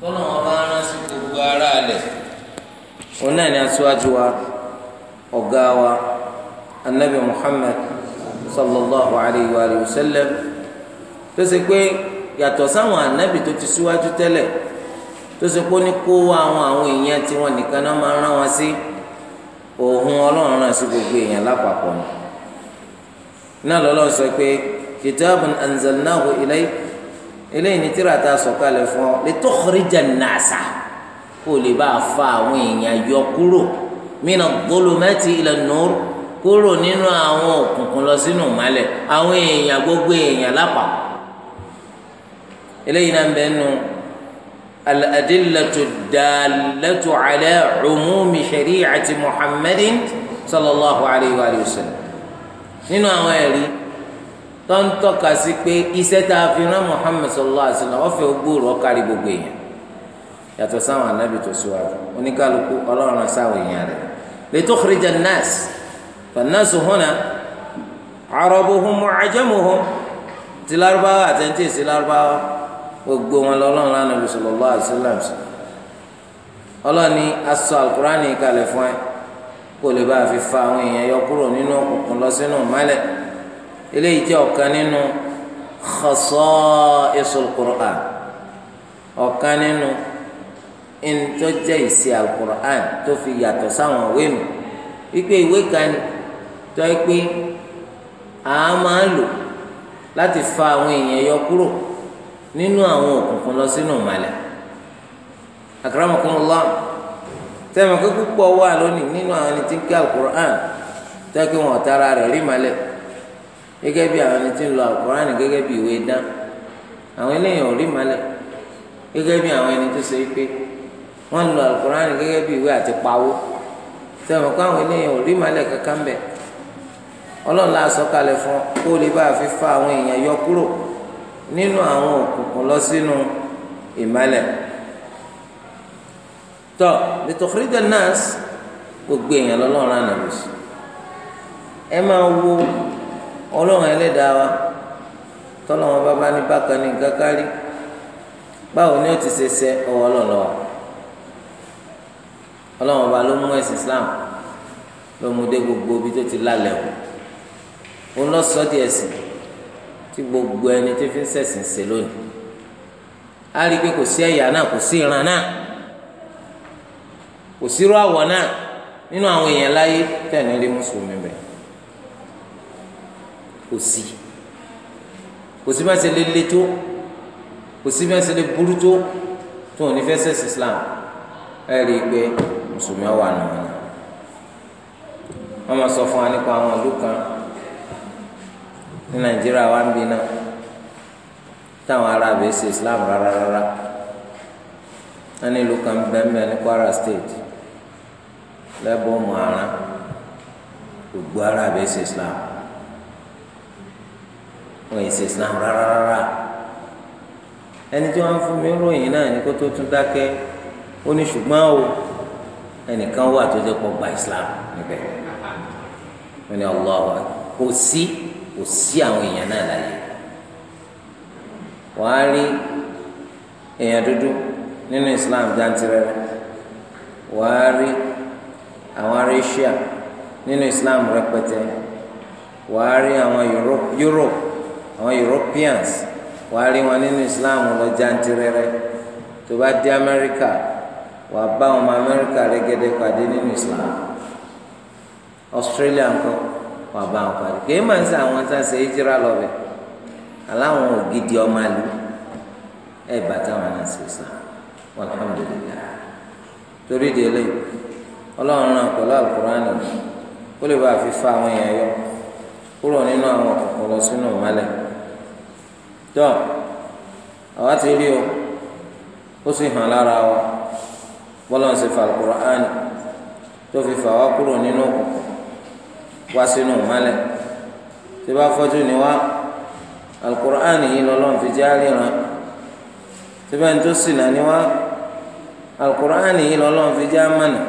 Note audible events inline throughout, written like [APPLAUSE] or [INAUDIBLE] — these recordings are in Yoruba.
tọ́nà ọba rán sí gbogbo ara rẹ̀ òun náà ni aṣáájú wa ọ̀gá wa anabi muhammad sallallahu alayhi wa sallam tó ṣe pé yàtọ̀ sáwọn anabi tó ti síwájú tẹ́lẹ̀ tó ṣe pé ó ní kó àwọn àwọn èèyàn tí wọn nìkan náà máa rán wọn sí òun ọlọ́run rán sí gbogbo èèyàn lápapọ̀ náà lọ́lọ́run sọ pé kitabun anzalnahu ilayka eléyìí ni tíra ta sọ̀kalẹ̀ fún ọ lè tó xorijà nàásà kó lè bá a fa àwọn èèyàn yọ kúrò mina dolomẹti ilẹ̀ nùr kúrò nínú àwọn òkùnkùn lọ sínú ìmọ́lẹ̀ àwọn èèyàn gbogbo èèyàn lápá eléyìí náà bẹ́ẹ̀ nù al daalatu ala cumumi shari'ati muhammadin sallallahu alayhi wa sallam nínú àwọn ẹ̀rí tó ń tọ́ka sí pé iṣẹ́ tá a fi rán Muhammad sallallahu alaihi wa sallam ọ̀fẹ́ ogbòòrò ọ̀kárí gbogbo èèyàn yàtọ̀ sáwọn anábì tó síwájú oníkálukú ọlọ́run sáwọn èèyàn rẹ̀ litukhrija an-nas fan-nasu huna arabuhum wa ajamuhum ti Lárúbáwá àtẹ̀ntì sí Lárúbáwá gbogbo wọn lọ́lọ́run lánàbì sallallahu alaihi wa sallam sí ọlọ́ni asọ alukurani kalẹ̀ fún ẹ kó lè bá a fi fa àwọn èèyàn yọ kúrò nínú òkùnkùn lọ sínú mọ́lẹ̀ eléyìí jẹ́ ọ̀kan nínú khasa'isul Qur'an ọ̀kan nínú ntọ́jẹ́ ìsì al-Qur'an tó fi yàtọ̀ sáwọn ìwé nù wípé ìwé kan tọ́ ẹ pé a máa lò láti fa àwọn èèyàn yọ kúrò nínú àwọn òkùnkùn lọ sínú ìmọ̀lẹ̀ akramakumullah tẹ́lẹ̀ mọ́ pé wà lónìí nínú àwọn ẹni tí ń kí al-Qur'an tọ́ pé wọn ò tara rẹ̀ rí ìmọ̀lẹ̀ gẹ́gẹ́ bí àwọn ẹni tí ń lo àkùránì gẹ́gẹ́ bí ìwé dán àwọn eléyìí ò rí malẹ̀ gẹ́gẹ́ bí àwọn ẹni tó ṣe pé wọ́n ń lo àkùránì gẹ́gẹ́ bí ìwé àti pawó sẹ́wọ̀n kó àwọn eléyìí ò rí malẹ̀ kankan bẹ̀ ọlọ́run la sọ̀kalẹ̀ fún kó lè bá fi fa àwọn èèyàn yọ kúrò nínú àwọn òkùnkùn lọ sínú ìmálẹ̀ tọ́ lẹ́tọ̀kìrìdẹ̀ nọ́ọ̀sì gbogbo èèyàn lọ́lọ́run ànàbùsùn ẹ máa wo ọlọ́run ẹlẹ́dàá wa tọ́lọ́wọ́n bá bá ní bákan ní nǹkan kárí báwo ni ó ti ṣe ṣe ọwọ́ ọlọ́lọ́ ọlọ́run ọba ló mú ẹ̀sìn Islam ló mú dé gbogbo ibi tó ti lálẹ́ o ó lọ sọ di ẹ̀sìn tí gbogbo ẹni tó fi ń ṣẹ̀sìn ṣe lónìí á rí i pé kò sí ẹ̀yà náà kò sí ìran náà kò sírú àwọ̀ náà nínú àwọn èèyàn láyé tẹ̀ ní mùsùlùmí bẹ́ẹ̀ kò sí kò sí bẹ́ẹ̀ ṣe lè le tó kò sí bẹ́ẹ̀ ṣe lè burú tó tó ò ní fẹ́ sẹ́sì islam ẹ rí i pé mùsùlùmí wà nù wọn ni wọ́n máa sọ fún wa nípa àwọn ìlú kan ní nàìjíríà wa ń bí náà táwọn ará bẹ́ẹ̀ ṣe islam rárá rárá wọ́n ní ìlú kan bẹ́ẹ̀ ní kwara state lẹ́bọ̀ọ́ mọ̀ ara gbogbo ará bẹ́ẹ̀ ṣe islam. wọn èsì islam rárá rárá ẹni tí wọn fún mi ròyìn náà ní kó tó tún ó ní ṣùgbọ́n o ẹnìkan wà tó jẹ́ gba islam níbẹ̀ wọn ni allah kò sí kò sí àwọn èèyàn náà láyé wàá rí dúdú nínú islam jantirẹrẹ rí àwọn nínú islam rẹpẹtẹ rí àwọn àwọn Europeans wàá rí wọn nínú Islam lọ jantirẹrẹ tó bá dé Amẹ́ríkà wàá bá ọmọ Amẹ́ríkà rẹ́gẹ́dẹ́ pàdé nínú Islam Australia ńkọ́ wàá bá wọn pàdé kì í máa ń sẹ àwọn tá a ṣe ìjìrà lọ bẹ aláwọn ògidì ọmọ àlù ẹ bàtà wọn náà ṣe Islam alhamdulilayi torí délé ọlọ́run náà pẹ̀lú alukurani ó lè bá a fi fa àwọn èèyàn yọ kúrò nínú àwọn kòkòrò sínú ìmọ̀lẹ̀ tọ́ àwa ti rí o ó sì hàn lára wa bọ́lá ń ṣe fa alukur'an tó fi fà wá kúrò nínú òkùnkùn wá sínú ìmọ́lẹ̀ tí bá fọ́jú ni wá alukur'an yìí lọ́lọ́run fi jẹ́ àríran tí bá ń tó sì náà ni wá alukur'an yìí lọ́lọ́run fi jẹ́ àmànà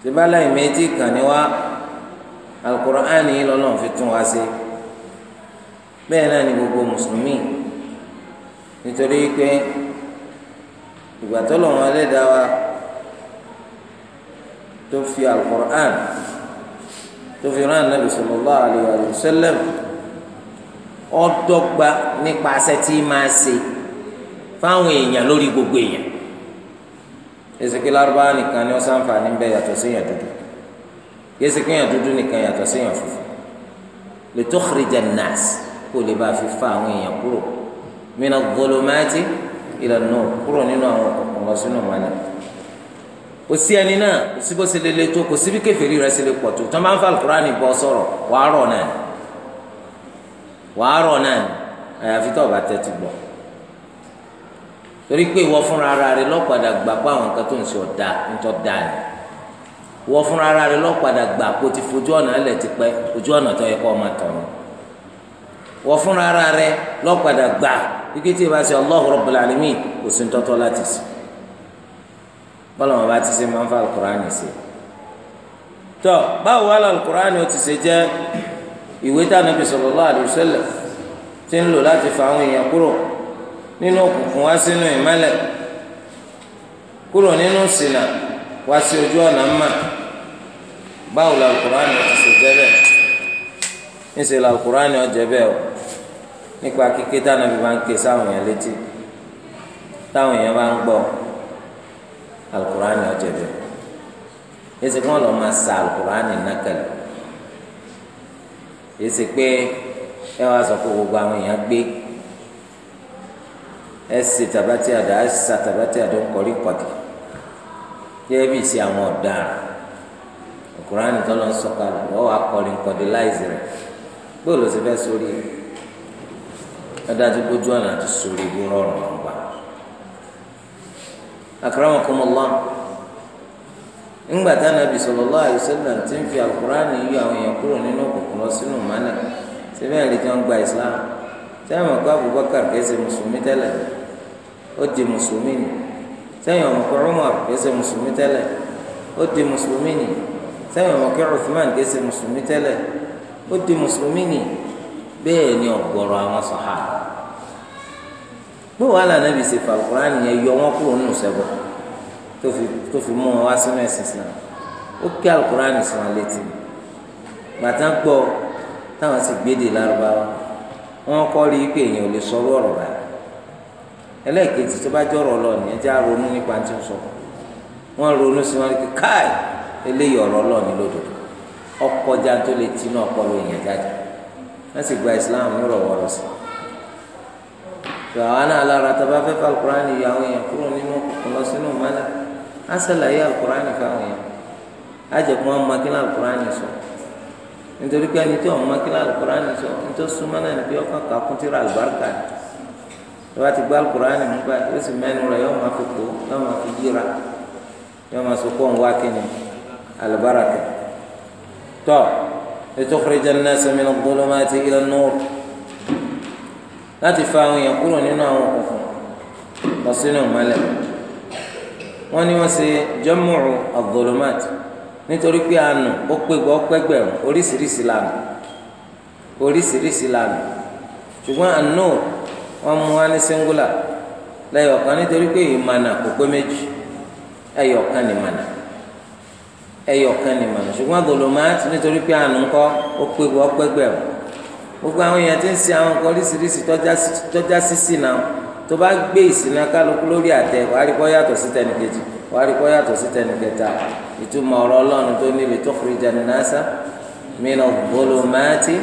tí bá láì méjì kàn ni wá alukur'an yìí lọ́lọ́run fi tún wá sí i bẹ́ẹ̀ náà ni gbogbo mùsùlùmí nítorí pé ìgbà tó lọ́wọ́ ẹlẹ́dàá wa tó fi alukur'an tó fi rán anabi sallallahu alayhi wa sallam ọdọgba nípa àṣẹ tí máa ṣe fáwọn èèyàn lórí gbogbo èèyàn ezeke larubá nìkan ni ó ṣàǹfààní bẹ yàtọ̀ séèyàn dúdú ezeke yàn dúdú nìkan yàtọ̀ séèyàn funfun li tukhrija an-nas. kó lè bá a fi fa àwọn èèyàn kúrò mina gbọlọmáàtì ìlànà kúrò nínú àwọn ọkùnrin lọ sínú ọmọlẹ kò sí ẹni náà kò sí bó ṣe lè le tó kò sí bí kèfèrí rẹ̀ ṣe lè pọ̀ tó tọ́mọ̀ nfa sọ̀rọ̀ náà náà àyàfi tẹ́tí gbọ́ torí pé ìwọ fúnra ara rẹ gbà pé àwọn nǹkan tó ń ṣe ọ̀dà ń tọ́ da ìwọ fúnra ara wọ́n fúnra ara rẹ lọ́padà gbà wípé tí ìbá ṣe Allahu Rabbul Alamin kò sí tọ́tọ́ láti sùn bọ́lá wọn bá ti ṣe máa ń fa alukur'ani sí i tọ́ báwo wà lálùkùránì ó ti ṣe jẹ́ ìwé tá Ànábì sallallahu alaihi wasallam ti ń lò láti fa àwọn èèyàn kúrò nínú òkùnkùn wá sínú ìmọ́lẹ̀ kúrò nínú ìṣìnà wá sí ojú ọ̀nà mma báwo lálùkùránì ó ti ṣe jẹ́ bẹ́ẹ̀ ń ṣe lálùkùránì ó jẹ́ bẹ́ẹ̀ o. nípa kíké táwọn ẹbí máa ń ké sáwọn èèyàn létí táwọn èèyàn bá ń gbọ́ alukurani ọjọbẹ èsì kí wọn lọ máa sa alukurani nákàlẹ èsì pé ẹ wàá sọ pé gbogbo àwọn èèyàn gbé ẹ sì tàbátì àdá ẹ sa tàbátì àdó kọrí yẹ bí sí àwọn ọ̀daràn alukurani tó lọ ń láìsí rẹ̀ gbọ́dọ̀ adájú gbójú ọ̀nà àti sórí ibi rọrùn wọn gbà. akramakumullah ńgbà táwọn ti ń fi àkùránì yọ àwọn èèyàn kúrò nínú òkùnkùn lọ sínú mánà síbẹ̀ ẹ̀rí kan gba Islam ọmọ mùsùlùmí di mùsùlùmí ni ọmọ di mùsùlùmí ni ọmọ di mùsùlùmí ni ni àwọn bó wàá là nàbì ṣe fà yẹn yọ wọn kúrò nínú sẹbọ tó fi mú wọn wá sínú ẹsìn islam ó kí alukurani sọ wọn létí bàtà gbọ́ táwọn sì gbéde lárúbáwá wọn kọ́ rí pé èèyàn ò lè sọ̀rọ̀ ọ̀rọ̀ báyìí ẹlẹ́ẹ̀kejì tó bá jọ̀rọ̀ lọ nìyẹn já ronú nípa tí ń sọ ọ̀rọ̀ lọ ní tó lè tó àwa náà lára tá a bá fẹ́ fà alukurani yọ àwọn èèyàn kúrò nínú òkùnkùn lọ sínú mọ́lá á sàlàyé alukurani fáwọn èèyàn á jẹ́ kó wọ́n mọ kí lóò alukurani sọ nítorí pé ẹni tí wọ́n mọ kí lóò alukurani sọ nítorí súnmọ́ náà ni pé ọkàn kà kún tíra àlùbáríkà ni tó bá ti gbá alukurani mú bá yóò sì mẹ́nu rẹ̀ yóò máa fi kó yóò máa fi yíra yóò máa sọ kó ń wá láti fa àwọn èèyàn kúrò nínú àwọn òkùnkùn lọ sínú ìmọ́lẹ̀ wọ́n ní wọ́n ṣe jọ́mùrù àgọ́lọ́mọ́tì nítorí pé àánú ó pé gbọ́ pẹ́gbẹ̀rún oríṣiríṣi lànà oríṣiríṣi lànà ṣùgbọ́n àánú mú ní nítorí pé kò pé méjì ní ní ṣùgbọ́n nítorí pé àánú ó pé gbọ́ pẹ́gbẹ̀rún gbogbo àwọn èèyàn ti ń ṣe àwọn nǹkan oríṣiríṣi tọ́já sísì náà tó bá gbé ìsìnà kálukú lórí àtẹ wàá rí kọ́ yàtọ̀ sí tẹnìkejì wàá rí kọ́ yàtọ̀ sí tẹnìkẹta ìtumọ̀ ọ̀rọ̀ ọlọ́run tó níbi tó fi jẹnu náṣá mìíràn bolomáàtì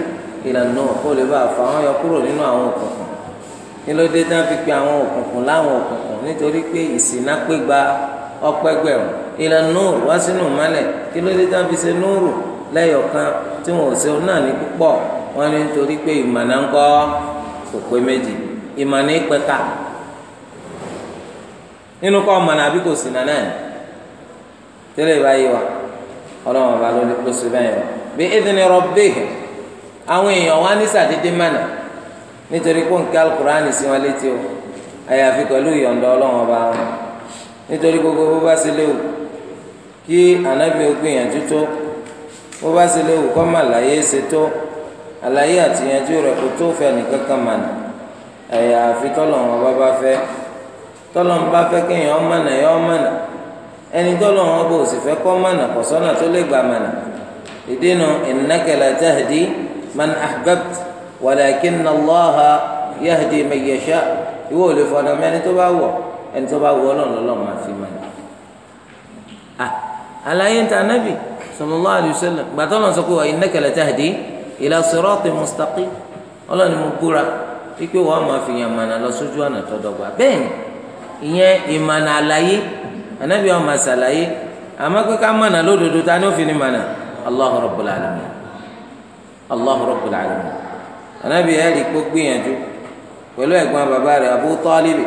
ìlànà kó lè bá fa wọn yọ kúrò nínú àwọn òkùnkùn kí ló dé tán fi pe àwọn òkùnkùn láwọn òkùnkùn nítorí pé ìsìnà pé gba ọpẹgbẹrún ìlànà wá wọ́n ní nítorí pé ìmọ̀nà ń kọ́ kò pé méjì ìmọ̀nà ìpẹ́ka nínú kọ́ ọmọ nàbí kò sí nànà ẹ̀ tẹ́lẹ̀ báyìí wa ọlọ́run ọba ló sì bẹ́ẹ̀ yọ bí ìdíni rabbihim àwọn èèyàn wa ní sàdédé mànà nítorí pé nǹkan sí wọn létí o àyàfi pẹ̀lú ìyọ̀ǹda ọlọ́run ọba wọn nítorí gbogbo bó bá sí léwu kí tó bó bá sí léwu kọ́ ṣe tó. àlàyé àtìyànjú rẹ̀ kò tó fẹ́ nìkan kan mà ní ẹ̀yà àfi tọ́lọ̀wọ́n bá bá fẹ́ tọ́lọ̀wọ́n bá fẹ́ kéèyàn ó mọ̀nà yọ ó mọ̀nà ẹni tọ́lọ̀wọ́n bò sì fẹ́ kọ́ mọ̀nà kò sọ́nà tó lè gbà mọ̀nà ìdínà innaka la tahdi man ahbabt walakinna Allaha yahdi man yasha ìwọ ò lè fọdọ̀ mẹ́ni tó bá wọ̀ ẹni tó bá wọ̀ ọlọ́run lọ́lọ́run fi mọ̀nà àlàyé ń ta anábì sallallahu gbàtọ́ lọ́n sọ pé wa innaka ila sirati mustaqim ọlọ́ni mo búra wípé wọ́n máa fi yàn mànà lọ sójú ọ̀nà tó dọ́gba bẹ́ẹ̀ ni ìyẹn ìmànà àlàyé ànábì ọmọ àṣàlàyé àmọ́ pé ká mànà lódodo ta ni ó fi ni mànà Allahu rabbul alamin Allahu rabbul alamin ànábì ẹ̀rí kó gbìyànjú pẹ̀lú ẹ̀gbọ́n bàbá rẹ̀ Abu Talib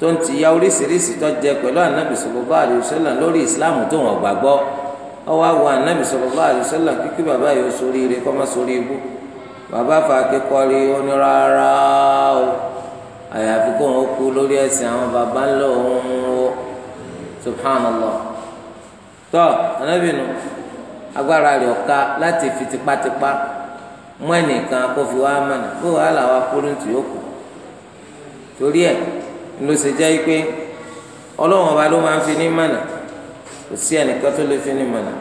tó ń ti ya oríṣiríṣi tó jẹ pẹ̀lú ànábì sallallahu alaihi ọwọ́ àwọn anábì sallallahu alaihi wasallam kíkí bàbá yóò sórí ire kọ́ má sórí ibú bàbá fàákékọ́rí onírárá o àyàfi kó wọn kú lórí ẹ̀sìn àwọn bàbá ńlọ òun o subhanallah tọ́ anábì nù agbára rẹ̀ ọ̀ka láti fi tipátipá mú ẹnìkan kó fi wá mọ̀nà kó wàhálà wa kúrú ní tìyókù torí ẹ̀ ló ṣe jẹ́ pé ọlọ́wọ́n ọba ló máa ń fi ní mọ̀nà kò sí ẹnìkan tó lè fi ní mọ̀nà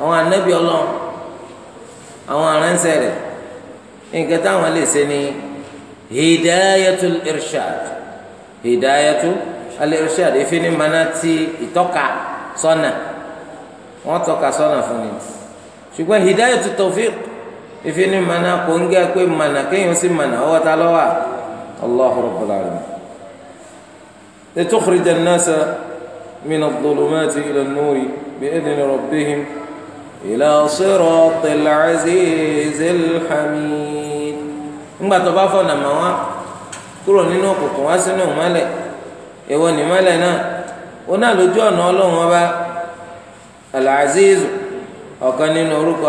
àwọn anábì ọlọ́run àwọn aránṣẹ́ rẹ̀ nǹkan táwọn lè ṣe ní hidayatul irshad hidayatul al-irshad ìfinimọ̀nà ti ìtọ́ka sọ́nà wọ́n tọ́ka sọ́nà fún mi ṣùgbọ́n hidayatul tawfiq ìfinimọ̀nà kò ń gẹ́ pé mọ̀nà kéèyàn sì mọ̀nà ọwọ́ ta lọ́wọ́ Allahu rabbul alamin. li tukhrija an-nasa. من الظلمات إلى النور بإذن ربهم إلى صراط العزيز الحميد ńgbà tó bá fọ̀nà mọ́ wa kúrò nínú òkùnkùn wá sínú ìmọ́lẹ̀ èwo ni ìmọ́lẹ̀ náà ó náà lójú ọ̀nà alazizu ọ̀kan nínú orúkọ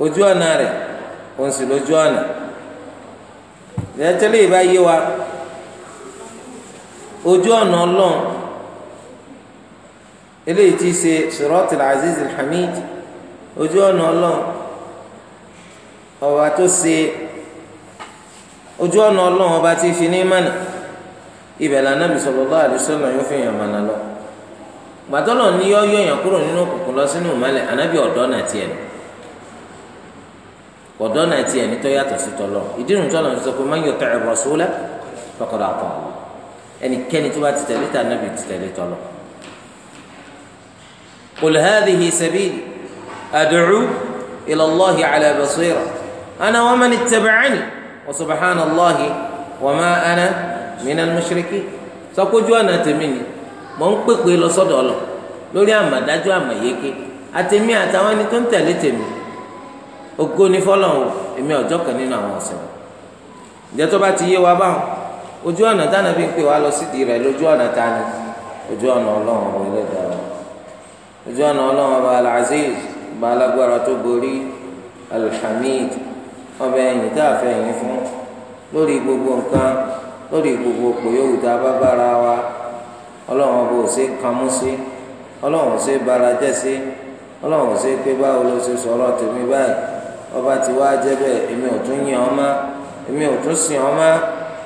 ojú ọ̀nà rẹ̀ òun sì lójú ọ̀nà ìdẹ́tẹ́lẹ̀ bá yé wa ojú ọ̀nà ọlọ́run eléyìí ti ṣe sirati aziz hamid ojú ọ̀nà ọlọ́run ọba tó ṣe ojú ọ̀nà ọlọ́run ọba tí fi ní mànà ibẹ̀ lànà sallallahu alaihi yóò fi yàn lọ gbàtọ́ lọ ní yọ́ yọ̀yàn kúrò nínú òkùnkùn lọ sínú ìmọ̀lẹ̀ ànábì ọ̀dọ́ tiẹ̀ kọ̀dọ́ náà tiẹ̀ ní tọ́yàtọ̀ sí tọ́lọ̀ ìdí ìrùn tọ́lọ̀ sọ pé man yuti'i rasula faqad ata Allah ẹnikẹ́ni tó bá ti tẹ̀lé tà nàbì ti tẹ̀lé tọ́lọ̀. qul hadhihi sabili ad'u ila Allahi ala basira ana wa man ittaba'ani wa subhanallahi wa ma ana minal mushrikin sọ́kójú àná tèmi ni mò ń pèpè lọ sọ́dọ̀ ọlọ lórí àmàdájú àmàyéké àtèmi àtàwọn ẹni tó ń tẹ̀lé tèmi ògo ni fọlọ́hún èmi ọ̀jọ́ kan nínú àwọn ọ̀sẹ̀ ǹjẹ́ tó bá ti yé wa báwọn ojú ọ̀nà táwọn fi ń pè wá lọ sídìí rẹ̀ lójú ọ̀nà táwọn ojú ọ̀nà ọlọ́run ọba ẹlẹ́dàá wa ojú ọ̀nà ọlọ́run ọba alaziz ọba alágbára tó borí alhamid ọba ẹ̀yìn tá a fẹ́ yìn fún lórí gbogbo nǹkan lórí gbogbo pòyówù tá a bá bára wa ọlọ́run ọba ò kamú sí ọlọ́run ò sí jẹ́ sí ọlọ́run ò pé báwo ló ṣe sọ̀rọ̀ tèmi báyìí ọba ti wá jẹ́ bẹ́ẹ̀ èmi ò tún yìn ọ́ mọ́ èmi ò tún sìn ọ́ mọ́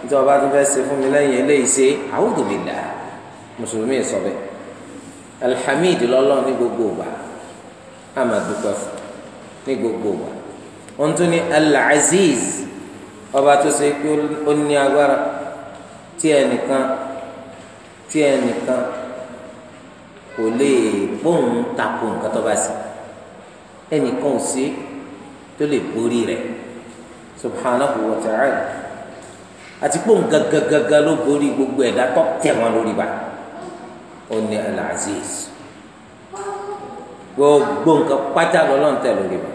nítorí ọba tó fẹ́ ṣe fún mi lẹ́yìn eléyìí ṣe a'udhu billah mùsùlùmí sọ bẹ́ẹ̀ alhamid lọ́lọ́ ní gbogbo wa amadukọ ní gbogbo wa wọ́n tún ní al ọba tó ṣe pé ó ní agbára tí ẹnìkan tí ẹnìkan kò lè bóun takò nǹkan tó bá sí ẹnìkan ò sí tó lè borí rẹ̀ subhanahu wa ta'ala àti pé òun gàgàgàgà ló borí gbogbo ẹ̀dá tó tẹ̀ wọn lórí ba ó ní al-aziz gbogbo nǹkan pátá lọ́lọ́run tẹ̀ lórí ba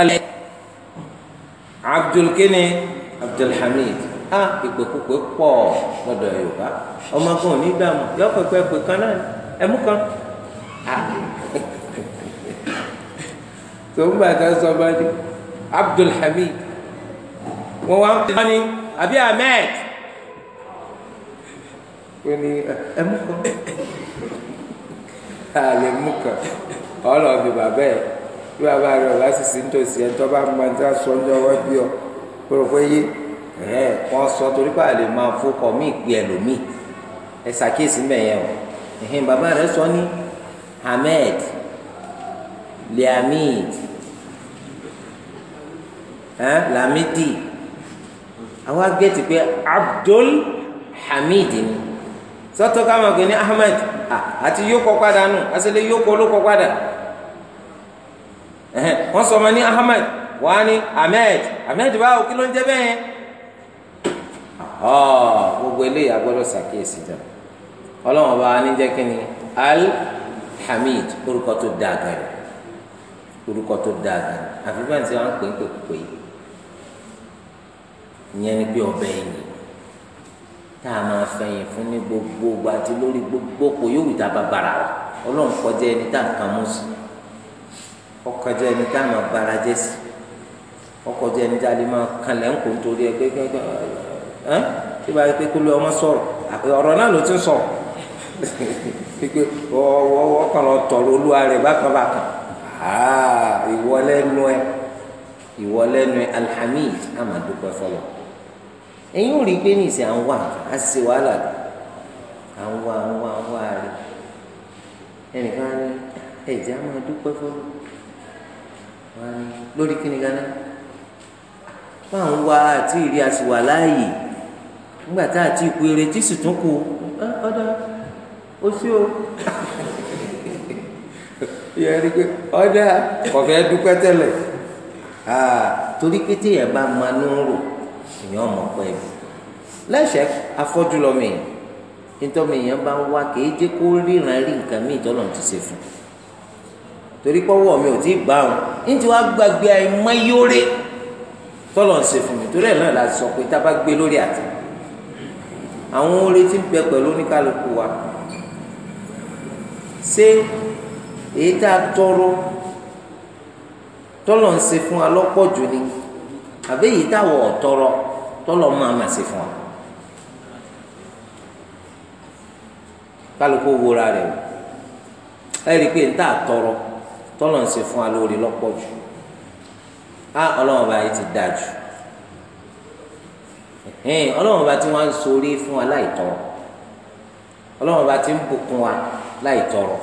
alẹ́ abdulkini abdulhamid a ìpèkúpè pọ̀ lọ́dọ̀ yorùbá ọmọkùnrin onídàámu yọ pẹpẹ pè kan náà ẹmú kan ah, tó ń bàtà sọ bá ní Abdulhamid wọn wá ń pè wọn ní àbí Ahmed wọn ní ẹ mú kọ a lè mú kọ ọlọ́ọ̀bì bàbá ẹ̀ bí bàbá rẹ̀ ọ̀la sì sí nítòsí ẹ̀ tó bá ń bá sọ ní ọwọ́ bí ọ kúrò yé ẹ̀ wọ́n sọ torí pé lè máa fọkọ̀ mí ìpè ẹlòmíì ẹ̀ ṣàkíyèsí mẹ́yẹn o ẹ̀hìn bàbá rẹ̀ sọ ní Ahmed Liamid ẹn Lamidi àwọn agbẹ́tì pé Abdul Hamid ni sọ́tọ́ káwọn pè ní Ahmed àti yókò padà nù àṣẹlẹ̀ yókò olókò padà wọ́n sọ ma ní Ahmed wọ́n á ní Ahmed Ahmed báwo kí ló ń jẹ́ bẹ́ẹ̀ gbogbo eléyìí agbọ́dọ̀ ṣàkíyèsí dà ọlọ́run ọba ní jẹ́ kí ni Al-Hamid orúkọ tó dáa gan orúkọ tó dáa gan àfi báyìí tí wọ́n á pè ìyẹn ni pé ọbẹ̀ ẹ̀yìn tá a máa fẹ̀yìn fún ní gbogbo ìgbà àti lórí gbogbo kò yóò wù tá a bá bàrà wa ọlọ́run kọjá ẹni tá a kàn mú sí ọkọjá ẹni tá a máa bàrà jẹ́ sí ọkọjá ẹni tá a lè máa kànlẹ̀ ńkò nítorí ẹ pé kẹ́kẹ́ ẹ́ bá yẹ kó lé ọmọ sọ̀rọ̀ ọ̀rọ̀ náà ló ti ń sọ̀rọ̀ pípé [LAUGHS] ọwọ́ kan lọ tọ̀rọ̀ olúwa rẹ̀ bákan bákan ìwọ ẹ ìwọ ẹ alhamid amadukọ fọlọ́ ẹ̀yin ò rí i pé ní ìsìn àwọn wà wàhálà lọ àwọn àwọn àwọn wà ẹnìkan ní ẹ̀jẹ̀ á máa dúpẹ́ fọlọ́ wọn ní lórí kíni ganá wọn à ń àti ìrí àsìwà láàyè nígbà tá àti ìkú ìrètí sì tún kù ọdọ ó sí o [LAUGHS] yẹ ẹni pé ọdọ kọfẹ dúpẹ́ tẹ́lẹ̀ torí pé téèyàn bá máa ń rò èèyàn ọmọ pẹ́ ẹ̀ lẹ́sẹ̀ afọ́jú lọ́mọ èèyàn nítorí èèyàn bá ń wá kìí jẹ́ kó ríran rí nǹkan míì tọ́lọ̀ ti ṣe fún torí pọ́wọ́ mi ò tí ì bá wọn nítorí wàá gbàgbé àìmọ́ yóre tọ́lọ̀ ń ṣe fún mi torí ẹ̀ náà la sọ pé tá a bá gbé lórí àtẹ àwọn oore tí ń bẹ pẹ̀lú oníkálukú wa ṣé èyí tá a tọrọ tọ́lọ̀ ń ṣe fún wa ni àbí èyí táwọn ọ̀tọ́rọ tọ́lọ̀ máa mà sí fún wa kálukú wúra rẹ̀ o ẹ rí i pé níta àtọrọ tọ́lọ̀ ń ṣe fún wa lórí lọ́pọ̀ jù á ọlọ́run bá yìí ti dáa jù ọlọ́run bá tí wọ́n ń sorí fún wa láì tọrọ ọlọ́run bá ti ń bùkún wa láì tọrọ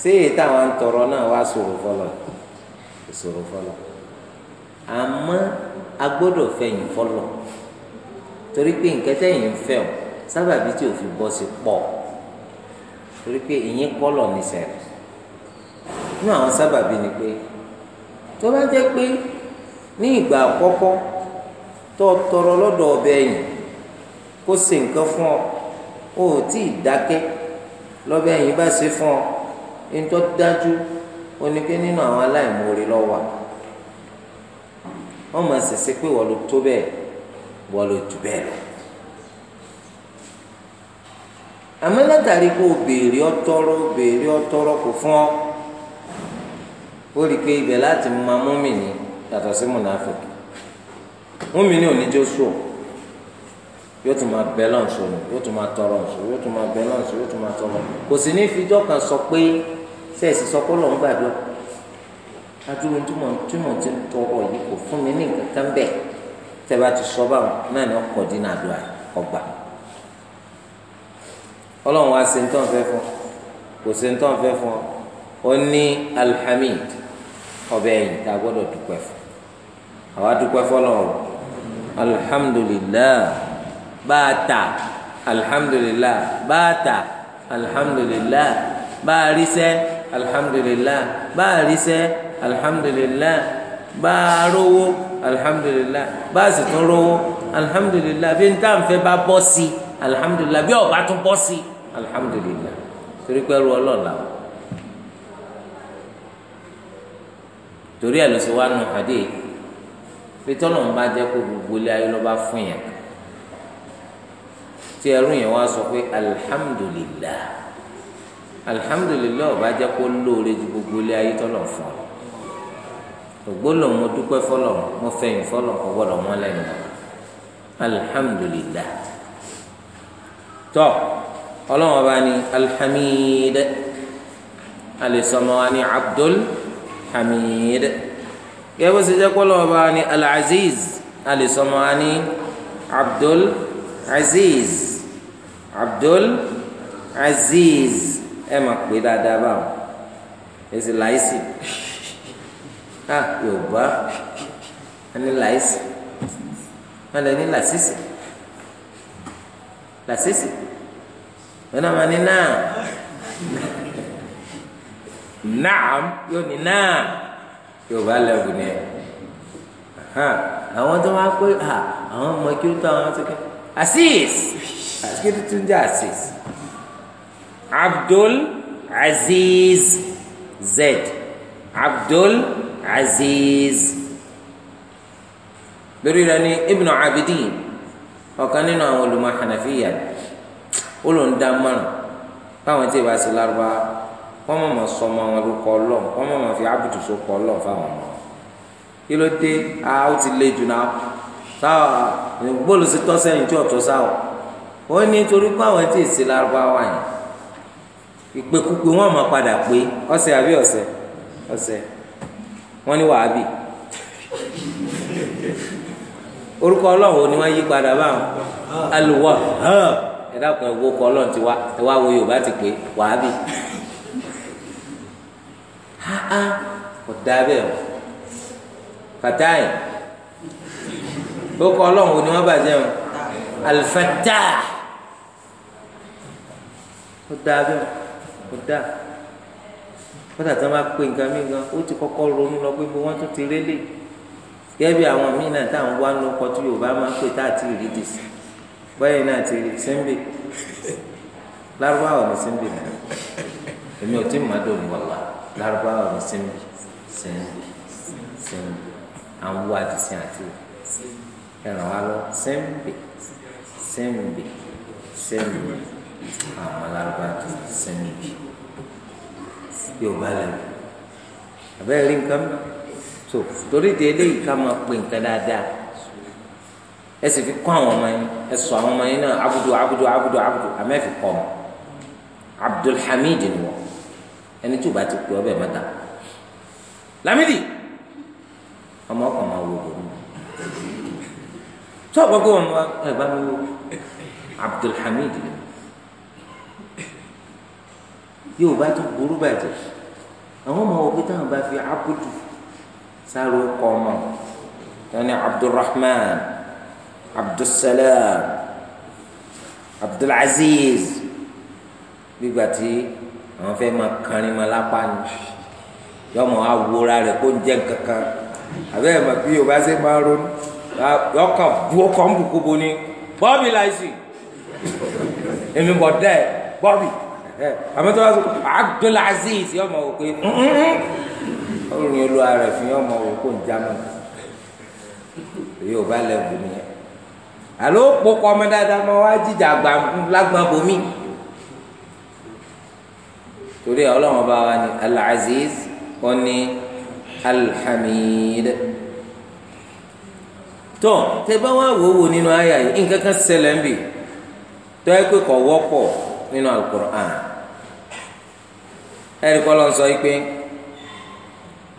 ṣé èyí táwọn ń tọrọ náà wá ṣòro fọlọ ṣòro fọlọ àmọ́ a gbọ́dọ̀ fẹ̀yìn fọlọ̀ torí pé nǹkan tẹ̀yìn fẹ́ o sábàbí tí o fi bọ́ sí pọ̀ torí pé ìyín kọ́lọ̀ ní sẹ́rẹ̀ nínú àwọn sábàbí ni pé tó bá jẹ́ pé ní ìgbà àkọ́kọ́ tó tọrọ lọ́dọ̀ ọbẹ̀ yìí kó ṣe nǹkan fún ọ o ò tí ì dákẹ́ lọ́bẹ̀ yìí bá ṣe fún ọ ní tó dájú oníke nínú àwọn aláìmoore lọ́wọ́ àwọn wọ́n máa ṣẹ̀ṣẹ̀ pé wọ́n ló tó bẹ́ẹ̀ wọ́n ló jù bẹ́ẹ̀ lọ. àmọ́ látàrí kó o béèrè ọtọ́rọ́ o béèrè ọtọ́rọ́ kò fún ọ ó rí i pé ibẹ̀ láti máa mùmínì yàtọ̀ sí mùnàfíkì mùmínì ò ní jó sùn yóò tún máa bẹ lọ́nṣọ́ ni yóò tún máa tọrọ ọ̀ṣọ́ yóò tún máa bẹ lọ́nṣọ́ yóò tún máa tọrọ kò sì ní fijọ́ kan sọ pé sẹ́ẹ̀sì sọ pé lọ́n gbàdúrà adúró tí mò ń tí mò ń ti tọrọ yìí kò fún mi ní nǹkan kan bẹ́ẹ̀ tẹ́lá ti sọ báwọn náà ni ọkọ̀ dín náà do ọgbà ọlọ́run wa ṣe ń tán fẹ́ fún kò ṣe ń tán fẹ́ fún ọ ní alhamid ọbẹ̀ yìí tá a gbọ́dọ̀ dúpẹ́ fún àwa dúpẹ́ fọlọ́run alhamdulilayi bàtà alhamdulilayi bàtà alhamdulilayi bàrísẹ́ alhamdulilayi bàrísẹ́ alihamudulilayi bá a rówó alihamudulilayi bá a sì tún rówó alihamudulilayi bí n tá n fẹ́ bá bọ́ sí alihamudulilayi bí ọba tún bọ́ sí alihamudulilayi torí pé ẹrú ọlọ́ọ̀la o torí ẹ̀ ló sì wá nù hadé pé tọ́nà ń bá jẹ́ kó gbogbo ilé ayé lọ́ba fún yẹn tí ẹrú yẹn wá sọ pé alihamudulilayi alihamudulilayi ọba jẹ́ kó lóore ju gbogbo ilé ayé tọ́nà fún ọ ògbólò mo dúpẹ́ fọlọ mo fẹ̀yìn fọlọ ọgbọdọ mọ lẹ́nu alhamdulillah tọ ọlọ́wọ́n bá ní alhamid alẹ́sọ̀mọ́ wa ní abdul hamid gẹ́gẹ́ bó ṣe jẹ́ pé ọlọ́wọ́n bá ní alaziz alẹ́sọ̀mọ́ wa ní abdul aziz abdul aziz ẹ̀ máa pè dáadáa báwọn èsì láìsí a yorùbá ẹni làásì wọn lè ní làásìsì làásìsì wọn náà máa ní náà naam yóò ní náà yorùbá lẹ́gùn ni ẹ àwọn tó máa pé àwọn ọmọ kí ló tó àwọn tó kẹ asis kí ló tún jẹ asis abdul aziz z abdul aziz lórí rẹ̀ ní ibnu abidin ọ̀kan nínú àwọn olùmọ̀ hanafiya ó ló ń dá mọ́ràn báwọn tí ìbá sí lárúbá wọn mọ̀ mọ̀ sọ ọmọ wọn lórúkọ ọlọ́ọ̀ wọn mọ̀ mọ̀ fi abudu sókọ ọlọ́ọ̀ fáwọn ọmọ kí ló dé a ó ti lé jù náà sáwọ bóòlù sí tọ́ sẹ́yìn tí ọ̀tọ̀ sáwọ ó ní torí pé tí ìsìn lárúbá wà yẹn ìpèkúpè wọn mọ̀ padà pé ọ̀sẹ̀ àbí ọ̀sẹ̀ ọ̀sẹ̀ wọ́n ní wàhábì orúkọ ọlọ́run ni wọ́n yí padà báwọn alùwọ̀ ah. ẹ dákun ẹ wo kọ ọlọ́run ti wá ẹ wá wo yorùbá ti pé wàhábì kò dáa bẹ́ẹ̀ o fatai orúkọ ọlọ́run ni wọ́n bàjẹ́ o alifata kò bẹ́ẹ̀ o kò kódà tí wọ́n bá pe nǹkan mí gan ó ti kọ́kọ́ ronú lọ pé bó wọ́n tún ti rélé gẹ́gẹ́ bí àwọn míì náà táwọn wá ń lọ́kọ tí Yorùbá máa ń pè tá àti ìrídì sí báyìí náà ti rí símbì lárúbáwọ̀ ní símbì náà èmi ò tí ì máa dòun wàlá lárúbáwọ̀ ní símbì símbì símbì àwọn wá ti sin àti ẹ̀ràn wa lọ símbì símbì símbì àwọn lárúbáwọ̀ símbì yorùbá lẹ́nu àbẹ́rẹ́ rí nǹkan so, torí de eléyìí ká máa pè nǹkan dáadáa ẹ sì fi kọ́ àwọn ọmọ yín ẹ sọ àwọn ọmọ yín náà abudu abudu abudu abudu àmẹ́fì kọ́ ọ abdulhamid ni wọ́n ẹni tí o bá ti pè ọ bẹ́ẹ̀ mẹ́ta lamidi ọmọ ọkọ̀ máa wo bò mí tó ọ̀pọ̀ pé wọn ẹ bá mi wo abdulhamid ni yóò bá tún burú bàjẹ́ àwọn ọmọ òbí táwọn bá fi abudu sáré kọ ọmọ yanni abdulrahman abdulsalam abdulaziz gbígbà tí àwọn fẹ́ máa kàrin máa lápá ni yọmọ awòra rẹ kó ń jẹ kankan àbẹ́rẹ́ mà bí yorùbá ṣe máa ronú yọkàn bu ọkàn bùkún bo ni bọ́ọ̀bì láìsí èmi bọ̀ dẹ́ bọ́ọ̀bì ẹ eh, àmọ́ tó bá sọ Abdul Aziz yọ ọmọ wò pé olùyìn olúwa rẹ̀ fi ọmọ wò kó ń jámọ́ yóò bá lẹ́bù nìyẹn àló kpọkọ ọmọ dáadáa mọ wá jíjà gbà lágbà bomi torí ọlọ́wọ́n bá wa ní Al-Aziz ó ní Al-Hamid tẹ bá wà wò wò nínú àyà yìí nǹkan kan ṣẹlẹ̀ ń bì tó ẹ pé kọ̀ wọ́pọ̀. nínú alukur'an ẹni kọ́ lọ́n sọ yìí pé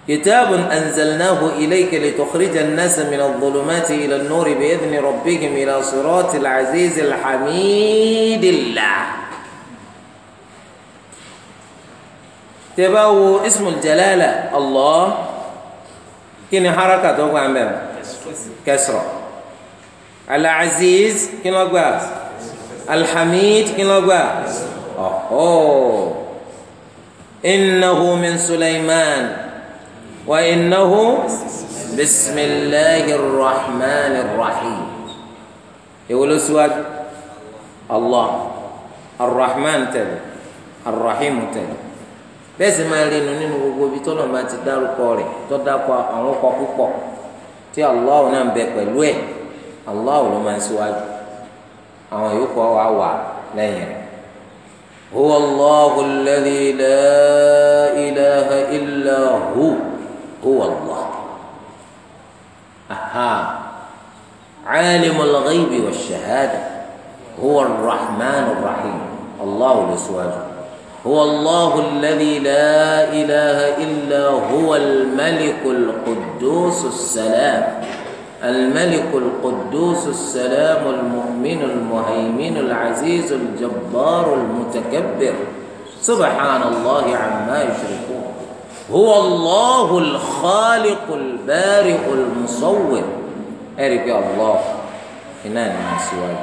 kìtàbù anzalnahu ilayka litukhrija an-nasa min adh-dhulumati ila an-nuri bi'idhni rabbihim ila siratil azizil hamidillah. tẹ́bá wo ismul jalala Allah kí ni haraka tó gbà ń bẹ̀rẹ̀ kẹsìrọ̀ kí ni wọ́n gbà. alhamid kí ló gbà ọ̀họ́ innahu min suleiman wa innahu bisimilahi rahman rahim èwo ló síwájú allah arrahman tẹ̀lé arrahim tẹ̀lé bẹ́ẹ̀ sì máa rí inú nínú gbogbo ibi tó lọ́nà bá ti dárúkọ rẹ̀ tó àwọn ọkọ̀ púpọ̀ tí allah náà bẹ pẹ̀lú ẹ̀ allah ló máa ń síwájú àwọn yòókù wa wà lẹ́yìn rẹ̀. هو الله الذي لا إله إلا هو هو الله أها عالم الغيب والشهادة هو الرحمن الرحيم الله لسواجه هو الله الذي لا إله إلا هو الملك القدوس السلام الملك القدوس السلام المؤمن المهيمن العزيز الجبار المتكبر سبحان الله عما يشركون هو الله الخالق البارئ المصور أريك يا الله iná من wọ́n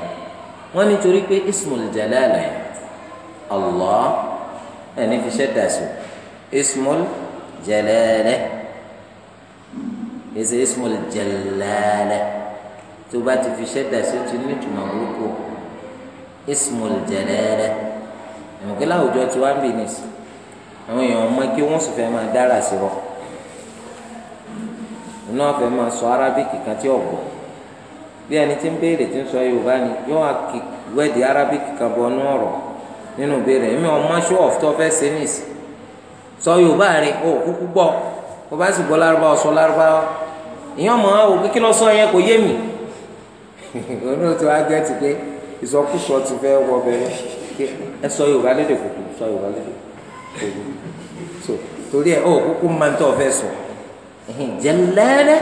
وان تريك اسم الجلاله الله jalala في Allah اسم الجلاله èsè ismul jalala tó bá ti fi ṣẹ́dá sí ti ní ìtumọ̀ burúkú ismul jalala ìmọ̀kílá àwùjọ tí wọ́n á bì nìsí àwọn èèyàn ọmọ kí wọ́n sì fẹ́ máa dára sí rọ iná fẹ́ máa sọ arábìkì kan tí ọ̀gbọ̀n bí ẹni tí ń béèrè tí ń sọ yorùbá ni yóò wá kí wẹ́ẹ̀dì arábìkì kan bọ̀ ọ́nú ọ̀rọ̀ nínú béèrè èmi ọmọ show off tó fẹ́ ṣe nìsí sọ yorùbá rẹ o kúkú gbọ́ o bá sì gbọ́ lárúbáwá sọ lárúbáwá ìyẹn mọ̀ ọ́ kí lọ sọ yẹn kò yé mi onú [LAUGHS] tó wá gẹ́tì pé ìsọkúsọ ti fẹ́ wọ bẹ́ẹ̀ ẹ sọ Yorùbá lédè kòkó sọ Yorùbá lédè kòkó so torí ẹ ọ kúkú máa ń tọ́ fẹ́ sọ jẹlẹ́rẹ́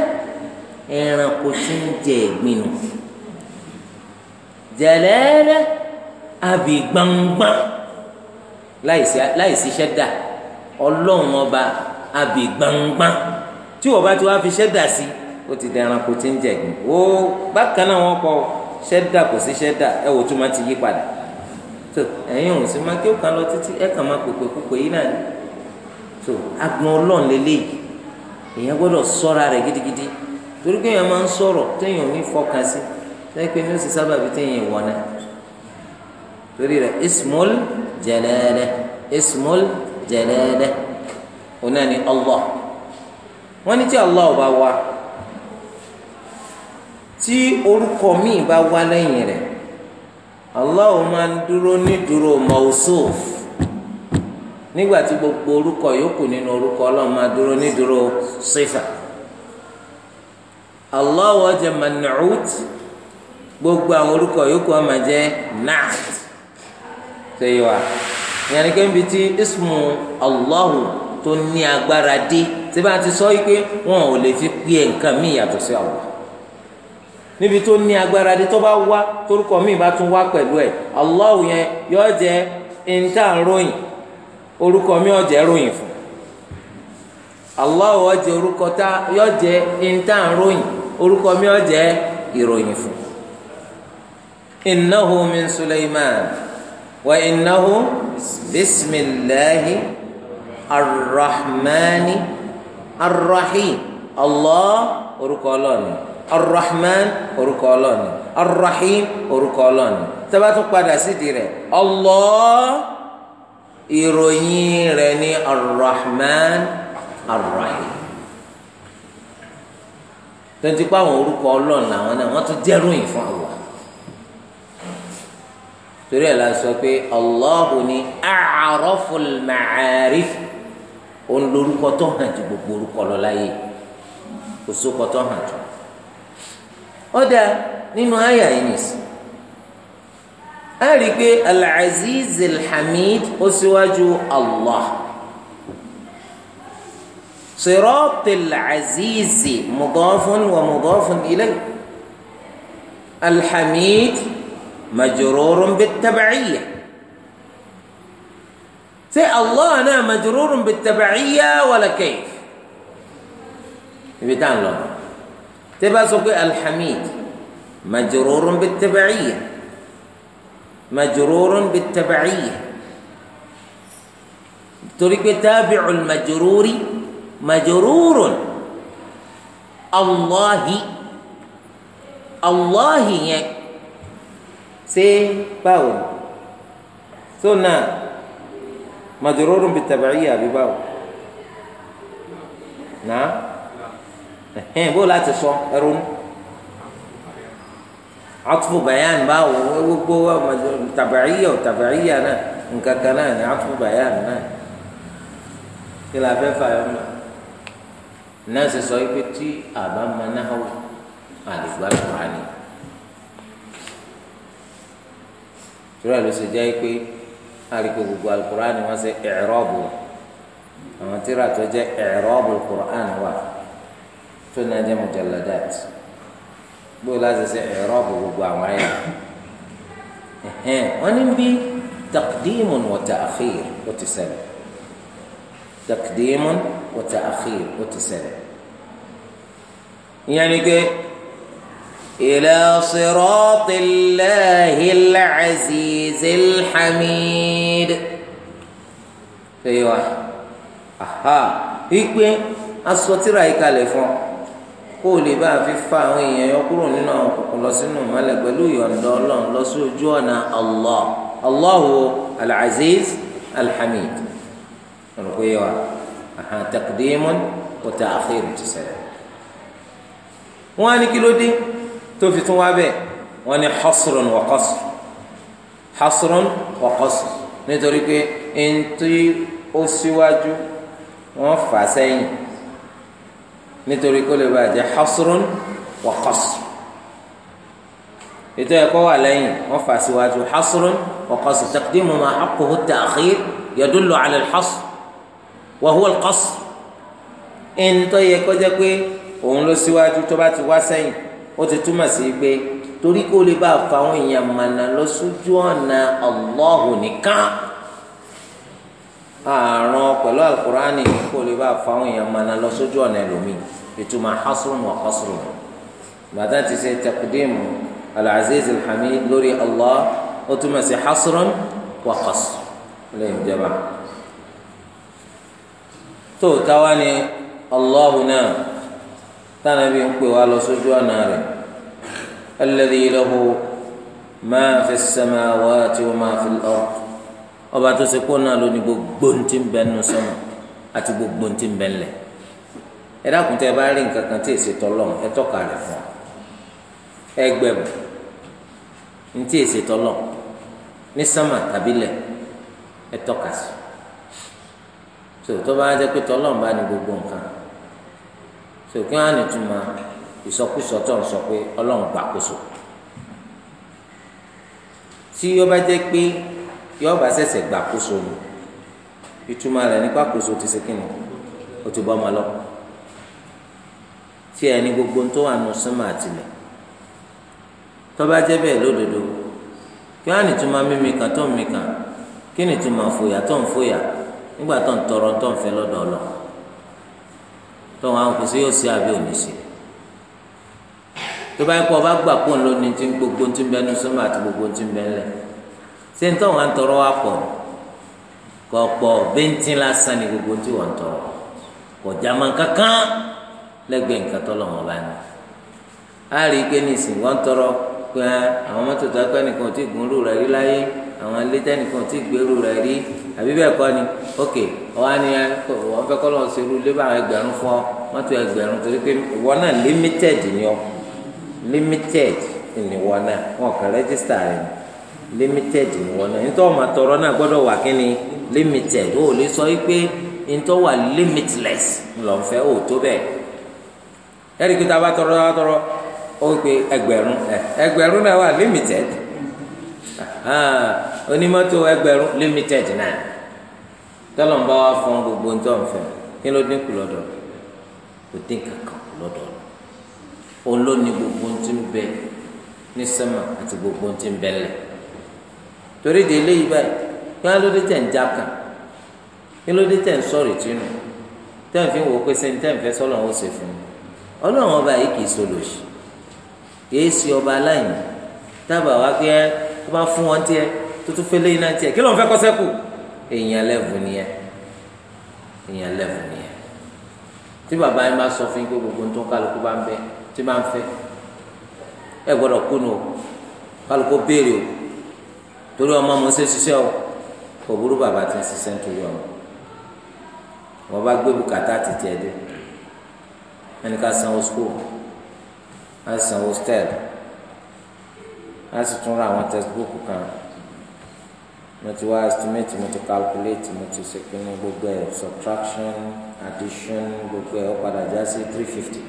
ẹranko tí ń jẹ ẹ̀gbin nù jẹlẹ́rẹ́ àbí gbangban láìsí ṣẹ́dà ọlọ́run ọba àbí gbangban tí wọ́n bá ti wá fi ṣẹ́dà sí i ó ti di ẹranko tí ń jẹ̀gbìn ó bákan náà wọ́n kọ ṣẹ́dá kò sí ṣẹ́dá ẹ wò tó máa ti yí padà tó ẹ̀yin òun sì máa kí ó kàn lọ títí ẹ kàn máa pèpè púpè yín náà ni tó agbọn ọlọ́run lélẹ́yìí èèyàn gbọ́dọ̀ sọ́ra rẹ̀ gidigidi torí pé èèyàn máa ń sọ̀rọ̀ téèyàn ní fọkàn sí lẹ́yìn pé ní ó sì sábà bí téèyàn ìwọ náà torí rẹ̀ ismol jẹlẹ́ẹ́dẹ́ ismol jẹlẹ́ẹ́dẹ́ òun náà ni Allah wọ́n ní tí Allah ò bá tí orúkọ míì bá wá lẹ́yìn rẹ̀ Allah máa ń dúró nídúró mausuf nígbà tí gbogbo orúkọ yòókù nínú orúkọ Allah máa dúró nídúró sífà Allah wa jẹ́ man'ut gbogbo àwọn orúkọ yòókù wọn máa jẹ́ naat sèyí wa ìyànní kébi tí ismu Allahu tó ní agbára dé tí bá ti sọ yìí pé wọn ò lè fi pè nǹkan míì yàtọ̀ sí Allah. níbi tó ní agbára dé tó bá wá torúkọ míì bá tún wá pẹ̀lú ẹ̀ Allahu yẹn yọ jẹ́ ìntà ròyìn orúkọ mi yóò jẹ́ ròyìn fún Allahu yóò jẹ́ orúkọ tá yóò jẹ́ ìntà ròyìn orúkọ mi yóò jẹ́ ìròyìn fún innahu min Sulaiman wa innahu bisimilahi arrahmani arrahim Allah orúkọ ọlọ́ọ̀ni. arrahman orúkọ ọlọ́ọ̀ni arrahim orúkọ ọlọ́ọ̀ni tẹ́bá tún padà sídìí rẹ̀ Allah ìròyìn rẹ̀ ní arrahman arrahim tonti pa àwọn orúkọ ọlọ́ọ̀ni làwọn náà wọ́n tún jẹ́ ròyìn fún àwọn torí ẹ̀ la sọ pé Allahu ni a'raful ma'arif òun lorúkọ tó hàn ju gbogbo orúkọ lọ láyé kò sókọ tó hàn jù ọdà nínú àyà yìí nìsí a rí i pé al-aziz al-hamid ó síwájú allah sirat al-aziz mudafun wa mudafun ilayhi al-hamid majrurun bit-tab'iyya allah náà majrurun bit wala kayf ibi tá à تبقى سوكي الحميد مجرور بالتبعية مجرور بالتبعية تريك تابع المجرور مجرور الله الله يعني سي باول سنة مجرور بالتبعية بباول نعم ẹ̀hìn bó láti sọ ẹ̀rọ nù atufu bayan báwo gbogbo tabariya o tabariya náà nǹkan kan náà ni atufu bayan náà kí la fẹ́ fà yọ mọ́ náà sì sọ pé tí àbá máa náà wò àlùgbà kùránì tura ló ṣe jẹ́ pé àríkò gbogbo alukùránì wọ́n ṣe ẹ̀rọ́bù àwọn tíra tó jẹ́ ẹ̀rọ́bù kùránì wà tó náà jẹ́ mujalladat gbọ́dọ̀ láti ṣe i'rab gbogbo àwọn ayé wọ́n ní bí taqdimun wa ta'khir ó ti ṣẹlẹ̀ taqdimun wa ta'khir ó ti ṣẹlẹ̀ ìyẹn ni pé ila siratillahil azizil hamid fẹ́ wa aha ìpè asọtìrà yìí kalẹ̀ fún ọ kó o lè bá a fi fa àwọn èèyàn yọ kúrò nínú àwọn kòkò lọ sínú ìmọ̀lẹ̀ pẹ̀lú ìyọ̀ǹda ọlọ́run lọ sí ojú ọ̀nà allah allahu al-aziz al-hamid ọ̀rọ̀ pé wa àhàn taqdimun wa ta'khir ti sẹ́yìn. wọ́n á ní kí ló dé tó fi tún wá bẹ́ẹ̀ wọ́n ní hasrun wa qasr hasrun wa qasr nítorí pé ẹni ó síwájú wọ́n fà sẹ́yìn nítorí kó lè bàjẹ́ hasrun wa qasr ètò ẹ̀kọ́ wà lẹ́yìn wọ́n fà síwájú hasrun wa qasr taqdimu ma haqquhu ta'khir yadullu ala al-hasr wa huwa al-qasr ẹnitọ́ yẹ kọjá pé òun ló síwájú tó bá ti wá sẹ́yìn ó ti túmọ̀ sí pé torí kó lè bá fa àwọn èèyàn mànà lọ ọ̀nà Allahu nìkan àrùn pẹ̀lú alukur'ani kó lè bá fáwọn èèyàn máa na lọ sójú ọ̀nà ẹlòmíì ìtumọ̀ hasrun wa qasrun bàtà ti ṣe taqdimu alaziz alhamid lórí allah ó túmọ̀ sí hasrun wa qasrun lẹ́yìn ìjọba tó táwa ni allahu náà tánà bí ń pè wá lọ sójú ọ̀nà rẹ̀ alladhi lahu ma fi as-samawati wa ma fi al ọba tó ṣe kó náà lóní gbogbo ntí ń bẹ nù sọmọ àti gbogbo ntí ń bẹ ńlẹ̀ ẹ dákun tẹ bá rí nǹkan kan tí èsì tọlọ ẹ tọ́ka rẹ̀ fún ẹ gbẹbù ntí èsì tọlọ ní sọmọ tàbí lẹ̀ ẹ tọ́ka sí so tó bá jẹ pé tọlọ ń bá ní gbogbo nǹkan so kí wọn á nìtumọ̀ ìsọkúsọ tó ń sọ pé Ọlọ́run gbàkóso tí ó bá jẹ pé. yóò bá sẹsẹ gbà kóso ni ìtumọ̀ nípa ti ṣe o ti ọmọ lọ tí ẹni gbogbo tó wà nù sánmà àtìlẹ̀ tọ́ba jẹ́ bẹ́ẹ̀ lódodo kí wọ́n á nìtumọ̀ mímí kan tó ń mí kan kí nìtumọ̀ fòyà tó ń fòyà nígbà ọlọ tó wọn àwọn yóò àbí òní tó bá yẹ kó ọba gbà gbogbo ti àti gbogbo ti ṣé ń tọ́ wọn tọrọ wa pọ̀ kọ̀ pọ̀ bẹ́ńtín lásán ni gbogbo tí wọ́n tọrọ kọ̀ jàmọ́ kankan lẹ́gbẹ̀ẹ́ nǹkan tọ́lọ̀ wọn bá ní. a rí i pé nísìnyí wọ́n tọrọ pé àwọn mọ́tò tó akọ́ nìkan tí gùnrù rẹ̀ rí láyé àwọn iléeṣẹ́ nìkan tí gbèrú rẹ̀ rí àbí bẹ́ẹ̀ kọ́ ni ok wọ́n á ní wọ́n fẹ́ kọ́ lọ́wọ́ serú lébà ẹgbẹ̀rún fọ́ mọ́tò ẹgbẹ̀rún torí pé wọ́n náà limited ni ọ́ limited ni wọ́n náà wọ́n kàn rẹ́gísítà rẹ̀ ni. limited ni wọn náà nítorí ọmọ tọrọ náà limited o lè sọ pé nítorí wà limitless lọ fẹ́ o tó bẹ́ẹ̀ ẹrí pé tábà tọrọ tábà tọrọ ó pe ẹgbẹ̀rún ẹgbẹ̀rún náà wà limited onímọ́tò ẹgbẹ̀rún limited náà tọ́lọ̀ ń bá wa fún gbogbo ń tọ́ ń kí ló dín kù lọ́dọ̀ kò dín gbogbo ń bẹ ní gbogbo ń torí de eléyìí báyìí kí wọn lóde tẹ̀ ń jákàn kí lóde tẹ̀ ń sọ̀rọ̀ ìtinú tẹ̀ ń fi wò pé sẹ́ni tẹ̀ ń fẹ́ sọ́lọ̀ ó ṣe fún mi ọlọ́run ọba yìí kìí solòṣì kìí ṣe ọba aláìní tábà wá pé ẹ tó bá fún wọn tiẹ tó tún fẹ́ lẹ́yìn náà tiẹ kí ló ń fẹ́ kọ́ sẹ́kù èèyàn lẹ́bùn nìyẹn èèyàn lẹ́bùn nìyẹn tí bàbá yẹn bá sọ fún yín pé gbogbo nǹkan kálukú bá ń bẹ tí bá ń fẹ́ ẹ gbọ́dọ̀ kúnu o kálukú béèrè o torí ọmọ mo ṣe ṣiṣẹ́ o kò burú bàbá ti ń ṣiṣẹ́ nítorí ọmọ wọ́n bá gbé bùkátà títí ẹ̀ dé ẹni ká sanwó skul á sanwó stẹ́ẹ̀d á sì tún ra àwọn tẹ́sibúùkù kan mo ti wá estimate mo ti calculate mo ti ṣe pinnu gbogbo ẹ̀ subtraction addition gbogbo ẹ̀ ó padà já sí three fifty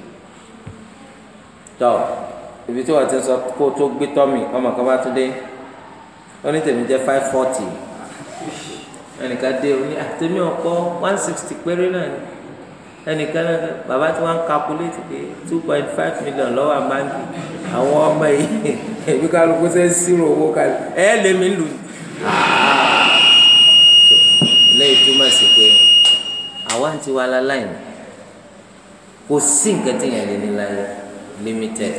tọ́ ibi tí wọ́n ti sọ kó tó gbé tọ́mì ọmọ kan bá tún dé ó ní tèmi jẹ́ five forty ẹnìkan dé ó ní àtẹ̀mí ah, ọ̀pọ̀ one sixty péré náà ni ẹnìkan bàbá tí wọ́n calculate two point five million lọ́wọ́ àbáǹkì àwọn ọmọ yìí [LAUGHS] èmi kálukú sẹ́ ń sírò owó kalẹ̀ ẹ lèmi lù lẹ́yìn túmọ̀ sí pé àwa ń ti wá láláì ní kò sí nǹkan tí yẹn lè ní láyé limited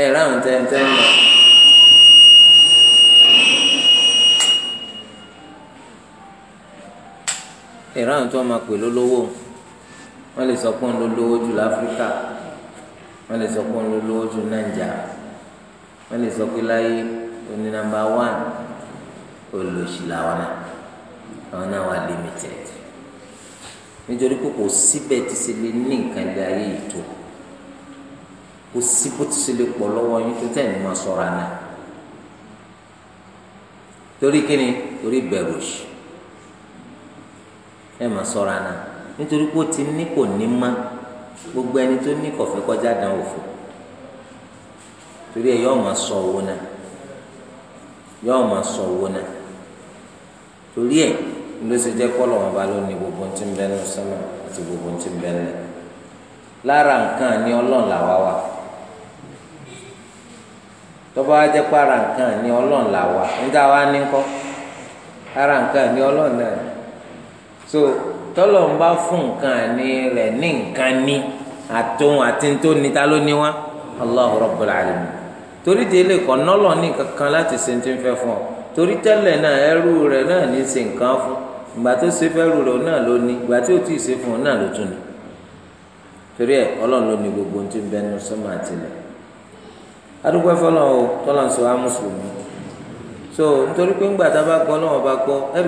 ẹ ráhùn tẹ́ Iran tí wọ́n máa pè lólówó wọ́n lè sọ pé òun ló lówó jù láfíríkà wọ́n lè sọ pé òun ló lówó jù nàìjà wọ́n lè sọ pé láyé oní nàmbà wán olùsí náà àwọn náà wà limited nítorí pé kò síbẹ̀ tí ṣe lè ní nǹkan ilé ayé yìí tó kò sí bó ti ṣe lè pọ̀ lọ́wọ́ yín tó tẹ̀ ní máa sọ̀rọ̀ àná torí kíni torí bẹ̀rù òṣì. ẹ mà ṣọ́ra náà nítorí pé ó ti ní kò ní má gbogbo ẹni tó ní kọfẹ kọjá dán òfò torí ẹ yọọ mà sọ owó náà yọọ mà sọ owó náà torí ẹ ló ṣe jẹ kọlọ wọn bá lónìí gbogbo tí ń bẹ nínú sọmọ àti gbogbo tí ń bẹ ara nǹkan ni Ọlọ́run wa ní kọ́ ara nǹkan ni Ọlọ́run náà. so tọ́lọ̀ fún nǹkan ni rẹ̀ ní nǹkan ní àtòun àti tó ní ta ló ní wá Allahu Rabbul torí délé kọ́ nọ́lọ̀ ní kankan láti ṣe ti ń fún ọ torí tẹ́lẹ̀ náà ẹrú rẹ̀ náà ní ṣe nǹkan fún ìgbà tó ṣe fẹ́ rú rẹ̀ náà ló ní ìgbà tí ó ti ṣe fún ọ náà ló tún ní torí ẹ gbogbo ohun tí ń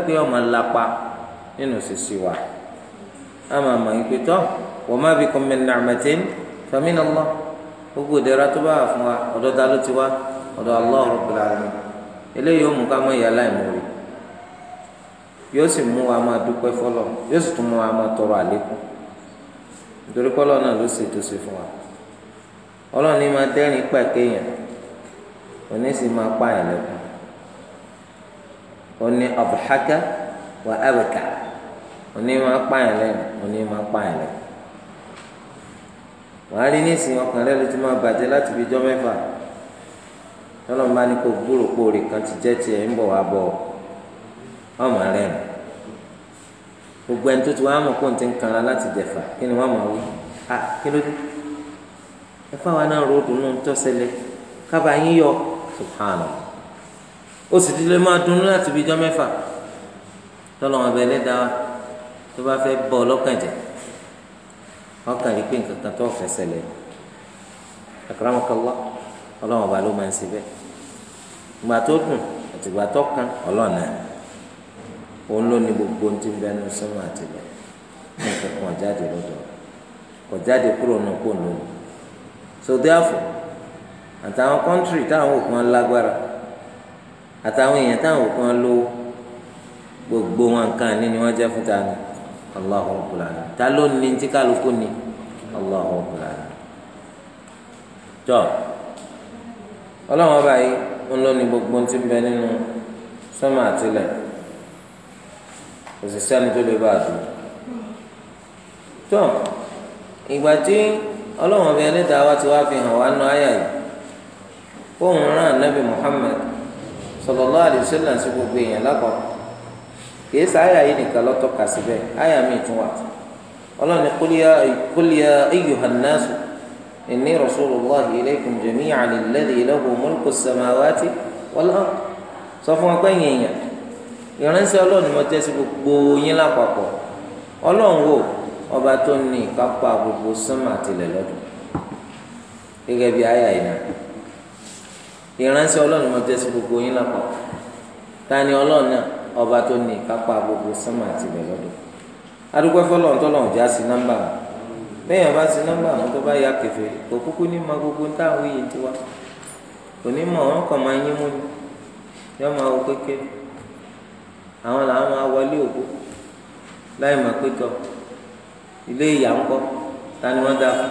ti ní nínú sisi wa ama ama ìpètọ́ wọ ma bikum min ni'matin famin Allah gbogbo ìdẹ̀ra tó bá wà fún wa ọ̀dọ̀ ta ló ti wá ọ̀dọ̀ Allah Rabbul alamin eléyìí ó mú ká mọ ìyá aláìmoore yóò sì mú wa ma dúpẹ́ fọlọ́ yóò sì tún mú wa tọrọ àlékún nítorí náà ló ṣètò sí fún wa máa dẹ́rìn òní sì máa lẹ́kùn òní òní máa pààyàn lẹ́nu òní máa pààyàn lẹ́nu wàá rí nísìnyí ọkàn rẹ ló ti máa bàjẹ́ láti fi jọ́ mẹ́fà tọ́lọ́ bá ní kó gbúrò kóore kan ti jẹ́ tiẹ̀ ń bọ̀ wá bọ̀ ọmọ rẹ̀ nù gbogbo ẹni tó ti wá mọ̀ kó n ti ń kanra láti jẹ̀fà kí ni wọ́n wí à kí ló dé ẹ ti lè máa dunnú láti fi jọ́ mẹ́fà wa. tó bá fẹ́ bọ́ ọlọ́kàn jẹ ọkàn rí pé nǹkan kan tó fẹsẹ̀ lẹ̀ akramakallah ọlọ́run ọba ló máa ń ṣe bẹ́ẹ̀ ìgbà tó dùn àtìgbà tó kan ọlọ́ọ̀nà òun ló ní gbogbo ohun tí ń bẹnu sọ́mọ́ àtìgbà nǹkan kan jáde lọ́dọ̀ kò jáde kúrò náà kò lónìí so therefore àtàwọn kọ́ńtírì táwọn òkan lágbára àtàwọn èèyàn táwọn òkan lówó gbogbo wọn nǹkan ní ni wọ́n jẹ́ fún ta Allahu Rabbul Alamin ta ló ní tí kálukú ni Allahu Rabbul Alamin tọ́ ọlọ́run ọba yìí ń lọ ní gbogbo tí ń bẹ nínú sọ́mà àtìlẹ̀ òṣìṣẹ́ ni tó lè bá a dùn tọ́ ìgbà tí ọlọ́run ọba ẹlẹ́dàá wa ti wá fi hàn wá nù ayà yìí fóun rán anabi Muhammad sallallahu alaihi sí gbogbo èèyàn lápapọ̀ kìí sá àyà yìí nìkan lọ́tọ́ka síbẹ̀ àyà mi tún wà ọlọ́ni kúlíà ayyuhannasu inni rasulillah ilaykum jami'an alladhi lahu mulku samawati wal ard sọ fún wa pé yìnyín ìránṣẹ́ ọlọ́run mo jẹ́ sí gbogbo yín lápapọ̀ ọlọ́run wò ọba tó ní ìkápá gbogbo sánmà tilẹ̀ lọ́dún gẹ́gẹ́ bí àyà yìí náà ìránṣẹ́ ọlọ́run mo jẹ́ sí gbogbo yín lápapọ̀ ta ni náà. ọba tó ní ìkápá gbogbo sánmà adúgbò fọlọ́ ọ̀já sí nọ́mbà wọn bẹ́ẹ̀ ọba sí nọ́mbà wọn tó bá ya kẹfẹ́ kò kúkú ní ma gbogbo táwọn yìí ti wá onímọ̀ wọn kàn máa yín mú ni yọ máa wọ kékeré àwọn làwọn máa wọlé ilé ìyá ń ta wọn dá fún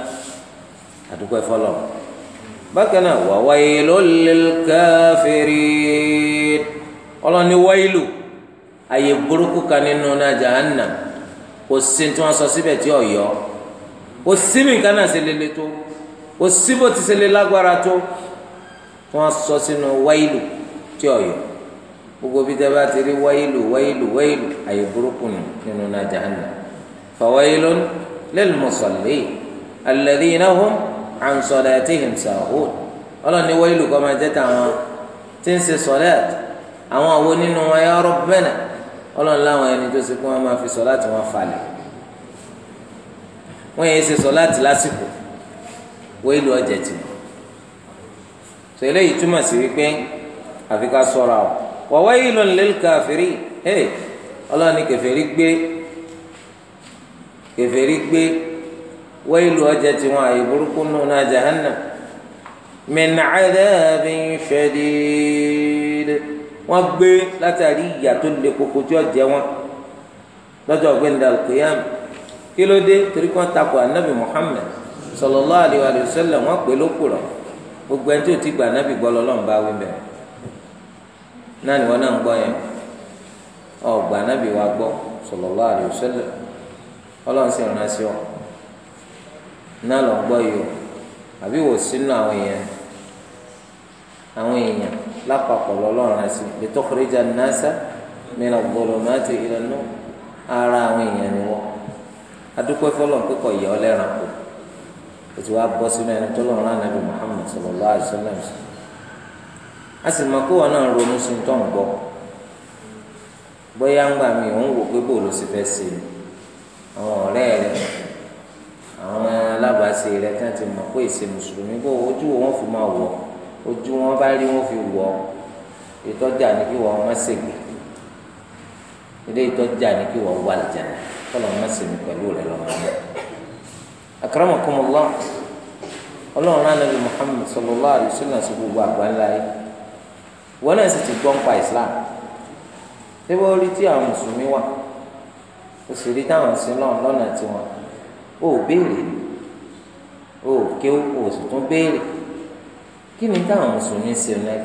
adúgbò fọlọ́ bákan náà wáyé ọlọ́ni wáyé lò. ayé burúkú kan nínú náà jahannam kò sí tí wọ́n sọ síbẹ̀ tí ọ̀yọ́ kò sí mi nǹkan náà ṣe lele tó kò sí bó ti ṣe lè lágbára tó wọ́n sọ sínú wáìlù tí ọ̀yọ́ gbogbo bí dẹ́ bá ti rí wáìlù wáìlù wáìlù ayé burúkú nínú náà jahannam fawailun lil musallin alladhina hum an salatihim sahun ọlọ́ni wáìlù kọ́ máa jẹ́ tàwọn tí ń ṣe sọ̀lẹ́t àwọn àwo nínú wọn ya rabbana ọlọ́run láwọn ẹni tó ṣe kí wọ́n máa fi sọ láti wọn falẹ̀ wọ́n yẹn ṣe sọ láti lásìkò wọ́n èlò ọjà tì wọ́n tó eléyìí túmọ̀ sí wípé àfi ká sọ̀rọ̀ àwọ̀ wọ́wọ́ yìí ló ń lé ọlọ́run ní kẹfẹ́rí gbé kẹfẹ́rí gbé wọ́n èlò ọjà tì wọ́n àyè burúkú nù náà jahannam min 'adhabin shadid wọ́n gbé látàrí ìyà tó le koko tí wọ́n jẹ wọ́n lọ́jọ́ ọ̀gbẹ́ni alqiyam kí ló dé torí kí takò anabi muhammed sallallahu alayhi wa sallam wọ́n pè lóko rọ̀ gbogbo ẹni tí o ti gba anabi gbọ́ lọ́lọ́run bá wí bẹ́ẹ̀ náà ni wọ́n náà ń gbọ́ yẹn ọ̀ gba anabi wa gbọ́ sallallahu alayhi wa sallam ọlọ́run sì rán sí ọ náà lọ́ gbọ́ yìí o àbí wò sínú àwọn èèyàn àwọn èèyàn lápapọ̀ lọ́lọ́run rẹ̀ sí lè tọ́kùrẹ́jà nàásà mìíràn gbọ́dọ̀ máa ti ilẹ̀ nù ara àwọn èèyàn ni wọ́n adúpẹ́ fọlọ́n pé kò yẹ ọ lẹ́ràn kù ètò wa bọ́ sínú ẹni tó lọ́run ànábì Muhammad sallallahu alaihi wasallam a sì mọ kó wọn náà ronú sí tó ń gbọ́ bóyá ń gbà mí òun wò pé bò ló sì fẹ́ sí àwọn ọ̀rẹ́ rẹ àwọn alábàáṣe rẹ kí ti mọ̀ pé ìṣe mùsùlùmí bó ojú wọn fi máa wọ̀ ọ́ ojú wọn bá rí wọn fi wọ ìtọ́jà ní kí wọn má ṣègbè ilé ìtọ́jà ní kí wọn wà lìjà kọlọ má ṣèmi pẹ̀lú rẹ lọ́wọ́ mi. akramakumullah ọlọ́run anabi muhammed sallallahu alaihi wasallam sí gbogbo àgbáńlá yìí wọn náà sì ti gbọ́ nípa islam ṣé wọ́n rí tí àwọn mùsùlùmí wà ó sì rí táwọn sí náà lọ́nà tiwọn ó béèrè ó kéwù ó sì tún béèrè kí ni táwọn mùsùlùmí ń ṣe náà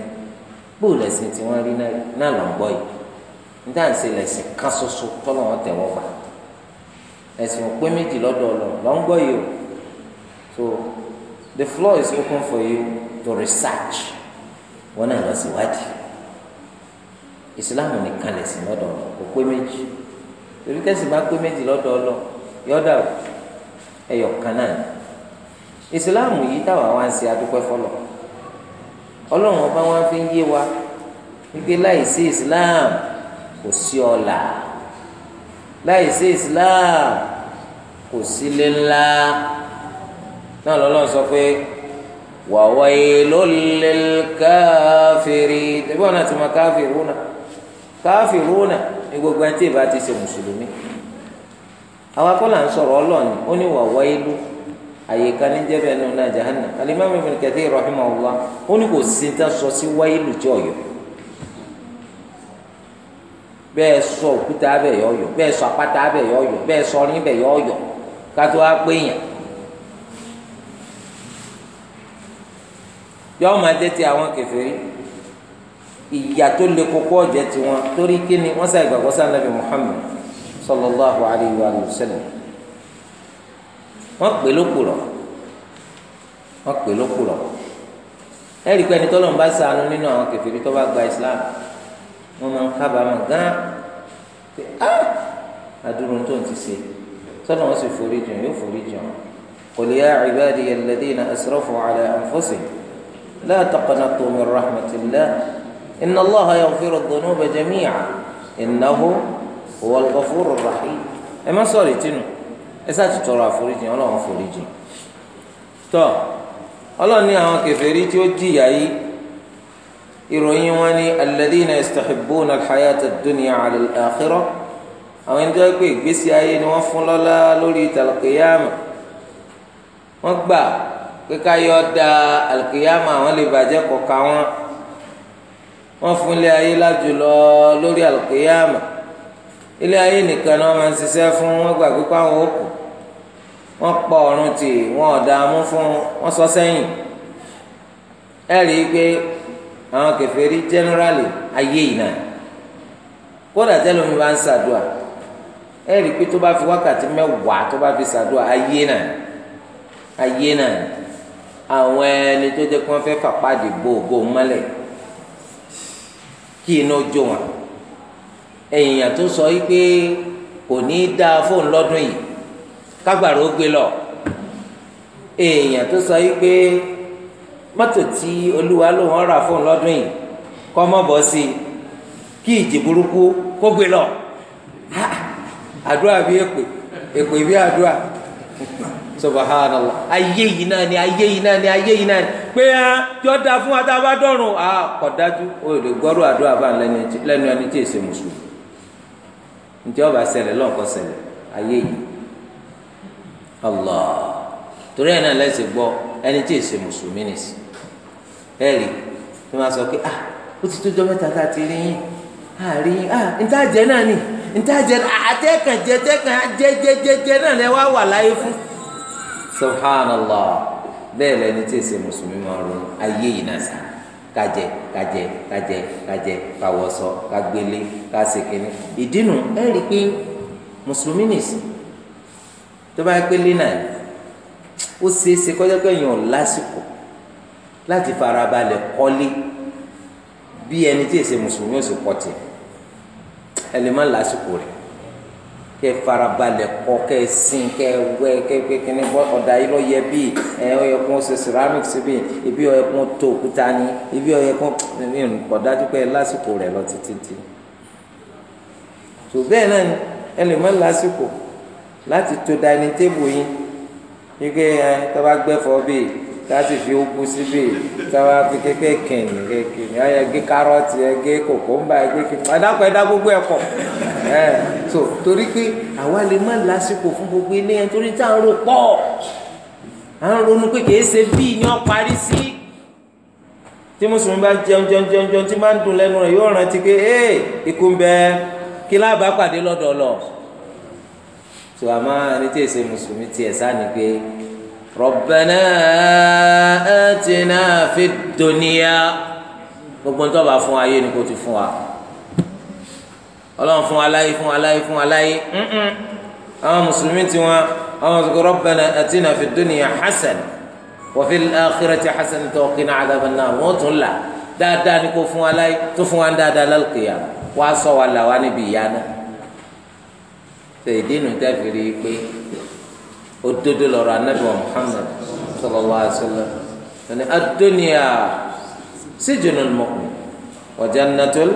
bó lẹ̀sìn tí wọ́n rí náà lọ ń gbọ́ yìí ní táwọn ṣe lẹ̀sìn kan ṣoṣo tọ́lọ̀ wọn tẹ̀ wọ́n fà ẹ̀sìn òpé méjì lọ́dọ̀ ọlọ́ gbọ́ yìí o so the floor is open for you to research wọn náà lọ síwádìí ìsìláàmù nìkan lẹ̀sìn lọ́dọ̀ ọlọ́ òpé méjì torí kẹ́sì bá pé méjì lọ́dọ̀ ọlọ́ yọ̀dà ẹ̀yọ̀ kan náà ìsìláàmù yìí táwa wá ń ṣe adúpẹ́ fọlọ́ ọlọ́run ọba wọn fi ń yé wa wípé láìsí islam kò sí ọlà láìsí islam kò sílé ńlá náà lọ́lọ́run sọ pé wa waylul lil kafirin ẹbí wọn náà ti mọ kafiruna kafiruna ní gbogbo ẹni tí ìbá ti ṣe mùsùlùmí àwọn akọ́là ń sọ̀rọ̀ ọlọ́ọ̀ni ó ní wa waylu àyè kan ní jẹ́bẹ̀ nínú náà jahannam alimami ibn Kathir rahimahullah ó ní kò sí ta sọ sí wáyé lùjẹ́ ọ̀yọ́ bẹ́ẹ̀ sọ òkúta abẹ́ yọ ọ̀yọ́ bẹ́ẹ̀ sọ apáta abẹ́ yọ ọ̀yọ́ bẹ́ẹ̀ sọ ọrin bẹ́ẹ̀ yọ ọ̀yọ́ kátó wá pé yàn yọ ọmọ ajẹ́ ti àwọn kèfèrí ìyà tó le koko ọ̀jẹ̀ tiwọn torí kíni wọ́n sàgbàgbọ́sà nàbì Muhammad sallallahu alayhi wa sallam wọ́n pè lókùrọ̀ wọ́n pè lókùrọ̀ ẹ̀rí pé ẹni tọ́lọ̀ ń bá sànú nínú àwọn kẹfìrí tó bá gba Islam wọ́n máa ń kábàámọ̀ gán pé á àdúró tó ń ti ṣe sọ́nà wọ́n sì forí jùn yóò forí jùn qul ya ibadiya alladhina asrafu ala anfusihim la taqnatu min rahmatillah inna Allaha yaghfiru dhunuba jami'a innahu huwal ghafurur rahim ẹ má sọ̀rọ̀ ìtinú ẹ sáàtì tọrọ àforíjì ọlọ́run foríjì tọ ọlọ́run ní àwọn kèfèrí tí ó jìyà yìí ìròyìn wọn ni alladhina yastahibbuna alhayata ad-dunya ala al-akhirah àwọn ẹni tó yẹ pé ìgbésí ayé ni wọ́n fún lọ́lá lórí al-qiyamah wọ́n gbà pé káyọ da al àwọn lè bàjẹ́ kọ̀ọ̀ka wọn wọ́n fún ilé ayé lájùlọ lórí al ilé ayé nìkan ni wọ́n máa ń ṣiṣẹ́ fún wọ́n gbà pé káwọn ó kù wọ́n pọ̀ ọ̀run tì wọ́n ọ̀dààmú fún wọ́n sọ sẹ́yìn ẹ rí i pé àwọn kèfèrí jẹ́nẹ́rálì ayé yìí náà kódà tẹ́lẹ̀ mi bá ń ṣàdúà ẹ rí i pé tó bá fi wákàtí mẹ́wàá tó bá fi ṣàdúà ayé náà ayé náà àwọn ẹni tó jẹ́ kí wọ́n fẹ́ fàpáàdé gbòógò mọ́lẹ̀ kí iná jó wọn èèyàn tó sọ yìí pé kò ní í dáa fóun lọ́dún yìí kagbara ogbe lọ èèyàn tó sọ yìí pé mọ́tò tí olúwa ló wọ́n rà lọ́dún yìí kọ́ mọ́ bọ́ sí i kí ìjì burúkú kó lọ ah, àdúrà bí èpè èpè bí àdúrà subahánàlá ayé yìí ni ayé yìí ni ayé yìí ni pé yọ da fún wa tá a bá o lè gbọ́dọ̀ àdúrà bá lẹ́nu ẹni tí èsè mùsùlùmí ọba ayé allah torí ẹ̀ náà lẹ́sẹ̀ gbọ́ ẹni tí èsè mùsùlùmí nìsí ẹ rí tí wọ́n sọ pé ah ó ti tó jọ mẹ́ta tá a ti rí yín a rí yín ah níta jẹ náà ni níta jẹ àtẹ́kàn jẹ tẹ́kàn jẹjẹjẹjẹ náà lẹ wá wà láyé fún. subhanallah bẹ́ẹ̀ lẹni tí èsè mùsùlùmí máa ronú ayé yìí náà sáà kajẹ kajẹ kajẹ kajẹ kawọsọ kagbélé kasekene ìdínú ẹ rí pé mùsùlùmí nìsí tó bá pé lé náà ó ṣeé ṣe kọjá pé èèyàn lásìkò láti farabalẹ̀ kọ́lé bí ẹni tí èsè mùsùlùmí ò sì kọ́ tiẹ̀ ẹ lè má lásìkò rẹ̀ kẹ farabalẹ̀ kọ́ kẹ sin kẹ wẹ kẹ kẹ kẹne bọ ọ̀dà yìí lọ yẹ bí ẹ ọyẹ kún ṣe ceramic síbi ibi ọyẹ kún tó òkúta ni ibi ọyẹ kún ẹmí ọ̀dájú pé lásìkò rẹ̀ lọ títí tí tó bẹ́ẹ̀ náà ẹ lè má lásìkò láti to dining table yín wípé ẹ tọ́ba gbẹ́fọ́ bíi láti fi ogun síbí tọ́ba fi kékeré kìnnì kìnnì ẹ gé kárọ́ọ̀tì ẹ gé kòkómbà ẹ gé kìnnì ẹ̀dàpọ̀ ẹ̀dá gbogbo ẹ̀kọ́ ẹ̀ so torí pé àwa lè má lásìkò fún gbogbo ilé yẹn torí tá à ń rò pọ̀ à ń ronú pé kìí ṣe bíi ni wọ́n parí sí tí mùsùlùmí bá jẹun jẹun jẹun jẹun tí máa ń dùn lẹ́nu rẹ̀ yóò rántí pé ee ikú ń bẹ kí láàbá pàdé lọ́dọ̀ ọlọ́ọ̀ tó àmọ́ ẹni tí èsè mùsùlùmí tiẹ̀ sáni pé Rabbana atina fid dunya gbogbo ń tọ́ba fún ayé ni kò ti fún wa ọlọ́run fún aláyé fún aláyé fún aláyé àwọn mùsùlùmí tiwọn àwọn sọ̀kò Rabbana atina fid dunya hasan wa fil akhirati hasan tó qina adhaban nar wọ́n tún là dáadáa ni kò fún aláyé tó fún wa dáadáa lálùkìyà wọ́n á sọ wa là wá níbi ìyá náà tó ìdínú tẹ́fìrí pé òdodo lọ́rọ̀ anabi wa muhammed sallallahu alaihi wasallam ẹni adóníyà síjùnú mọ́kùn wa jannatul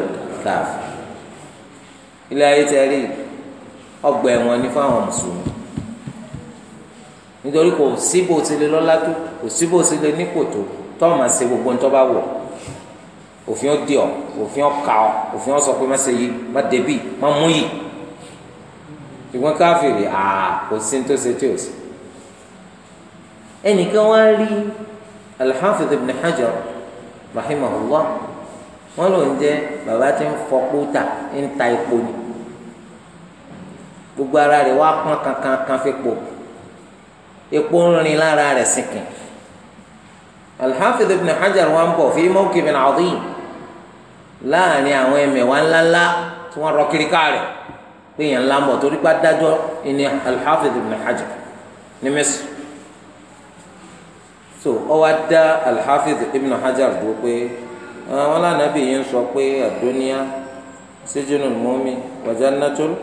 káfí ilé ayé tẹ́ rí ọgbà ẹ̀wọ̀n ní fáwọn mùsùlùmí nítorí kò síbò tí lè lọ́lá tó kò síbò tí lè ní kòtò tọ́ọ̀ máa ṣe gbogbo nítorí bá wọ̀ òfin ó di ọ òfin ó ka ọ òfin ó sọ pé má ṣe yìí má débì má mú yìí ṣùgbọ́n káfíìrì àà kò sí tó ṣe tí ò sí. ẹnìkan wá rí al-Hafiz ibn Hajar rahimahullah wọn ló ń jẹ bàbá tí ń fọpó ta ń ta epo ni gbogbo ara rẹ̀ wá pọn kankan kan fi po epo ń rin lára rẹ̀ sìnkìn al-Hafiz ibn Hajar wá ń bọ̀ fi mawqif 'adhim láàrin àwọn ẹ̀mẹ̀wá ńláńlá tí wọ́n rọ kiri káàrẹ̀ pé èèyàn ńlá ń bọ̀ torí pé adájọ́ ni alḥafiz ibn hajar ní misr so ọ wá dá alḥafiz ibn hajar dúró pé àwọn ah, alánàbì yìí ń sọ pé àdóníyá síjúnù mọ́mí wàjá nàtúrú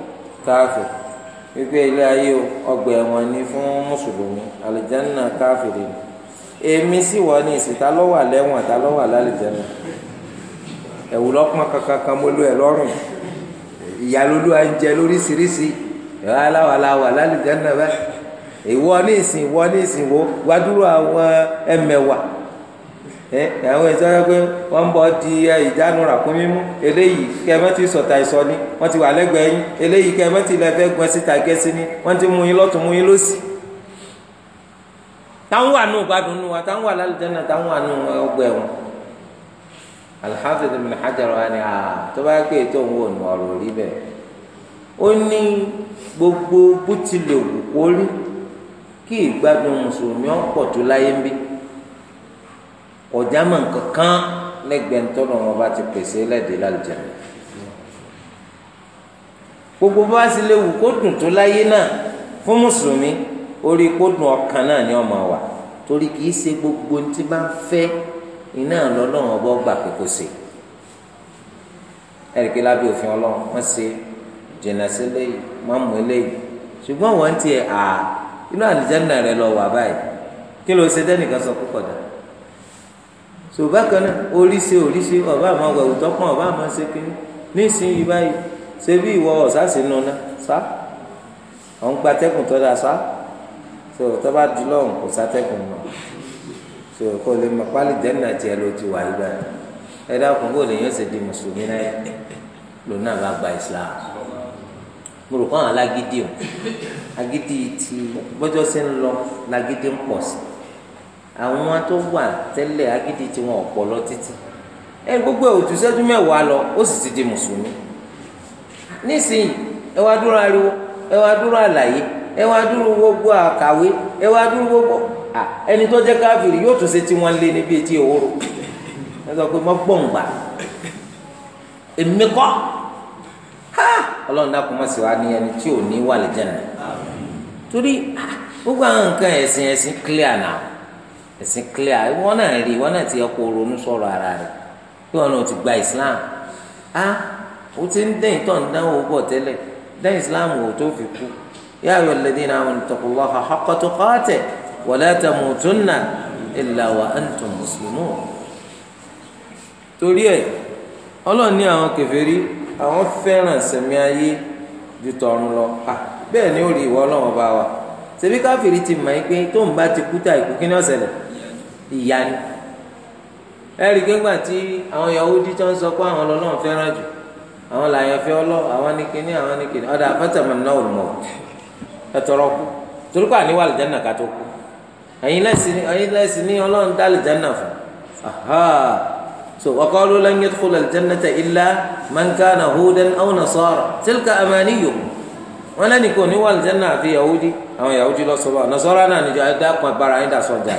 káfíń wípé ilé ayé ọgbà ẹ̀wọ̀n ni fún mùsùlùmí àlìjánná káfíìrì ni èmi sì wọ ní ìsìta lọ́wọ́ àlẹ́wọ̀n ta lọ́wọ́ àlálìjánná ẹ̀wù lọ́pọ́n kankan mọ́lú ẹ̀ lọ́rùn ìyàlódó à ń jẹ lóríṣiríṣi aláwaláwa lálùjáná bá ìwọ ní ìsìn ìwọ ní ìsìn wo wá dúró àwọn ẹmẹ̀wà ẹ àwọn ìjọba pé wọn bọ di ìdánu ràkúnmí mú eléyìí kẹmẹtì sọta ìsọ ni wọn ti wà lẹ́gbẹ̀ẹ́ yín eléyìí kẹmẹtì lẹfẹ gbọn síta gẹsí ni wọn ti mú yín lọ́tùn mú yín lósì táwọn wà nù gbádùn nù wa táwọn wà lálùjáná táwọn wà nù ọgbẹ wọn alhafidh ibn hajar wa ni aa ah, tó bá pé ètò òun wò ní ọ̀rọ̀ rí bẹ́ẹ̀ ó ní gbogbo bó tilẹ̀ wù kó rí kí ìgbádùn mùsùlùmí ọ̀pọ̀ tó láyé ń bí kọjá mọ̀ kankan lẹ́gbẹ̀ẹ́ ńtọ́nà wọn bá ti pèsè lẹ́dẹ̀ẹ́ lálùjá gbogbo bá sì lè wù kó dùn tó láyé náà fún mùsùlùmí orí kó dùn ọkàn náà ni ọmọ wa torí kì í ṣe gbogbo ní ti bá ń fẹ́ iná lọ́lọ́run ọba gbà pé kò sí ẹ̀rí pé lábẹ́ òfin ọlọ́run wọ́n ṣe jìnnà sí léyìí wọ́n mú léyìí ṣùgbọ́n wọ́n ti à inú àlùjánnà rẹ lọ wà báyìí kí ló ṣe dẹ́nìkan sọ púpọ̀ dà so bákan náà oríṣi oríṣi ọba àmọ́ ọgbà òótọ́ pọ̀ ọba àmọ́ ṣe kí nísìnyí báyìí ṣe bí ìwọ ọ̀sá sí nu ná sá ọ̀n gbatẹ́kùn tó dáa sá so tó bá dúró ọ̀hún kò sátẹ́kùn náà. so kó lè mọ pálí jẹ́nà tiẹ̀ ti wà yíba ẹ dákun kó lè yẹn ṣe di mùsùlùmí náà lòun náà bá gba islam mo rò o agídí ti gbọ́jọ́ sí lọ lágídí ń pọ̀ sí àwọn tó wà tẹ́lẹ̀ agídí tí títí ẹ gbogbo mẹ́wàá lọ ó ti di mùsùlùmí nísìnyí ẹ wá dúró ariwo ẹ wá dúró àlàyé ẹ wá dúró gbogbo àkàwé ẹ Ah, ẹni tó jẹ́ káfíìrì yóò tún ṣe tí wọ́n lé níbi etí ẹ sọ pé gbà èmi kọ́ ọlọ́run mọ̀ sí wa ní ẹni tí ò ní wà lè jẹ́ náà torí gbogbo àwọn nǹkan ẹ̀sìn ẹ̀sìn clear now ẹ̀sìn clear wọn ti yẹ kó ronú sọ̀rọ̀ ara pé wọn náà ti gba Islam o ti ń dẹ́yìn tó ń dánwò bọ̀ tẹ́lẹ̀ dẹ́yìn Islam ò tó wala tamutunna illa wa antum muslimun torí ẹ̀ Ọlọ́run ní àwọn kèfèrí àwọn fẹ́ràn sẹ̀mí ayé ju tọ̀run lọ à bẹ́ẹ̀ ni ó rí ìwọ Ọlọ́run bá wa ṣebí káfíìrì ti mọ̀ ẹ́ pé tó ń bá ti kú ta ìkú kí ni ó ṣẹlẹ̀ ìyá ni ẹ̀rí kéńgbà tí àwọn Yahudi tó ń sọ pé àwọn Ọlọ́run fẹ́ràn jù àwọn làyàn fẹ́ ọlọ́ àwọn ní kíní àwọn ní kíní ọ̀dà àfẹ́tẹ̀mọ̀ náà ò mọ̀ ẹ̀tọ́rọ̀ kú torí pé àníwá àlùjáde nàkàtó kú ẹ̀yin lẹ́sìn ní ẹ̀yin lẹ́sìn ní ọlọ́run dá àlìjáná fún so wakalu lan yadkhul aljannata illa man kana hudan aw nasara tilka amaniyum wọn lẹni kò ní wà aljanna àfi yahudi àwọn yahudi lọ sọ bá nasara náà níjọ ẹ dákun agbára ẹ dà sọjà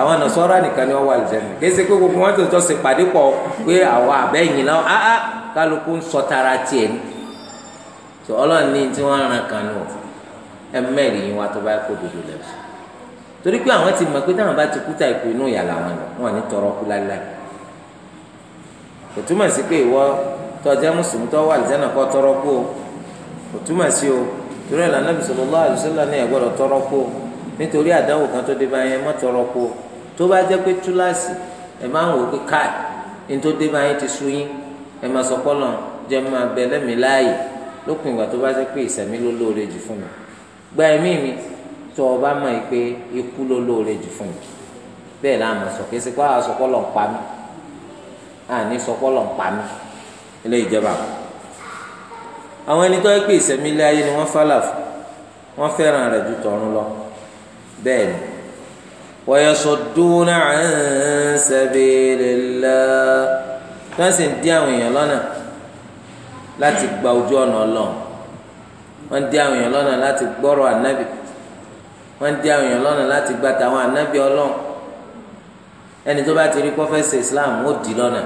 àwọn nasara nìkan ni wọn wà aljanna kése pé gbogbo wọn tó tọ́ sí pàdé pọ̀ pé àwọn àbẹ́yìn náà áá ah, ah, kálukú ń sọ tara tiẹ̀ ni so ọlọ́run ní tí wọ́n ran kan nù ẹ̀mẹ́rin wa tó bá kó dodo lẹ́sùn torí pé àwọn ti mọ̀ pé táwọn bá ti kúta ìkú inú ìyá làwọn lọ wọn ní tọrọ kú láíláí kò túmọ̀ sí pé ìwọ tọjá mùsùlùmí tó wà lìjánà kọ́ tọrọ kú o kò túmọ̀ sí o torí ẹ̀ lànà sallallahu alaihi wasallam ní ẹ̀gbọ́dọ̀ tọrọ kú o nítorí àdánwò kan tó dé bá yẹn mọ́ tọrọ kú o tó bá jẹ́ pé túláàsì ẹ̀ máa ń wò pé káì ní tó dé bá yẹn ti sú yín ẹ̀ máa sọ pọ́lọ̀ jẹ́ máa tó o bá mọ̀ yìí pé ikú ló lóore jù fún mi bẹ́ẹ̀ náà mọ̀ sọ kìí ṣe pé àwọn sọpọ́lọ̀ ń pa mí àní sọpọ́lọ̀ ń pa mí ilé ìjọba àwọn ẹni tó ń pè ìsẹ̀mí ilé ayé ni wọ́n fálà fún wọ́n fẹ́ràn rẹ̀ ju tọ̀run lọ bẹ́ẹ̀ ni wa yasudduna an sabilillah wọ́n sì ń dí àwọn èèyàn lọ́nà láti gba ojú ọ̀nà ọlọ́run wọ́n dí àwọn èèyàn lọ́nà láti gbọ́rọ̀ ànábì wọ́n di àwọn èèyàn lọ́nà láti gba tàwọn ànábì Ọlọ́run ẹni tó bá ti rí pọfẹsì Islam ó dì lọ́nà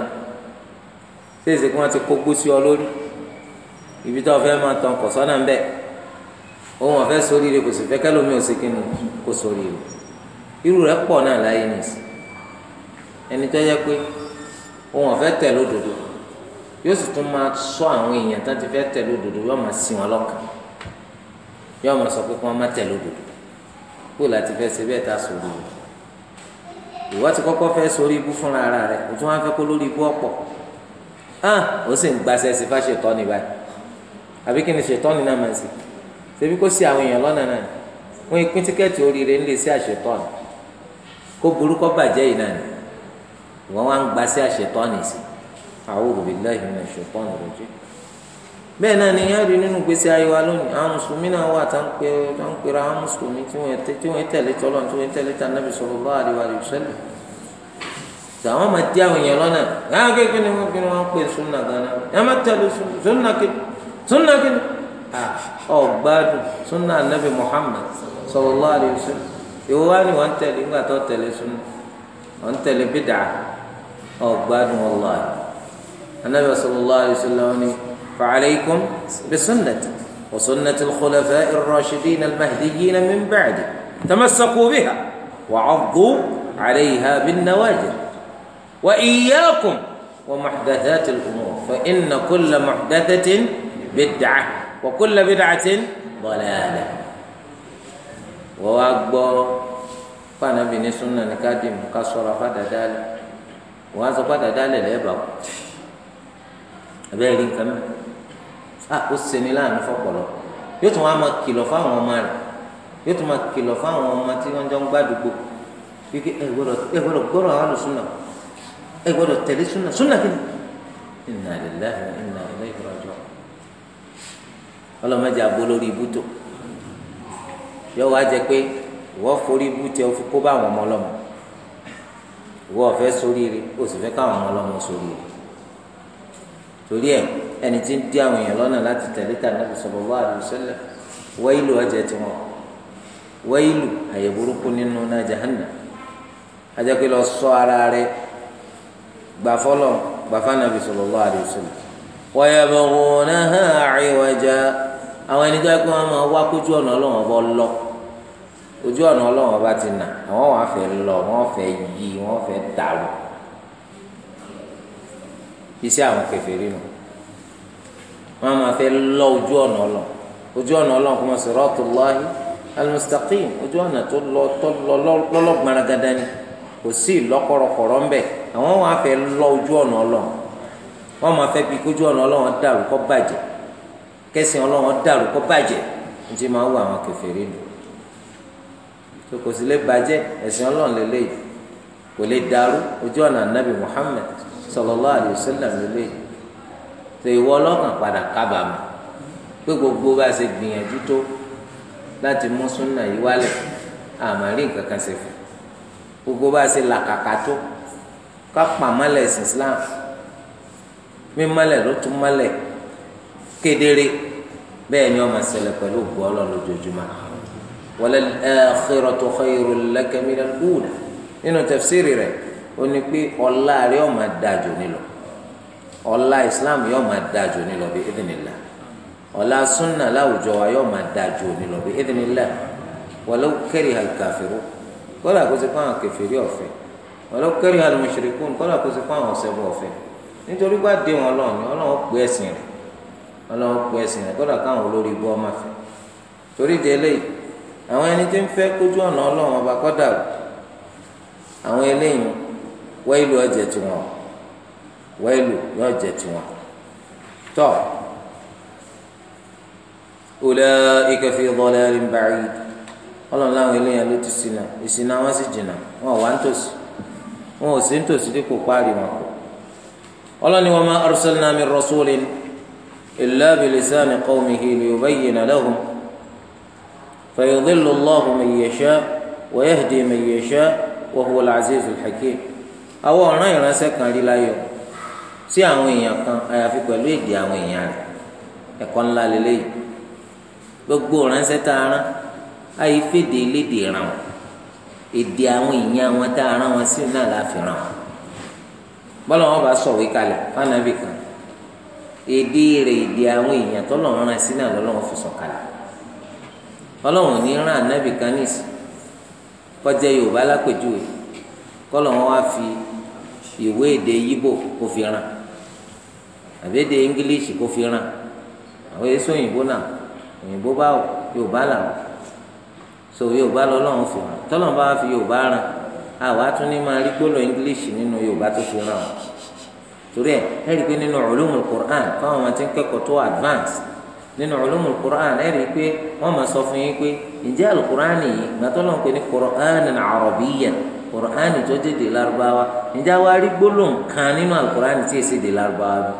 ṣèṣe kí wọ́n ti kó gbósí ọ lórí ibi tó ọfẹ máa tàn kọ sọnà ńbẹ òun ọfẹ sórí rẹ̀ kò sì fẹ́ kẹlómi ò sì kínú kó sórí rẹ̀ irú rẹ̀ pọ̀ náà láyé nìsí ẹni tó yẹ pé òun ọfẹ tẹ lódodo yóò sì tún máa sọ àwọn èèyàn tó ti fẹ́ tẹ lódodo yóò máa sìn wọn lọ́kàn yóò máa sọ pé kí wọ́n má tẹ lódodo kó láti fẹ́ ṣe bẹ́ẹ̀ ta sòrò o ìwọ ti kọ́kọ́ fẹ́ sórí ibú fúnra ara rẹ o tún wá fẹ́ kó lórí ibú ọ̀pọ̀ hàn ah, ó sì ń gbaṣẹ́ sí fáṣetọ́ ni báyìí àbí kí ni ṣetọ́ ni náà máa ń sè ṣebí kó sí àwọn èèyàn lọ́nà náà ni wọ́n pín tíkẹ́ẹ̀tì oríire ńlẹ̀ sí àṣetọ́ ni kó burúkọ bàjẹ́ yìí náà ni wọ́n wá ń gbaṣẹ́ àṣetọ́ ni sí a'udhu billahi minash shaitani rajim bẹ́ẹ̀ náà ni yẹn rí nínú gbèsè ayé wa lónìí àwọn mùsùlùmí náà wà tá ń pè tá ń pera àwọn mùsùlùmí tí wọ́n tí wọ́n tẹ̀lé tọ́lọ̀ tí wọ́n tẹ̀lé tà nàbì sallallahu alaihi wasallam àwọn máa di àwọn èèyàn lọ́nà yàrá kékeré ni wọ́n kékeré wọ́n pè sunna gánà yàrá máa tẹ̀lé sunna kékeré sunna kékeré ọ̀gbádùn sunna nàbì Muhammad sallallahu alaihi wasallam ìwọ wá ní wọ́n فعليكم بسنتي وسنة الخلفاء الراشدين المهديين من بعدي تمسكوا بها وعضوا عليها بالنواجذ وإياكم ومحدثات الأمور فإن كل محدثة بدعة وكل بدعة ضلالة وأكبر فأنا بني سنة نكادم كسر دالة وهذا دالة لا يبقى أبي كمان a ah, ó sẹni láàánú fọpọlọ yóò tún wá máa kìlọ̀ fáwọn ọmọ rẹ̀ yóò tún máa fáwọn ọmọ tí wọ́n jọ ń gbàdúgbò wípé ẹ gbọ́dọ̀ ẹ gbọ́dọ̀ gbọ́dọ̀ ẹ gbọ́dọ̀ tẹ̀lé súnà súnà kí wa lórí ibùtò yóò wá jẹ pé forí ibùtò kó bá àwọn ọmọ fẹ́ ẹni tí ń dí àwọn èèyàn lọ́nà láti tẹ̀lé tà nàbì sallallahu alaihi wasallam wáyìlú ọjà tí wọn wáyìlú àyè burúkú nínú náà jahannam ajakpe lọ sọ ara rẹ̀ gbà fọlọ gbà fànàbì sallallahu alaihi wasallam wa yabghunaha 'iwaja àwọn ẹni tó yẹ kó wọn máa wá kójú ọ̀nà ọlọ́wọ́n bọ́ lọ ojú ọ̀nà ọlọ́wọ́n bá ti nà àwọn wàá fẹ́ lọ wọ́n fẹ́ yí wọ́n fẹ́ dàrú iṣẹ́ àwọn kèfèrí nù wọn máa fẹ́ lọ ojú ọ̀nà ọlọ ojú ọ̀nà ọlọ kò mọ̀ siratullahi al-mustaqim ojú ọ̀nà tó lọ tó lọ lọ́lọ́gbọ̀nragada ni kò sí ìlọ́kọ̀rọ̀kọ̀rọ̀ ń bẹ̀ àwọn wọn á fẹ́ lọ ojú ọ̀nà ọlọ wọn máa fẹ́ bí ojú ọ̀nà ọlọ wọn dàrú kó bàjẹ́ kẹsìn ọlọ wọn dàrú kó bàjẹ́ ní ti máa wọ àwọn kèfèrí lò tó kò sí lè bàjẹ́ ẹ̀sìn ọlọ́run lélẹ́yìí kò lè dàrú ojú ọ̀nà anabi Muhammad sallallahu alayhi wa sallam lélẹ́yìí ṣe ìwọ ọlọ́kàn padà kábàámọ̀ pé gbogbo bá ṣe gbìyànjú tó láti mú súnà yìí wálẹ̀ àmàlí nǹkan kan ṣe fún gbogbo bá ṣe làkàkà tó ká pàmọ́lẹ̀ sí Islam mímọ́lẹ̀ ló tún mọ́lẹ̀ kedere bẹ́ẹ̀ ni ọmọ ṣẹlẹ̀ pẹ̀lú ògbó ọlọ́run lójoojúmọ́ walal akhiratu khayrun laka minal ula nínú tafsiri rẹ̀ ó ní pé ọlá ọmọ dájú nílò ọlá islam yóò máa dáa jù ní lọ bí idinillah ọlá sunna láwùjọ wa yóò máa dáa jù ní lọ bí idinillah walau kariha al-kafiru kọ́lá kó ti kó àwọn kẹfìrí ọ̀fẹ́ walau kariha al-mushrikun kọ́lá kó ti kó àwọn ọ̀sẹ̀ bọ̀ ọ̀fẹ́ nítorí wá dé wọn lọ́wọ́ ni ọlọ́wọ́ pé ẹ̀sìn rẹ̀ ọlọ́wọ́ pé ẹ̀sìn rẹ̀ kọ́lá káwọn olórí bọ́ ọmọ fẹ́ torí di eléyìí àwọn ẹni tí ń fẹ́ kójú ọ̀nà ọlọ́wọ́ ọba kọ́dà àwọn eléyìí wáyé lu ọjà tiwọn o wẹ́ẹ̀lù yóò jẹ tiwọn tọ́ ulaika fi dhalalin ba'id ọlọ́run láwọn eléyàn ló ti ṣìnà ìṣìnà wọn sì jìnà wọn ò wá nítòsí wọn ò sí nítòsí dípò páàrí wọn kù ọlọ́ni wa ma arsalna min rasulin illa bilisani qawmihi liyubayyina lahum fayudillu allahu man yasha wa yahdi man yasha wa huwa al-azizul hakim àwọn ọ̀ràn ìránṣẹ́ kan rí láyọ̀ sí àwọn èèyàn kan àyàfi pẹ̀lú èdè àwọn èèyàn rẹ̀ ẹ̀kọ́ ńlá lélẹ́yìí gbogbo ránṣẹ́ tá a rán àyè fèdè elédè ràn wọ́n èdè àwọn èèyàn wọn tá a rán wọn sí náà láfi ràn wọ́n bọ́lá wọn bá sọ̀wé kalẹ̀ fánábì kan èdè rẹ̀ èdè àwọn èèyàn tọ́lọ̀ ń rán sí náà lọ́lọ́wọ́ fi sọ̀ kalẹ̀ ọlọ́run ní rán ànábì kan nìsí kọjá yorùbá lápèjúwe kọ́lọ̀ wá fi ìwé èdè yíbò kó fi rán àbẹ́dẹ English kò fi ràn àwọn èso òyìnbó náà òyìnbó bá wò Yorùbá là wò so Yorùbá lọ́lọ́run fi ràn tọ́lọ́run bá fi Yorùbá ràn àwa tún ní máa rí gbólọ̀ English nínú Yorùbá tó fi ràn wọ́n torí ẹ ẹ rí i pé nínú ulumul Qur'an fáwọn ọmọ tí ń kẹ́kọ̀ọ́ tó advance nínú ulumul Qur'an ẹ rí i pé wọ́n máa sọ fún yín pé ǹjẹ́ alukur'an yìí gbàtọ́lọ́n pé ní Qur'anan Arabiyyan Qur'an tó dé de Lárúbáwá ǹjẹ́ àwa rí gbólóhùn kan nínú alukur'an tí èsì de Lárúbáwá bí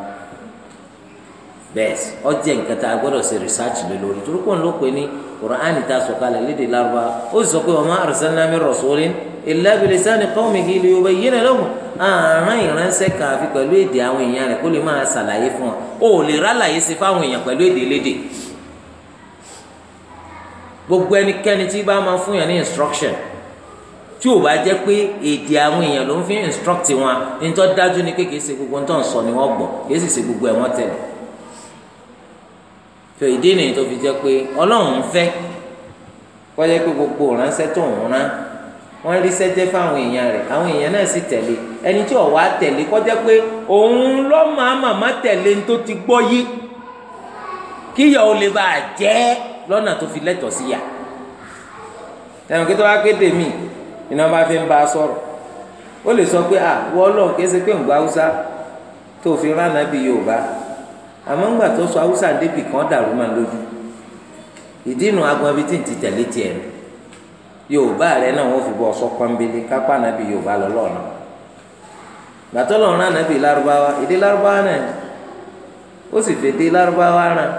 bẹ́ẹ̀ sì ọ jẹ́ nǹkan tá a gbọ́dọ̀ ṣe research lé lórí torí pọ̀ ló pe ní Qur'an ta sọ̀kalẹ̀ lédè Lárúbá ó sọ pé wa ma arsalna min rasulin illa bi lisani qawmihi liyubayyina lahum àárín ìránṣẹ́ kan àfi pẹ̀lú èdè àwọn èèyàn rẹ̀ kó lè máa ṣàlàyé fún ọ ò lè rálàyé sí fáwọn èèyàn pẹ̀lú èdè lédè gbogbo ẹnikẹ́ni tí bá máa fún yàn ní instruction tí ò bá jẹ́ pé èdè àwọn èèyàn ló ń fi instruct wọn ní tó dájú ni pé ṣe gbogbo ń tàn sọ ni wọ́n gbọ́ kì í sì ṣe gbogbo ẹ̀ wọ́n tẹ̀lé tó ìdí nìyí tó fi pé ọlọ́run fẹ́ kọjá pé gbogbo ránṣẹ́ tó ń rán wọ́n rí sẹ́jẹ́ fáwọn èèyàn rẹ̀ àwọn èèyàn náà sì tẹ̀lé ẹni tí ọ̀wá tẹ̀lé kọjá pé òun lọ́ máa tẹ̀lé ní tó ti gbọ́ yí kíyà lè bá a jẹ́ sọ pé à pé ń fi rán yorùbá àmọ́ ńgbà tó sọ haúsá débì kan dàrú máa lójú ìdí nu agbọn ibi tí ń ti tẹ̀lé tiẹ̀ nù yorùbá fi bọ́ ọsọ pọ́nbélé kápá nàbí yorùbá lọ́lọ́ọ̀nà gbàtọ́ lọ́run náà nàbí lárúbáwá èdè lárúbáwá náà ó sì fi lárúbáwá ràn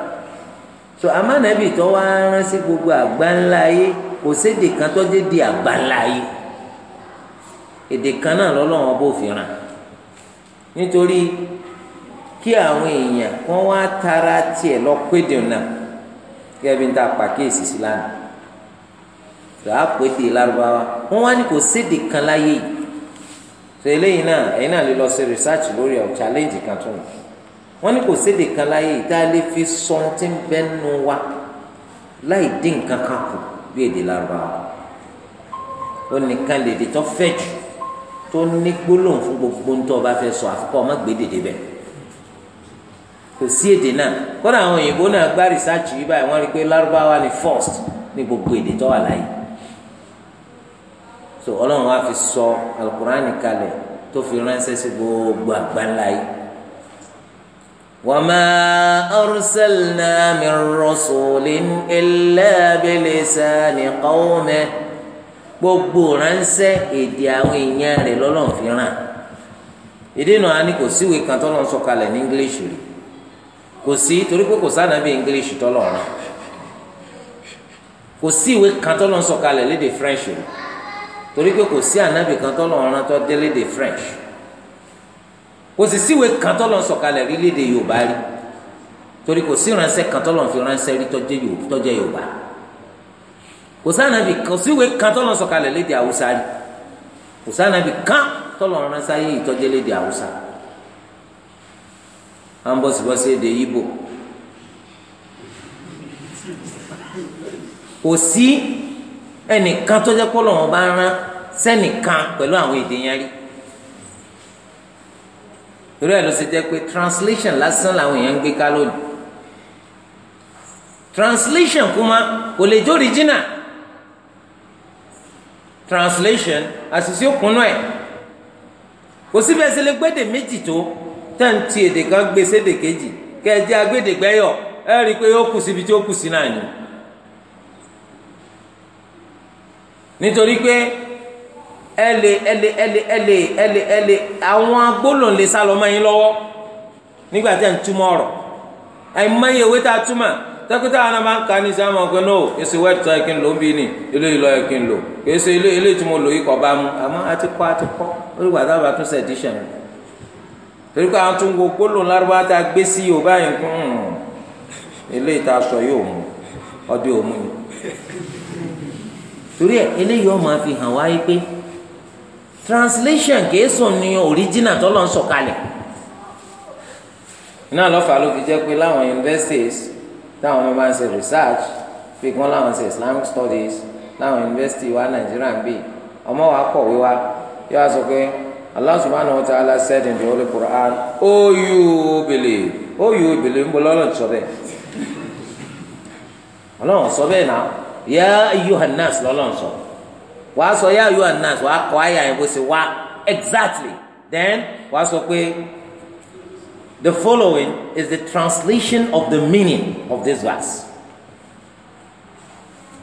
so amánàbì tó wá rán sí gbogbo àgbáńlá ayé kò sédè kan tó dé di àgbáńlá èdè kan náà bó fi nítorí kí àwọn èèyàn wọn wá tara tiẹ̀ lọ pédè náà kí ẹbí ń ta pàkíyèsí sí lánàá tó a pété lárúbáwá wọn wá ní kò séde kan láyé yìí tó eléyìí náà ẹ̀yin náà lè lọ sí research lórí ọ̀ challenge kan tó nù wọn ní kò séde kan láyé yìí tá a lè fi sọ tí ń bẹ́ nu wa láì dín nǹkan kan kù bí èdè lárúbáwá ó nìkan lè dè tó fẹ́ jù tó ní gbólóhùn fún gbogbo ń tọ́ ọ bá fẹ́ sọ àfikọ́ ọmọ gbèdéde bẹ́ẹ̀ kò sí èdè náà kódà àwọn òyìnbó náà gbá rìsáàcì yìí báyìí wọ́n rí i pé lárúbáwá ni first ní gbogbo èdè tó wà láyé so ọlọ́run wa fi sọ alukurani kalẹ̀ tó fi ránṣẹ́ sí gbogbo àgbáńlá yìí. وما أرسلنا من رسول إلا بلسان قومه gbogbo ránṣẹ́ èdè àwọn èèyàn rẹ̀ lọ́lọ́run fi rán ìdí náà ni kò síwèé kan tó lọ sọ kalẹ̀ ní English rẹ̀ kò sí torí pé kò sànàbí english tọ́lọ̀ ọ̀ràn kò sí ìwé kan tọ́lọ̀ ń sọ̀kalẹ̀ léde french o torí pé kò sí ànábì kan tọ́lọ̀ ọ̀ràn tó dé léde french kò sì sí ìwé kan tọ́lọ̀ ń sọ̀kalẹ̀ rí léde yorùbá rí torí kò sí ìránṣẹ́ kan tọ́lọ̀ ń fi ránṣẹ́ rí tọ́jẹ́ yorùbá kò sànàbì kò sí ìwé kan tọ́lọ̀ ń sọ̀kalẹ̀ léde haúsá rí kò sànàbì kan tọ́lọ̀ ń à ń bọ̀sibọ́sí èdè yíbò kò sí ẹnìkan tó jẹ́ pọ́lọ́ wọn bá rán sẹ́nìkan pẹ̀lú àwọn èdè yẹn rí torí ẹ̀ ló ṣe jẹ́ pé translation lásán làwọn èèyàn ń gbé ká lónìí translation kuma kò lè jó original translation àṣìṣe òkun náà ẹ̀ kò síbi ẹsẹ̀ lè gbẹ́dẹ̀ méjì tó tẹ́ǹtì èdè kan gbé sédè kejì kẹjẹ agbẹ́dẹ̀gbẹ́yọ̀ ẹ rí i pé ó kù síbi tí ó kù sí náà ni. nítorí pé ẹ lè ẹ lè ẹ lè ẹ lè ẹ lè ẹ lè àwọn agbólóhùn lè sá lọ mọ́ yín lọ́wọ́ nígbà tí ẹ̀ ń túmọ̀ ọ̀rọ̀ ẹ̀ mọ iye owó tá a túmọ̀ tẹ́kítà àwọn máa ń ní sáà máa ń no èsì wẹ́ẹ̀tì tó yẹ kí n lò ń bí ni eléyìí lọ yẹ kí n lò èsì eléyìí tí mo lò yìí kọ́ bá mu àmọ́ àti kọ́ àti kọ́ ó lè wà dábàá tún sẹ̀ díṣẹ̀ mi. torí pé àwọn tó ń wo kóló lárúbáwá tá a gbé sí yorùbá báyìí kún un eléyìí tá a sọ yóò mú ọdẹ òmu yìí torí ẹ eléyìí ọmọ fi hàn wáyé pé translation kèésùn ni original tọ́lọ̀ ń sọ̀kalẹ̀ iná lọ́fà ló fi jẹ́ pé láwọn universities táwọn ọmọ máa ń ṣe research pé kí láwọn ṣe islamic studies láwọn university wa nàìjíríà ń bì ọmọ wa kọ̀wé wa yóò wá sọ pé. Allah subhanahu wa ta'ala said in the Holy Quran, Oh, you believe. Oh, you believe. Mbọ̀ lọ́lọ́ sọ bẹ́ẹ̀. Ọlọ́run sọ bẹ́ẹ̀ náà. Ya ayyuhan nas lọ́lọ́run sọ. Wàá sọ ya ayyuhan nas wàá kọ́ àyà yẹn bó wá exactly. Then wa sọ pé the following is the translation of the meaning of this verse.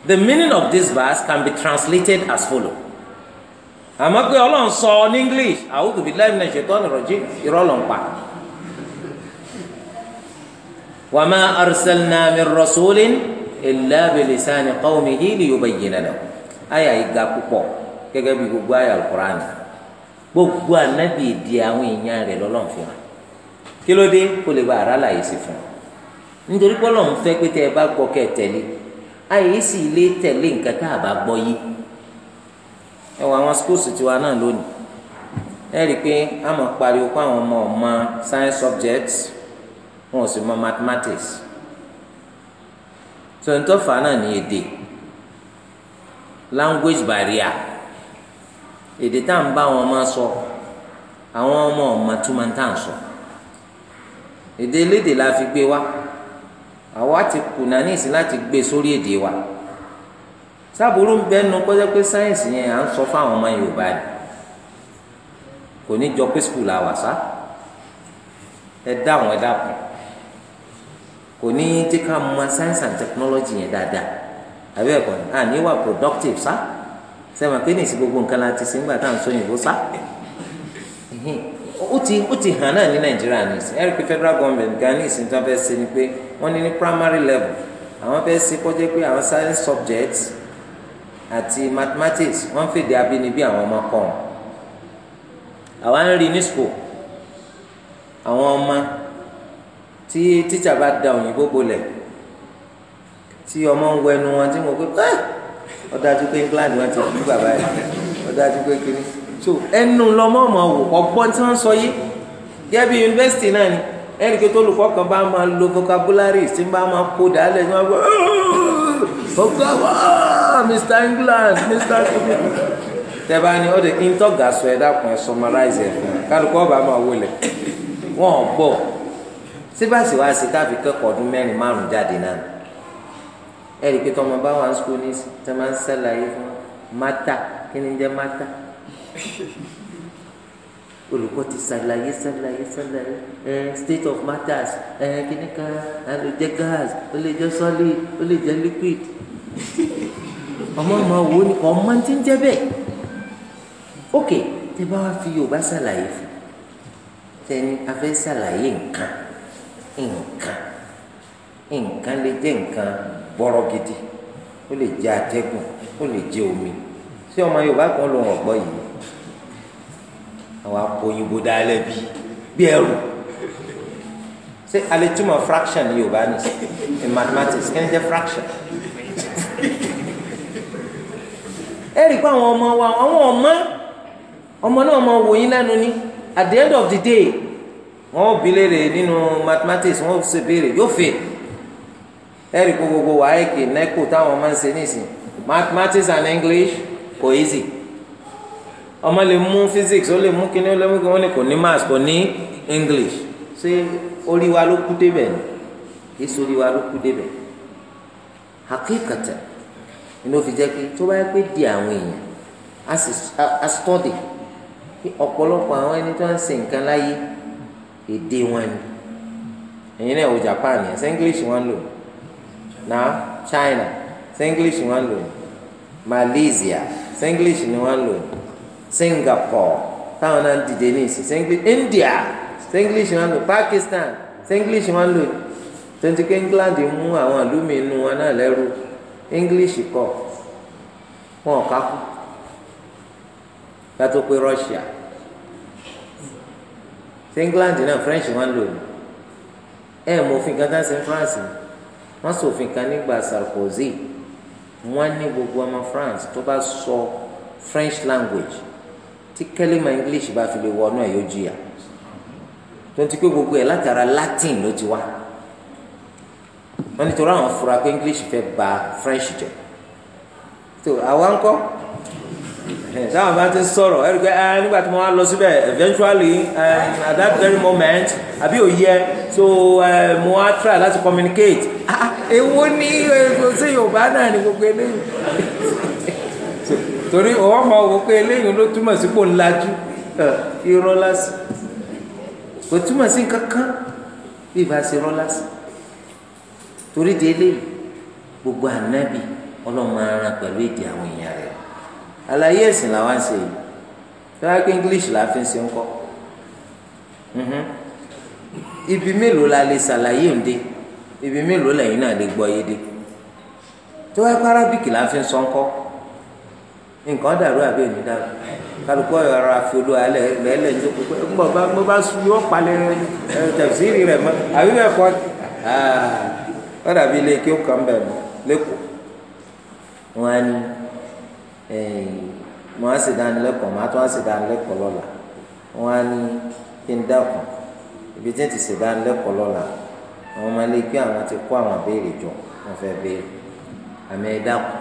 The meaning of this verse can be translated as follows. àmọ́ pé ọlọ́run sọ ní english a'udhu billahi minash shaitani rajim irọ́ ló ń pa. wa ma arsalna min rasulin illa bilisani qawmihi liyubayyina lahu àyà ìga púpọ̀ gẹ́gẹ́ bí gbogbo àyà alukur'an gbogbo anabi di àwọn èèyàn rẹ̀ lọ́lọ́run fi hàn kí ló dé kó lè bá ara láàyè sí fún un nítorí pé ọlọ́run fẹ́ pé tẹ́ ẹ bá gbọ́ kẹ́ tẹ̀lé àyè sì lé tẹ̀lé nǹkan tá a bá gbọ́ yìí ẹ wọ àwọn skools tiwa náà lónìí ẹ rí i pé a máa pariwo pé àwọn ọmọ ọmọ science subjects wọn ò sì mọ mathematics so ntọ́fà náà ní èdè language barrier èdè tá à ń bá wọn máa sọ àwọn ọmọ ọmọ tún máa ń tà ń sọ èdè elédè la fi gbé wa àwa ti kùnà ní ìsìn láti gbé sórí èdè wa sábúrú ń bẹnu kọjá pé sáyẹ̀nsì yẹn à ń sọ fáwọn ọmọ Yorùbá ni kò ní jọ pé skul àwà sá ẹ dáwọn ẹ dàpọ̀ kò ní jẹ́ ká mọ science and technology yẹn dáadáa àbí ẹ̀kọ́ ni à ní wà productive sá sẹ́wọ̀n pé gbogbo nǹkan la ti sìn gbà tá à ń sọ òyìnbó sá ó ti ó ti hàn náà ní Nàìjíríà ní ìsìn ẹ̀rí pé federal government gan ní ìsìn tó fẹ́ ṣe ni pé wọ́n ní ní primary level àwọn fẹ́ ṣe kọjá pé àwọn science subjects àti mathematics wọ́n fèdè abínibí àwọn ọmọ kọ́ wọn àwa ń rí ní school àwọn ọmọ tí títsà bá da òyìnbó bolẹ̀ tí ọmọ ń wẹnu wọn tí wọn pé ẹ ah! ọdájú pé England wọn ti kú bàbá yẹn ọdájú pé kiri so ẹnu lọmọ ọmọ wò ọgbọ́n tí wọ́n sọ yìí gẹ́gẹ́ yunifásitì náà ni ẹnì kí olùkọ́ kan bá máa lo vocabulary tí bá máa kó dàálẹ̀ ní wọn gbọ́ ọgbà ah! Ah, mr england mr tẹ́bá ni ó de ìtọ́gà sọ ẹ dákun ẹ summarize ẹ fún mi kálukú ọba máa wọlé wọn ò bọ̀ síbáàsì wá sí káfí kẹ́kọ̀ọ́ ọdún mẹ́rin márùn jáde náà ẹ rí i pé tọmọ bá wà ní sukùl ní tẹ́ ń ṣàlàyé fún mata kí ni jẹ́ mata olùkọ́ ti ṣàlàyé ṣàlàyé ṣàlàyé ẹ state of matters ẹ kíní kan ó lè jẹ́ gas ó lè jẹ́ solid ó lè jẹ́ liquid ọmọ ọmọ wo ni ọmọ ti ń jẹ́ bẹ́ẹ̀ ok tẹ bá wá fi yorùbá ṣàlàyé fún tẹni afẹ́ ṣàlàyé nǹkan nǹkan nǹkan lè jẹ́ nǹkan bọ́rọ̀ gidi ó lè jẹ́ atẹ́gùn ó lè jẹ́ omi ṣé ọmọ yorùbá kan ló ń ọ̀gbọ́ yìí àwọn akóyinbo dálẹ́ bí bí ẹrù ṣé alẹ́ túmọ̀ fraction ní yorùbá ní in mathematics kí ni jẹ́ fraction ẹ rí i pé àwọn ọmọ wa àwọn ọmọ ọmọ náà mọ wòyín lẹ́nu ní at the end of the day wọn ò bí léèrè nínú mathematics wọn ò ṣe béèrè yóò fè ẹ rí i pé gbogbo wàhálà nẹ́kò táwọn ọmọ ń ṣe nísìnyí mathematics and English kò easy ọmọ lè mú physics ó lè mú kíní ó lè mú kíní kò ní maths kò ní English ṣé orí wa ló kú débẹ̀ ni èso orí wa ló kú débẹ̀ hakíkàtà inú fi jẹ́ pé tó bá yẹ pé di àwọn èèyàn a stọ́dì pé ọ̀pọ̀lọpọ̀ àwọn ẹni tó ń ṣe nǹkan láyé èdè wọn ni ẹ̀yin náà wo Japan yẹn ṣé wọn lò na China ṣé English wọn lò Malaysia ṣé English ni wọn lò Singapore táwọn náà ń dìde ní ìsìn ṣé India ṣé English wọn lò Pakistan ṣé English wọn lò tó ń ti pé England mú àwọn àlùmí inú wọn náà lẹ́rú english kọ wọn ò kákú yàtọ̀ pé russia ṣé england náà french wọn lò ní ẹ mọ òfin kan dáhùn sí france wọn sọ òfin kan nígbà sarkozy wọn ní gbogbo ọmọ france tó bá sọ french language tí kẹlẹ́mà english bá fi lè wọ ọ náà yóò jìyà tó ń ti pé gbogbo ẹ̀ látara latin ló ti wá wọn nítorí àwọn fura pé english fẹ́ ba french jẹ́ tó àwa ń kọ́ táwọn bá ti sọ̀rọ̀ ẹ̀rí pé ẹ ah, nígbà tí mo wá lọ síbẹ̀ eventually uh, at that very moment àbí òye so eh, mo wá try láti communicate ah, ah, èwo ní eh, ṣé yorùbá náà ni gbogbo eléyìí [LAUGHS] torí ọwọ́ mọ gbogbo eléyìí ló túmọ̀ sí pò ńlájú irọ́ lásì kò túmọ̀ sí kankan bí ìbá ṣe rọ́ lásì. torí di gbogbo anabi ọlọ́mọ ara pẹ̀lú èdè àwọn èèyàn rẹ̀ alaye esi làwọn ṣe yìí fẹ́rẹ́ english la fi ń ṣe ń kọ́ mhm. ibi mélòó la lè ṣàlàyé òde ibi mélòó lẹ́yìn náà lè gbọ́ yéde tó wáyé pé arabic la fi ń sọ ń kọ́ nǹkan dàrú àbí èmi dàrú ara fi olú wọ́n dàbí ilé kí ó kàn bẹ̀ mọ́ lẹ́kọ̀ọ́ wọn á ní mo á sì dánilẹ́kọ̀ọ́ mo á tún á sì dánilẹ́kọ̀ọ́ lọ́la wọn á ní kí n dákun ibi tí n ti sì dánilẹ́kọ̀ọ́ lọ́la àwọn ọmọ ilé kí àwọn ti kó àwọn béèrè jọ wọn fẹ́ béèrè àmì ẹ̀ dákun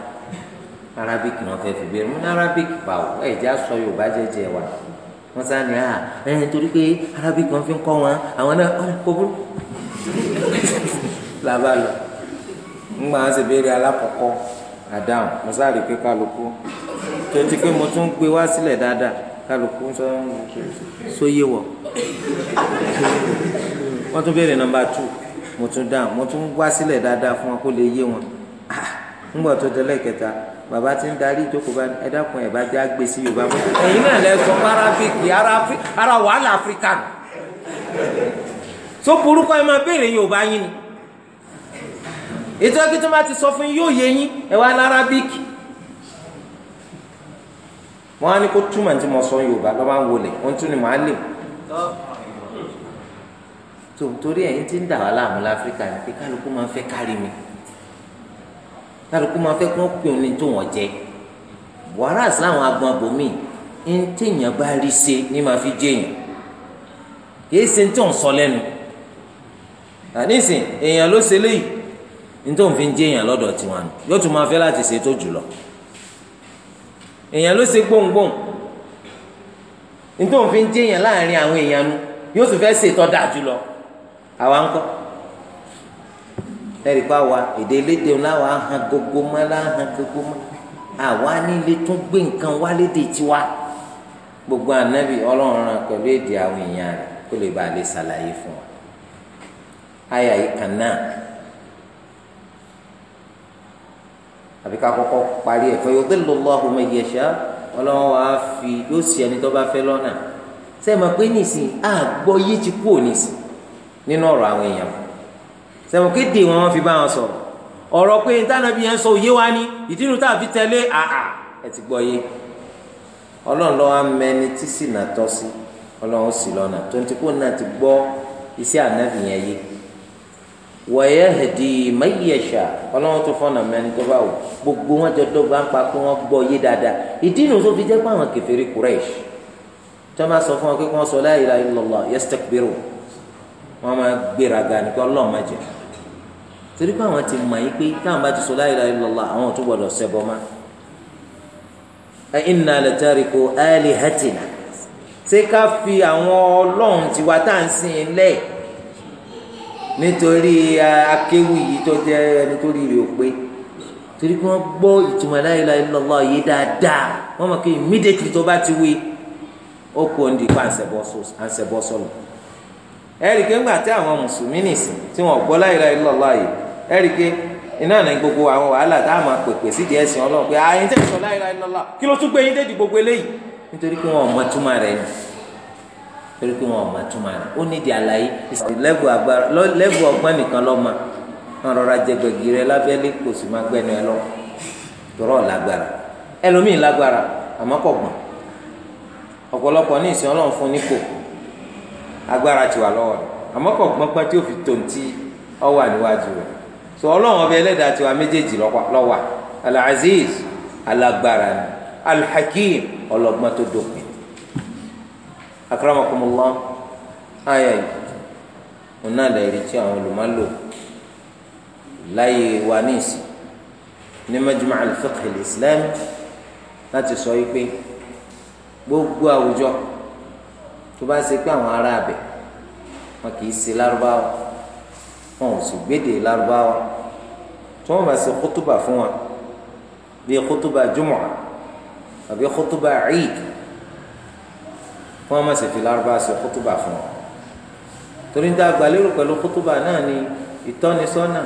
arabic náà fẹ́ fi béèrè mo ní arabic báwo ẹ̀ jẹ́ aṣọ yorùbá jẹ́jẹ́ wa wọ́n sá ni à ah, ẹ̀ torí pé arabic wọn fi ń kọ́ wọn àwọn náà ah, kò burú la bá lọ ńgbà wọn sì béèrè alákọ̀ọ́kọ́ àdáhùn mo sáré pé kálukú tonti pé mo tún gbé wá sílẹ̀ dáadáa kálukú sọ sóyè wọ̀ wọ́n tún béèrè nọmba tù mo tún dáhùn mo tún wá sílẹ̀ dáadáa fún wọn kó lè yé wọn ńgbà tó tẹlẹ̀ kẹta bàbá ti ń darí ìjókòó bá ẹ dákun ẹ bá jẹ́ àgbè sí yorùbá mọ́ ẹ̀yin náà lẹ sọ arábíkì ara wàhálà áfíríkà so burúkú ẹ máa béèrè yorùbá yín ni ètò ẹgbẹ́ tó máa ti sọ fún yóò yé yín ẹ wá lára bíkì wọn á ní kó túmọ̀ tí mo sọ yorùbá lọ́ máa ń wọlé ohun tún ni màá lè tó torí ẹ̀yin ti ń dà wá láàmú láfíríkà ni pé kálukú máa ń fẹ́ kárí mi kálukú máa fẹ́ kí wọ́n pè ní tó wọ́n jẹ wàhálà sáwọn agbọn abòmí ń téèyàn bá rí ṣe ní máa fi jẹyàn kì í ṣe ń tó sọ lẹ́nu àníṣe èèyàn ló ṣe léyìí. nítorí òun fi nje jẹ́ èèyàn lọ́dọ̀ tiwọn yóò tún máa fẹ́ láti ṣe tó jùlọ èèyàn ló ṣe gbóngbóng fi nje jẹ́ èèyàn láàrin àwọn èèyàn nu yóò tún fẹ́ ṣe dáa jùlọ wa èdè elédè ńlá hàn gbogbo mọ́ gbogbo mọ́ àwa nílé tún gbé nǹkan lédè tiwa gbogbo ọlọ́run pẹ̀lú èdè àwọn èèyàn rẹ̀ kó lè lè ṣàlàyé fún wa. àbí ká kọ́kọ́ parí ẹ̀ fayudillu Allahu man yasha ọlọ́wọ́ wa fi yóò sì ẹni tó bá fẹ́ lọ́nà sẹ́ẹ̀ mọ̀ pé nìsín àgbọ̀ yìí ti kú ònísìn nínú ọ̀rọ̀ àwọn èèyàn sẹ́ẹ̀ mọ̀ kéde wọn fi bá wọn sọ̀rọ̀ ọ̀rọ̀ pé ntànàbí yẹn sọ òye wa ni ìdí tá a fi tẹ̀lé àà ẹ ti gbọ́ yé ọlọ́run lọ́wọ́ mẹ́ni tí sì nà tọ́ sí ọlọ́run sì lọ́nà tó ti kó náà ti gbọ́ iṣẹ́ ànábì yẹn wayahdi man yasha ọlọ́run tó fọ́nà mẹ́ni tó bá wù gbogbo wọn jọ dọ́gba ń pa pé wọ́n gbọ́ yé dáadáa ìdí nu tó fi jẹ́ pé àwọn kèfèrí Quraysh tó máa sọ fún wọn pé kí wọ́n sọ la ilaha illallah yastakbiru wọ́n máa gbéraga ní kí ọlọ́run máa jẹ torí pé àwọn ti mọ̀ yín pé táwọn bá ti sọ la ilaha illallah àwọn ò tún gbọdọ̀ ṣẹbọ má ká fi àwọn ọlọ́run tiwa tá à ń sìn lẹ́ẹ̀ nítorí akéwì yìí tó jẹ́ ẹni tó rí rí o pé torí kí wọ́n gbọ́ ìtumọ̀ la ilaha yìí dáadáa wọ́n ti wí ó kó ń di pa àǹsẹ̀bọ́ sọ̀lọ̀ ẹ̀rì ké ńgbà tí àwọn mùsùlùmí nìsín tí wọ́n gbọ́ la ilaha yìí ẹ̀rì ké iná ní gbogbo àwọn wàhálà tá a máa pèpè sídìí ẹ̀sìn ọlọ́run pé àyìn tẹ̀sán la kí ló torí pé wọn ò máa túmọ̀ rẹ̀ ó nídìí àlàyé lẹ́bù agbára lẹ́bù ọgbọ́n nìkan lọ́mọ wọn rọra jẹgbẹ̀gì rẹ lábẹ́lé kò sì máa gbẹnu ẹ lọ tọrọ lágbára ẹlòmíì lágbára àmọ́ kò gbọ́n ọ̀pọ̀lọpọ̀ ní ìsìn ọlọ́run fún nípò agbára ti wà lọ́wọ́ rẹ̀ àmọ́ kò gbọ́n pé tí ó fi tó ti ọ wà níwájú rẹ̀ tó ọlọ́run ọbẹ̀ ẹlẹ́dàá ti wà méjèèjì lọ́wà al-aziz alágbára ọlọ́gbọ́n tó dópin akramakumullah ayà yìí wọn náà lè rí tí àwọn olùmọ̀lò láyé wa ní ìsìn ní majma' al-fiqh al-islam láti sọ yìí pé gbogbo àwùjọ tó bá ṣe pé àwọn ará abẹ wọn kì í ṣe lárúbáwá wọn ò sì gbédè lárúbáwá tí wọn bá ṣe kótóbà fún wa bíi kótóbà jumu'ah àbí kótóbà eid fún ọmọ sì fi lárúbá sí kútúbà fún ọ torí ń dá agbalérò pẹ̀lú kútúbà náà ni ìtọ́nisọ́nà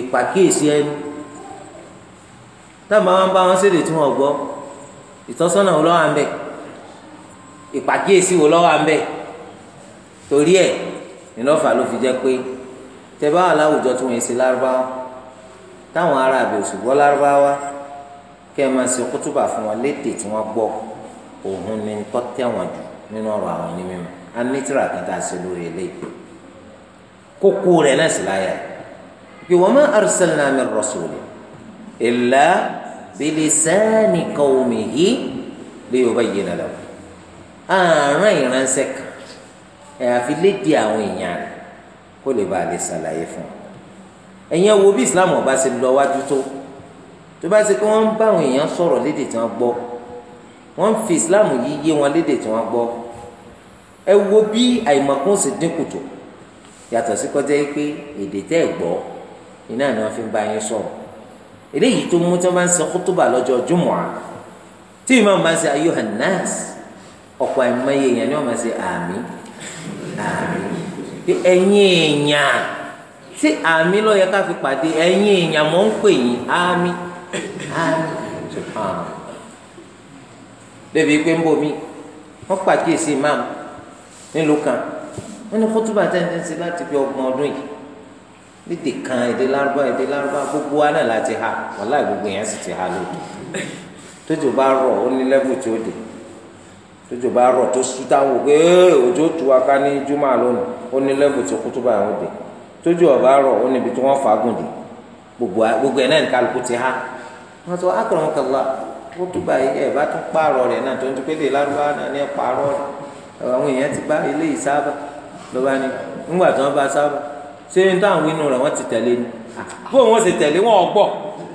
ìpàkíyèsí ẹni táwọn máa ń bá wọn ṣèlè tí wọn gbọ́ ìtọ́sọ́nà wo lọ́wọ́ à ń bẹ̀ ìpàkíyèsí wo lọ́wọ́ à ń bẹ̀ torí ẹ̀ ìlọ́fà ló fi jẹ́ pé tẹ bá wà láwùjọ tí wọ́n ṣe lárúbáwá táwọn ará àbẹ̀ òṣùgbọ́ lárúbáwá kẹ́ ẹ máa ṣe kútúbà fún wọn léde òun ni tọ́ tẹ̀wọ̀n jù nínú ọ̀rọ̀ àwọn ẹni mímọ́ anítìrà kàtà sí lórí eléyìí kókó rẹ̀ náà sì láyà pé wa ma arsalna min rasulin illa bilisani qawmihi liyubayyina lahu ààrùn ìránṣẹ́ kan ẹ̀ àfi léde àwọn èèyàn rẹ̀ kó lè ba lè ṣàlàyé fún un ẹ̀yin wo bí islam ọba ṣe lọ wájú tó tó bá ṣe pé wọ́n ń bá àwọn èèyàn sọ̀rọ̀ léde tí wọ́n gbọ́ wọ́n ń fi islam yìí yé wọn léde tí wọ́n gbọ́ ẹ wo bí àìmọ̀kún sì dínkù tó yàtọ̀ sí kọjá yìí pé èdè tẹ́ ẹ̀ gbọ́ iná ni wọ́n fi ń bá yín sọ̀rọ̀ eléyìí tó mú tí wọ́n bá ń sọ kútúbà lọ́jọ́ jùmọ̀ à tí ìmọ̀ máa ń sẹ ayuhan nas ọ̀pọ̀ àìmọye èèyàn ni wọ́n máa ń sẹ àmì àmì pé ẹ̀yin èèyàn tí àmì ló yẹ ká fi pàdé ẹ̀yin èèyàn mọ̀ ń pè yín àmì àmì subhanahu débi pé ń bò mí wọ́n pàkíyèsí imam nílùú kan wọ́n ní kótóbà tẹ́ńtẹ́ńsì láti fi ọgbọ̀n ọdún yìí lédè kan èdè lárúbá èdè lárúbá gbogbo wa náà láti ha wàláì gbogbo yẹn sì ti ha lóde tójò bá rọ̀ ó ní lẹ́bù tí ó dé tójò bá rọ̀ tó sú táwọn òkè òjò tu wa ká ní júmọ́ lónìí ó ní lẹ́bù tí kótóbà yẹn ó dé tójò ọ̀bá rọ̀ ó níbi tí wọ́n fagùn dé gbogbo ẹ̀ náà ní kálukú ti ha wọ́n sọ akọ̀rọ̀ kẹlá ó túbà ẹ bá tún pààrọ̀ rẹ̀ náà tó ń na lárúbá náà ní pààrọ̀ rẹ̀ àwọn ti bá eléyìí sábà lọ́ba ni ńgbà tí wọ́n bá sábà ṣé ní táwọn inú rẹ̀ wọ́n ti tẹ̀lé ni bó wọn sì tẹ̀lé wọn ò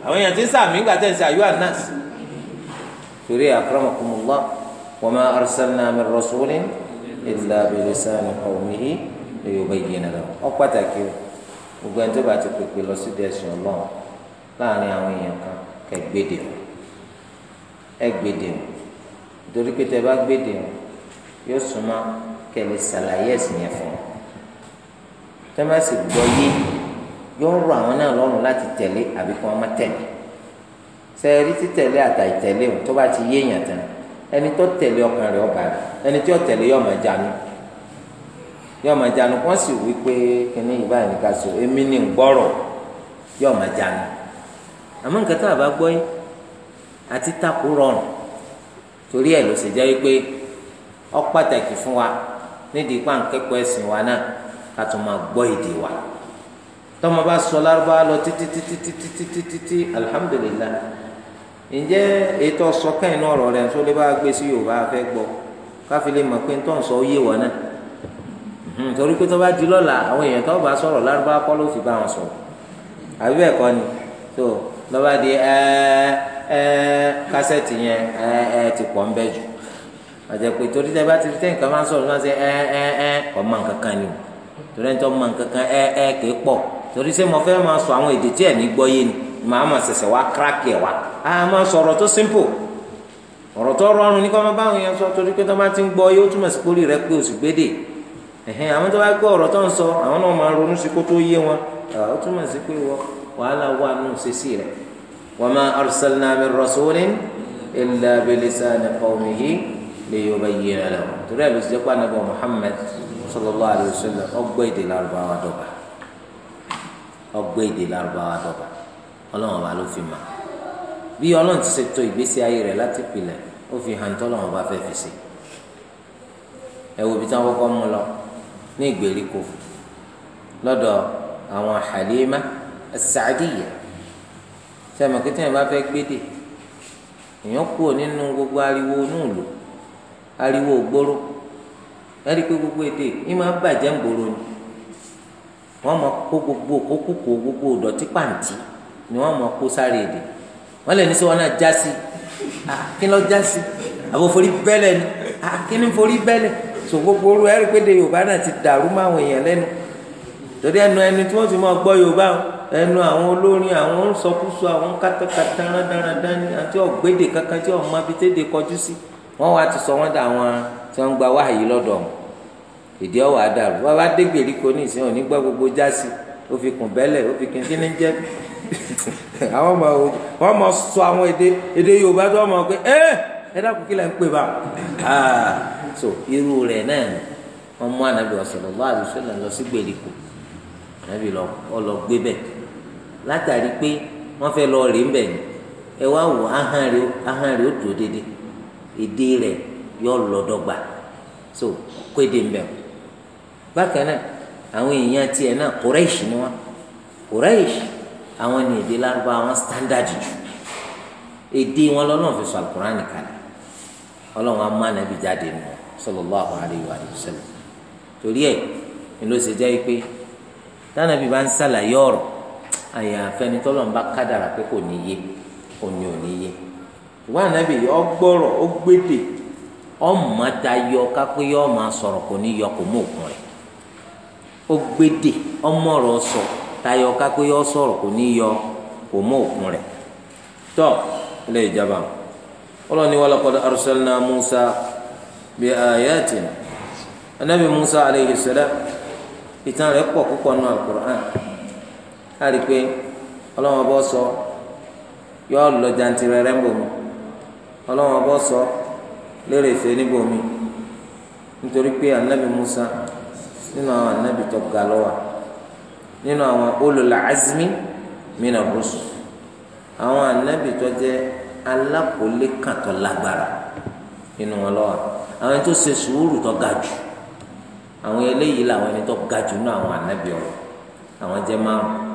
àwọn èèyàn ti ń sàmì ńgbà tẹ̀ ń sàyú ànáàsì. torí ma arsalna min rasulin ọ pàtàkì gbogbo ẹni tó bá ti pèpè lọ sí ọlọ́run láàrin ẹ o nítorí pé tẹ bá gbèdè o yóò súnmọ́ kẹlẹ ṣàlàyé ẹsìn yẹn fún ọ tẹ bá yé yóò rọ àwọn náà láti àbí kí wọn má sẹẹrí o tó bá ti yé èèyàn tán ẹni tó ọkàn ọba ẹni tí ó yóò máa jánu yóò máa jánu wọn sì wí pé a àti rọrùn torí ẹ̀ ló ṣe jẹ́ pé ọ pàtàkì fún wa nídìí ipá ẹ̀sìn wa náà ká tún máa gbọ́ èdè wa tọ́mọ bá sọ lárúbá lọ títí títí títí títí títí alihamudulilayi ǹjẹ́ ètò ọ̀rọ̀ rẹ̀ bá gbé sí Yorùbá gbọ́ káfí lè mọ̀ pé ń tọ́ ń sọ yé wọn náà hmm, torí pé ẹ kásẹ̀tì yẹn ẹ ti pọ̀ ń bẹ àti torí tẹ bá ti fi tẹ́ǹkà máa ń sọ̀rọ̀ máa ń sẹ ẹ ẹ ni o torí ẹni tó mọ nǹkan ẹ ẹ torí mo fẹ máa sọ àwọn èdè tí ẹ̀ ní gbọ́ yé ni ma sẹ̀sẹ̀ wá kíráàkì ẹ̀ wá a máa sọ tó simple ọ̀rọ̀ tó rọrùn ní kọ́ máa torí pé وما أرسلنا من رسول إلا بلسان قومه ليبين لهم ترى بس يقول نبي محمد صلى الله عليه وسلم أبويد الأربعة دوبا أبويد الأربعة دوبا ọlọ́run ọba ló fi mà bí ọlọ́run ti ṣètò ìgbésí ayé rẹ̀ láti pilẹ̀ ó fi hàn tọ́lọ́run ọba fẹ́ fi ṣe ẹ wo ibi tí wọ́n kọ́kọ́ mú lọ ní ìgbèríko lọ́dọ̀ àwọn Halima as-Sa'diyya ṣe àmọ́ kí tẹ́yìn bá fẹ́ gbédè èèyàn kúrò nínú gbogbo ariwo onúùlù ariwo ògbóró ẹ̀rí pé gbogbo èdè yìí máa bàjẹ́ ńgboro ni wọ́n mọ kó gbogbo kókókó gbogbo ìdọ̀tí pàǹtí ni wọ́n mọ kó sáré èdè wọ́n lè ní sọ wọn náà já sí kí ló já sí àbò forí bẹ́lẹ̀ ni kí ni forí bẹ́lẹ̀ so gbogbo olú ẹ̀rí pé de Yorùbá náà ti dàrú máwọn èèyàn lẹ́nu torí ẹnu ẹni tí wọ́n ti mọ gbọ́ Yorùbá wọn ẹnu àwọn olórin àwọn sọkúsọ àwọn kátàkátà rádaràdá ni àti ọ̀gbédè kankan tí ọmọ abitédè kọjú sí wọ́n wá ti sọ wọ́n dà àwọn tí wọ́n gba wáhàyí lọ́dọ̀ wọn ìdí ọ̀wà dàrú wọ́n bá dé gbèríko ní ìsìn òní gbọ́ gbogbo jásí ó fi kùn bẹ́lẹ̀ ó fi kí n kí ní jẹ́ [LAUGHS] àwọn ọmọ wọn mọ sọ àwọn èdè èdè Yorùbá tó wọn mọ pé ẹ ẹ dákun kí lẹ ń pè bá [LAUGHS] ah, so irú rẹ̀ náà ni wọ́n mú Ànábì sallallahu alaihi wasallam lọ sí gbèríko Ànábì lọ látàrí pé wọ́n fẹ́ lọ rí mbẹ̀ ni ẹ wá wò o rẹ̀ dédé èdè rẹ̀ yọ lọ́dọ̀gba so kéde mbẹ̀ o bákan náà àwọn èèyàn tiẹ̀ náà kùrẹ́ẹ̀ṣì ni wọ́n kùrẹ́ẹ̀ṣì àwọn ni èdè lárúbáwá àwọn standard jù èdè wọn lọ́nà fi sọ àlùkùránì kalẹ̀ ọlọ́run á má nàbí jáde nù torí ẹ̀ ni ló ṣe jẹ́ pé tánàbí bá ń àyànfẹ́ni tọ́lọ́mùbá kádàrà pé kò ní yé òní ò ní yé ìwà ànábì ọgbọ́rọ̀ ó gbédè ọmọọta yọ kápé yọ ọmọ asọ̀rọ̀ kò ní yọ kò mú òkun rẹ̀ ó gbédè sọ tayọ kápé yọ kò ní yọ kò òkun ilé ìjọba ọlọ́ni Musa bi ayatina ànábì Musa alayhi salam ìtàn rẹ̀ pọ̀ púpọ̀ nù láti pé ọlọ́wọ́n bọ́ sọ yọ lọ jantirẹ rẹ ń ọlọ́wọ́n bọ́ sọ lérè anabi Musa nínú àwọn anabi tó ga lọ́wọ́ nínú àwọn mina àwọn anabi tó jẹ́ alákòólé kan lágbára nínú wọn lọ́wọ́ àwọn tó ṣe sùúrù tó ga jù anabi ọ̀rọ̀ àwọn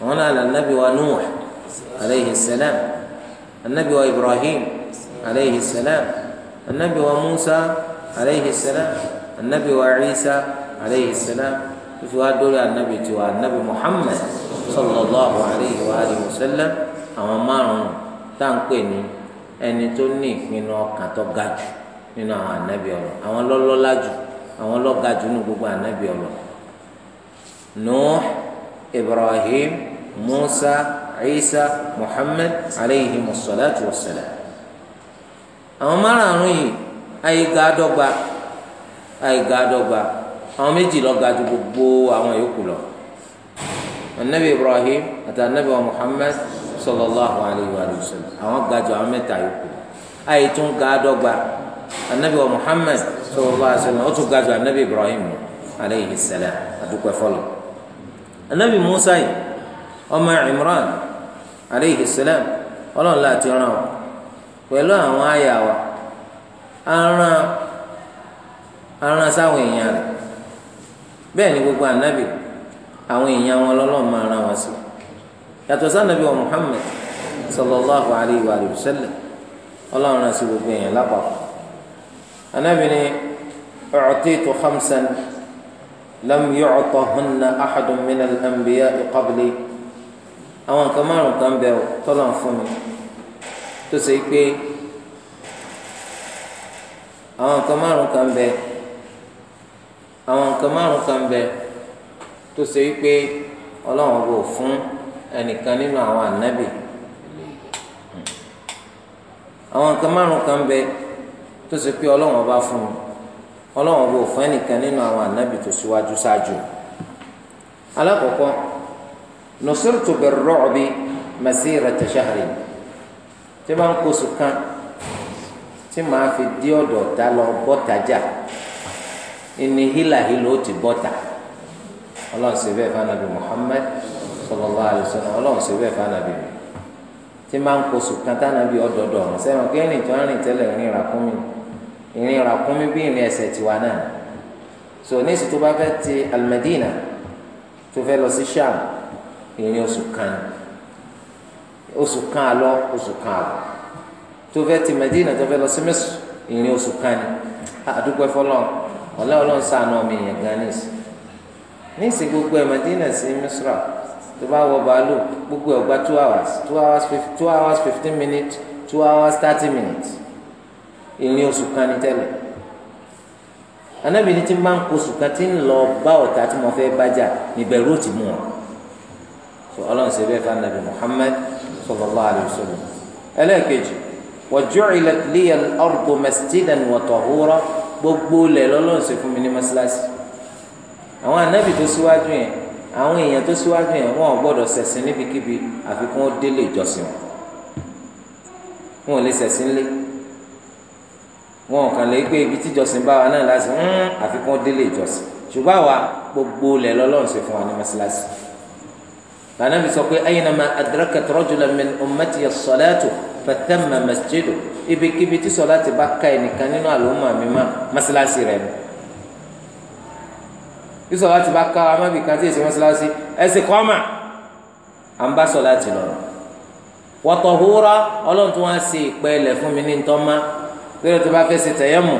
àwọn náà là nàbí wa Nuh alayhi salam anabi wa Ibrahim alayhi salam anabi wa Musa alayhi salam anabi wa Isa alayhi salam fífi wá dórí anabi tiwa anabi Muhammad sallallahu alayhi wa alihi wa sallam àwọn márùn tá à ń pè ní ẹni tó ní ìpinnu ọkàn tó ga jù nínú àwọn anabi ọlọ àwọn lọlọlá jù àwọn lọga jù nínú gbogbo anabi ọlọ Nuh Ibrahim musa isa muhammad aleyhi musalatu wasalam àwọn márààrún yìí àyíká dọ́gba àyíká dọ́gba àwọn méjì ló ga jù gbogbo àwọn yòókù lọ anabi ibrahim àti anabi wa muhammad sallallahu alayhi wa sallam àwọn ga jù àwọn mẹ́ta yòókù àyè tún ga dọ́gba anabi wa muhammad sallallahu alayhi wa sallam ó tún ga jù anabi ibrahim alayhi salam àdúgbò ẹfọlọ anabi musa yìí ọmọ Imran aleyhi salam ọlọ́run láti ràn wá pẹ̀lú àwọn àyà wa aran aran sáwọn èèyàn rẹ̀ bẹ́ẹ̀ ni gbogbo ànábì àwọn èèyàn wọn lọ́lọ́run máa ràn wá sí yàtọ̀ sànàbí wa Muhammad sallallahu alayhi wa sallam ọlọ́run ràn sí gbogbo èèyàn lápapọ̀ ànábì ni u'titu khamsan lam yu'tahunna ahadun min al-anbiya'i qabli àwọn nǹkan márùn kan bẹ ọ tọ́lọ̀ fún mi tó ṣe pé àwọn nǹkan márùn kan bẹ àwọn nǹkan márùn kan bẹ tó ṣe pé ọlọ́run bò fún ẹnìkan nínú àwọn ànábì àwọn nǹkan márùn kan bẹ tó ṣe pé ọlọ́run ọba fún mi ọlọ́run bò fún ẹnìkan nínú àwọn ànábì tó ṣíwájú ṣáájú alákọ̀ọ́kọ́ nusirtu bir-ru'bi masirata shahrin tí wọ́n ń kóso kan tí màá fi dí ọ̀dọ̀ ta lọ bọ́ta jà ìní hílàhílò ó ti bọ́ta ọlọ́run sì bẹ́ẹ̀ fanabi Muhammad sallallahu alaihi wasallam ọlọ́run sì bẹ́ẹ̀ fanabi mi tí máa ń kóso kan tánàbí ọ̀dọ̀ọ̀dọ̀ ọ̀hún sẹ́wọ̀n kí ẹnì tó ń rìn tẹ́lẹ̀ ìrìn ràkúnmí ìrìn ràkúnmí bí ìrìn ẹsẹ̀ tiwa náà so ní ìsìtú ti al tó fẹ́ lọ sí Sham ìrìn oṣù kan oṣù kan alọ oṣù kan alọ tó fẹ́ ti Medina tó fẹ́ lọ sí mẹ́sù ìrìn oṣù kan ni àdúgbò fọlọ́ ọ̀lẹ́ ọlọ́run sànù ọmọ èèyàn gan ní ìsìn ní ìsìn gbogbo ẹ̀ Medina sí Misra tó bá wọ bàálù gbogbo ẹ̀ gba two hours two hours two hours fifteen minutes two hours thirty minutes ìrìn oṣù kan ni tẹ́lẹ̀ anábìíní ti máa ń kó oṣù kan tí ń lọ bá ọ̀tá tí mo fẹ́ bá jà níbẹ̀rù ò mú wọn ọlọ́run ṣe bẹ́ẹ̀ fún anabi muhammed sallallahu alayhi wa sallam ẹlẹ́ẹ̀kejì waju'ilat liya al-ardu masjidan wa tahura gbogbo lẹ̀ lọ́lọ́run ṣe fún mi ní masilasi àwọn anabi tó síwájú yẹn àwọn èèyàn tó síwájú yẹn wọn ò gbọ́dọ̀ ṣẹ̀sìn níbikíbi àfikún délé ìjọsìn wọn wọn ò lè ṣẹ̀sìn lé wọn ò kàn lè gbé ibi tíjọsìn bá wa náà láti hmm, àfikún délé ìjọsìn ṣùgbọ́n àwa gbogbo lẹ̀ lọ́lọ́run ṣe fún wa ní masilasi anabi sọ pé aynama adrakat rajulan min ummati as-salatu fatamma masjidu ibikíbi tí sọlá ti bá ka ẹnìkan nínú àlùmọ́ mi má masalasi rẹ̀ ni bí sọlá ti bá ka amábì kan tí èsì masalasi ẹsì kọ́mà à ń bá wọ́tọ̀ húrọ́ ọlọ́run tí wọ́n á ṣe ìpẹ́ ilẹ̀ fún mi ní ntọ́má bí wọ́n bá fẹ́ ṣe tẹ̀yẹ́mù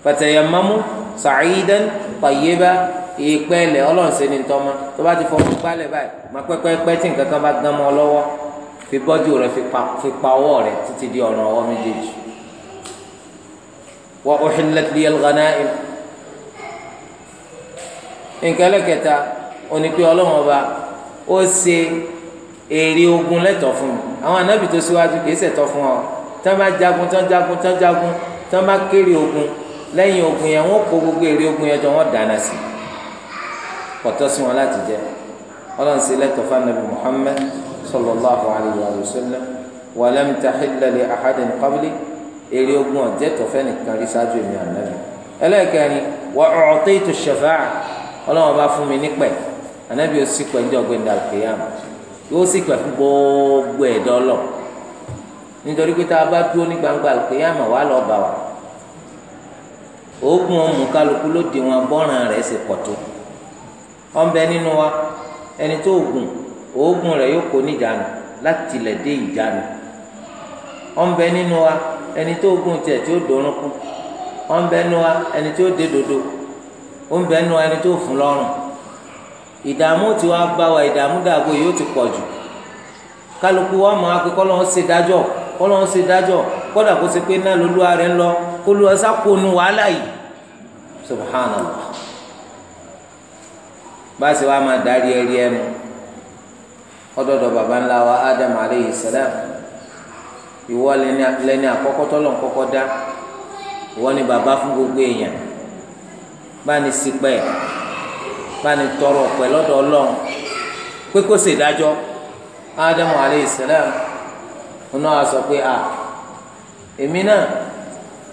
fatayamamu sa'idan tayyiba ìpẹlẹ ọlọ́ọ̀sẹ̀ ni tọ́mọ tó bá ti fọwọ́ gbálẹ̀ báyìí má pẹ́pẹ́pẹ́ tí nǹkan kan bá gán mọ́ ọ lọ́wọ́ fi bọ́jú rẹ fi pa ọwọ́ rẹ títí di ọ̀nà ọwọ́ méjèèjì. wa uhillat liyal ghanaim nǹkan ẹlẹ́kẹta onípe ọlọ́wọ́n ọba ó ṣe èrè ogun lẹ́tọ̀ọ́ fún mi àwọn anábì tó síwájú kìí ṣẹ̀tọ́ fún ọ tán bá jagun tán jagun tán jagun tán bá kéré ogun lẹ́yìn ogun yẹn wọ́n kó gbogbo èrè ogun yẹn jọ wọ́n dáná sí pọ̀tọ́ sí wọn láti jẹ ọlọ́run sí lẹ́tọ̀ fanabi muhammed sallallahu alayhi wa sallam wàlẹ́m tahilali ahadin qabli èrè ogun ọ̀jẹ̀ tọ̀fẹ́ nìkan sáájú èmi ànábi ẹlẹ́ẹ̀kẹrin wà ọ̀ọ́tẹ́ ètò ṣẹ̀fáà ọlọ́run bá fún mi nípẹ̀ ànábi ó sì pẹ̀ ní ọgbẹ́ni dàlùkìyàmù yóò sì pẹ̀ fún gbogbo ẹ̀dọ́ lọ nítorí pé tá a bá dúró ní gbangba àlùkìyàmù wà lọ́ọ́ bá wa. oògùn ọmú kálukú ló di wọn bọ́ràn rẹ̀ ṣe nínú wa ẹni tó oògùn oògùn rẹ̀ yóò kó níjànú láti ilẹ̀ dé ìjànú nínú wa ẹni tó oògùn tiẹ̀ tí ó dòrún kú nínú wa ẹni tí dodo nínú wa ẹni tó fún lọ́rùn ìdààmú tí bá wa ìdààmú dàgbò yóò ti pọ̀ jù kálukú akẹ́kọ̀ọ́ lọ́wọ́ ṣe dájọ́ kọ́ lọ́wọ́ ṣe dájọ́ kólú ọsá wàhálà yìí subhanallah báṣe wa máa darí ẹrí ẹnu ọdọọdọ baba ńlá wa adam aleyhi salam ìwọ lẹni àkọ́kọ́ tọlọ nkọkọ dá ìwọ ni baba fún gbogbo èèyàn báni ṣìpẹ̀ báni tọrọ ọpẹ́ lọ́dọ̀ Ọlọ́run pé kó ṣèdájọ́ adam aleyhi salam ọ̀nà àsọ pé a èmi náà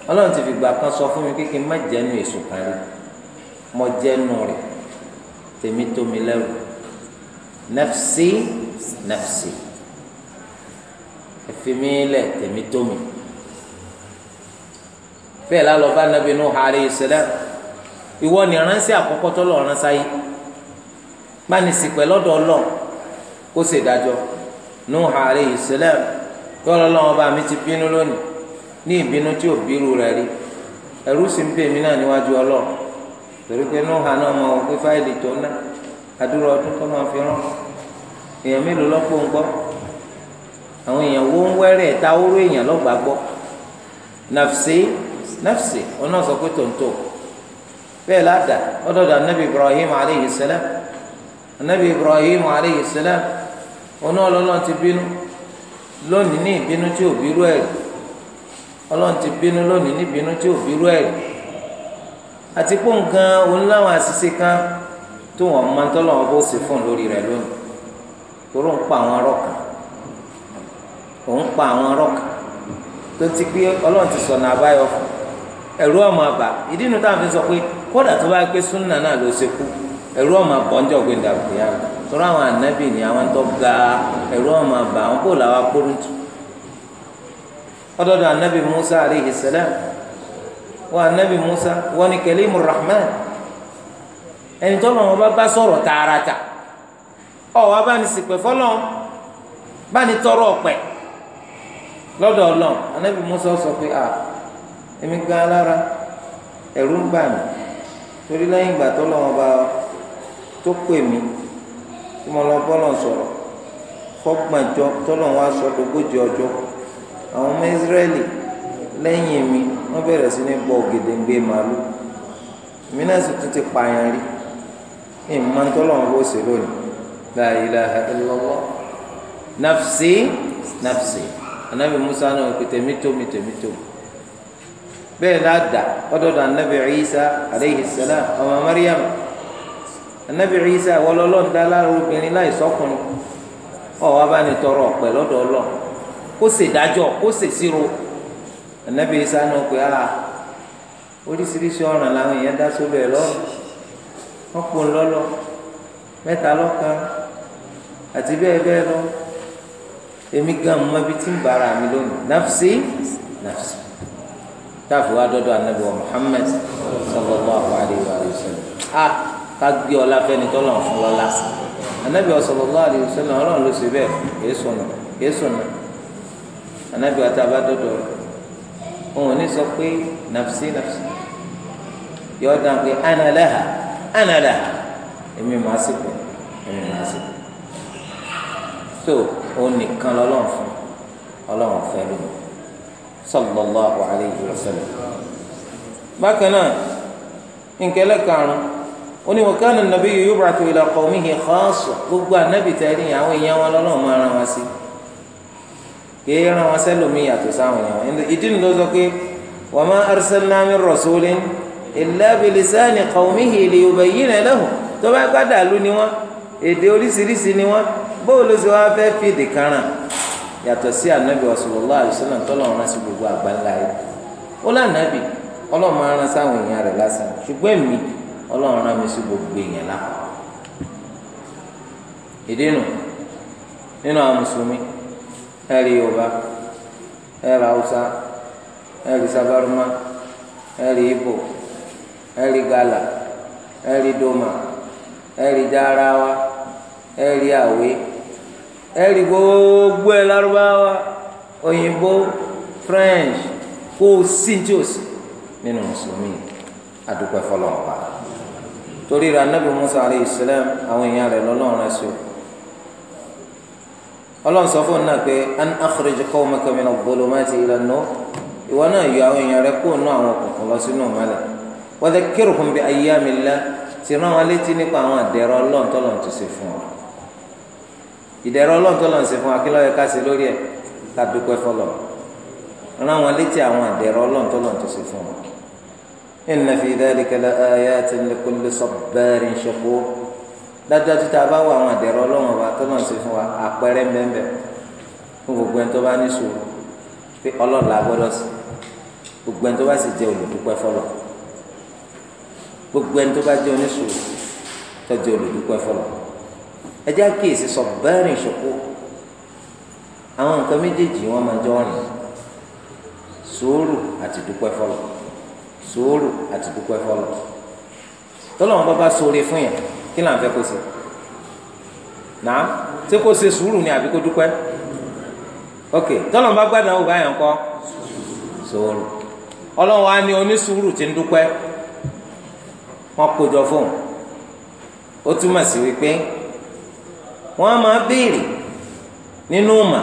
ọlọ́run ti fìgbà kan sọ fún mi pé kí n má jẹ́nu èso kan rí jẹ́nu rẹ̀ tèmi tó lẹ́rù nafsi nafsi ẹ̀fimi lẹ̀ tèmi tó mi bẹ́ẹ̀ lálọ́ bá nàbí inú hàrí ìṣẹ̀lẹ̀ ìwọ ni ránṣẹ́ àkọ́kọ́ tó lọ́ọ́ ránṣẹ́ yìí gbanisi pẹ̀ lọ́dọ̀ ọlọ́ọ̀ kó ṣèdájọ́ nù hàrí ìṣẹ̀lẹ̀ yọ̀ọ́ lọ́wọ́ mi ti bínú lónìí. ní ìbínú tí ò bírú rẹ̀ rí ẹ̀rú sì ń bèmí náà níwájú Ọlọ́run torí pé inú hàn náà mọ òkú fáìlì tó ná adúrò ọdún tó máa fi rán èèyàn mélòó lọ́pọ̀ ń gbọ́ àwọn èèyàn wo ń wẹ́rẹ̀ ta oró èèyàn lọ́gbà gbọ́ nàfṣe nàfṣe wọn náà sọ pé tòǹtò bẹ́ẹ̀ ládàá ọdọọdọ anabi Ibrahim aleyhi anabi Ibrahim ọlọ́run ti bínú lónìí níbínú tí ò bírú ẹ̀ rí àti pé nǹkan òun láwọn àṣìṣe kan tó wọn máa ń tọ́lọ̀ wọn bó ṣe fún un lórí rẹ̀ lónìí torí ń pa àwọn arọ́kà òun pa àwọn arọ́kà tó ti pé ọlọ́run ti sọ̀nà àbáyọ fún ẹ̀rú ọmọ àbá ìdí inú táwọn fi sọ pé kódà tó bá gbé súnà náà ló ṣe kú ẹ̀rú ọmọ àbá ọjọ́ gbé dàgbé yàrá torí àwọn ànábì ni àwọn tó ga ẹ̀rú ọmọ àbá àwọn kò làwọn akóró tù ọdọdọ anabi musa aleyhi salam wọn anabi musa wọn ni kẹlímù rahman ẹni tó lọ́wọ́ bá bá sọ̀rọ̀ tààràtà ọ̀ wá bá ní ṣìpẹ̀ fọlọ́ bá ní tọrọ ọ̀pẹ̀ lọ́dọ̀ ọlọ́ anabi musa sọ pé a èmi gan alára ẹ̀rú ń bà mí torí lẹ́yìn ìgbà tó lọ́wọ́ bá tó pè mí tí mo lọ bọ́ lọ sọ̀rọ̀ fọ́gbọ̀njọ́ tó lọ́wọ́ aṣọ lógójì ọjọ́ kù. àwọn ọmọ Ísírẹ́lì lẹ́yìn mi wọ́n bẹ̀rẹ̀ sí ní bọ ògèdèǹgbè màálù èmi náà sì tún nafsi nafsi anabi musa náà pé tèmi tó mi tèmi tó bẹ́ẹ̀ náà dà ọdọọdọ anabi isa salam ọmọ mariam anabi isa wọlọlọ ń dá lára obìnrin láì sọkùnrin ọ wá bá ní kó ṣèdájọ́ kó se ànábì Ìsá náà pé a oríṣiríṣi ọ̀ràn làwọn èèyàn dá sórí ẹ̀ lọ́rùn wọ́n pò àti bẹ́ẹ̀ bẹ́ẹ̀ lọ èmi gan tí ń bára mi lónìí nafsi nafsi táàfù wa wa wa a ká gbé ọlá tọ́lọ̀ fún wa anabi wa ta bá dọdọ òun ò ní sọ pé nafsi nafsi yọ ọ dàn pé ana laha èmi máa sì pẹ èmi máa sì pẹ so òun nìkan lọ́lọ́run fún Ọlọ́run fẹ lónìí sallallahu alayhi wa sallam bákan náà nkẹlẹ karùnún oníwọ̀kánu nàbí yóò bàtú ìlà qawmihi khassa gbogbo ànábìtẹ́rì àwọn èèyàn wọn lọ́lọ́run máa rán wọn sí i kìí ràn wọn sẹ́lòmí yàtọ̀ sáwọn èèyàn ìdí nìló sọ pé wa ma arsalna min rasulin illa bi lisani qawmihi liyubayyina lahum tó bá gbádà lù ni wọn èdè oríṣiríṣi ni wọn bóòlù sì wá fẹ́ fi èdè kan ràn yàtọ̀ sí anabi sallallahu alaihi wasallam tọ́lọ̀ rán sí gbogbo àgbáńlá yìí ó lànàbì ọlọ́run máa rán sáwọn èèyàn rẹ̀ lásán ṣùgbọ́n èmi ọlọ́run rán mi sí gbogbo èèyàn lápá ìdí nù nínú àwọn mùsùlùmí ẹ̀rí yorùbá ẹ̀rí haúsá ẹ̀rí sabaruma ẹ̀rí ibo ẹ̀rí gala ẹ̀rí doma ẹ̀rí darawa ẹ̀rí àwé ẹ̀rí gbogbo ẹ̀ lárúbáwá french kó o sí tí o sí nínú mùsùlùmí adúpẹ́ fọlọ́ọ̀pá torí ra anabi musa alayhi salam àwọn èèyàn rẹ̀ lọ́lọ́run ẹ̀sùn ọlọ́run sọ fún un náà pé an akhrij qawmaka mina dhulumati ila an-nur ìwọ náà yọ àwọn èèyàn rẹ kó nù àwọn òkùnkùn lọ sínú ìmọ́lẹ̀ wa dhakkirhum bi ayyamillah ti rán wọn létí nípa àwọn ìdẹ̀rọ̀ ọlọ́run tọ́lọ̀ ti ṣe fún wa ìdẹ̀rọ̀ ọlọ́run tọ́lọ̀ ti ṣe fún wa kí ló ká ṣe lórí ẹ̀ ká dúpẹ́ fọlọ́ rán wọn létí àwọn ìdẹ̀rọ̀ ọlọ́run tọ́lọ̀ ti ṣe fún wa inna fi dhalika la ayatin li kulli sabbarin dájúdájú tá a bá wọ àwọn àdẹ̀rọ ọlọ́run ọba tó náà ṣe fún wa àpẹẹrẹ mbẹ́mbẹ́ fún gbogbo ẹni tó bá ní sùúrù pé ọlọ́run la gbọ́dọ̀ sí gbogbo ẹni tó bá sì jẹ́ olùdúpẹ́ fọlọ́ gbogbo ẹni tó bá jẹ́ onísùúrù tó jẹ́ olùdúpẹ́ fọlọ́ ẹ jẹ́ àkíyèsí sọ bẹ́ẹ̀rìn ìṣòkò àwọn nǹkan méjèèjì wọn máa jọ rìn sùúrù àti dúpẹ́ fọlọ́ sùúrù àti dúpẹ́ fọlọ́ tọ́lọ́wọ́n bá bá sóore fún yẹn kí là ń fẹ́ kó ṣe náà ṣé kó ṣe sùúrù ni àbí kó dúpẹ́ ok tọ́lọ̀ bá gbàdán ògbà yẹn kọ́ sùúrù ọlọ́run wa ni onísùúrù ti ń dúpẹ́ wọ́n kójọ fóun ó túmọ̀ sí wípé wọ́n máa béèrè nínú mà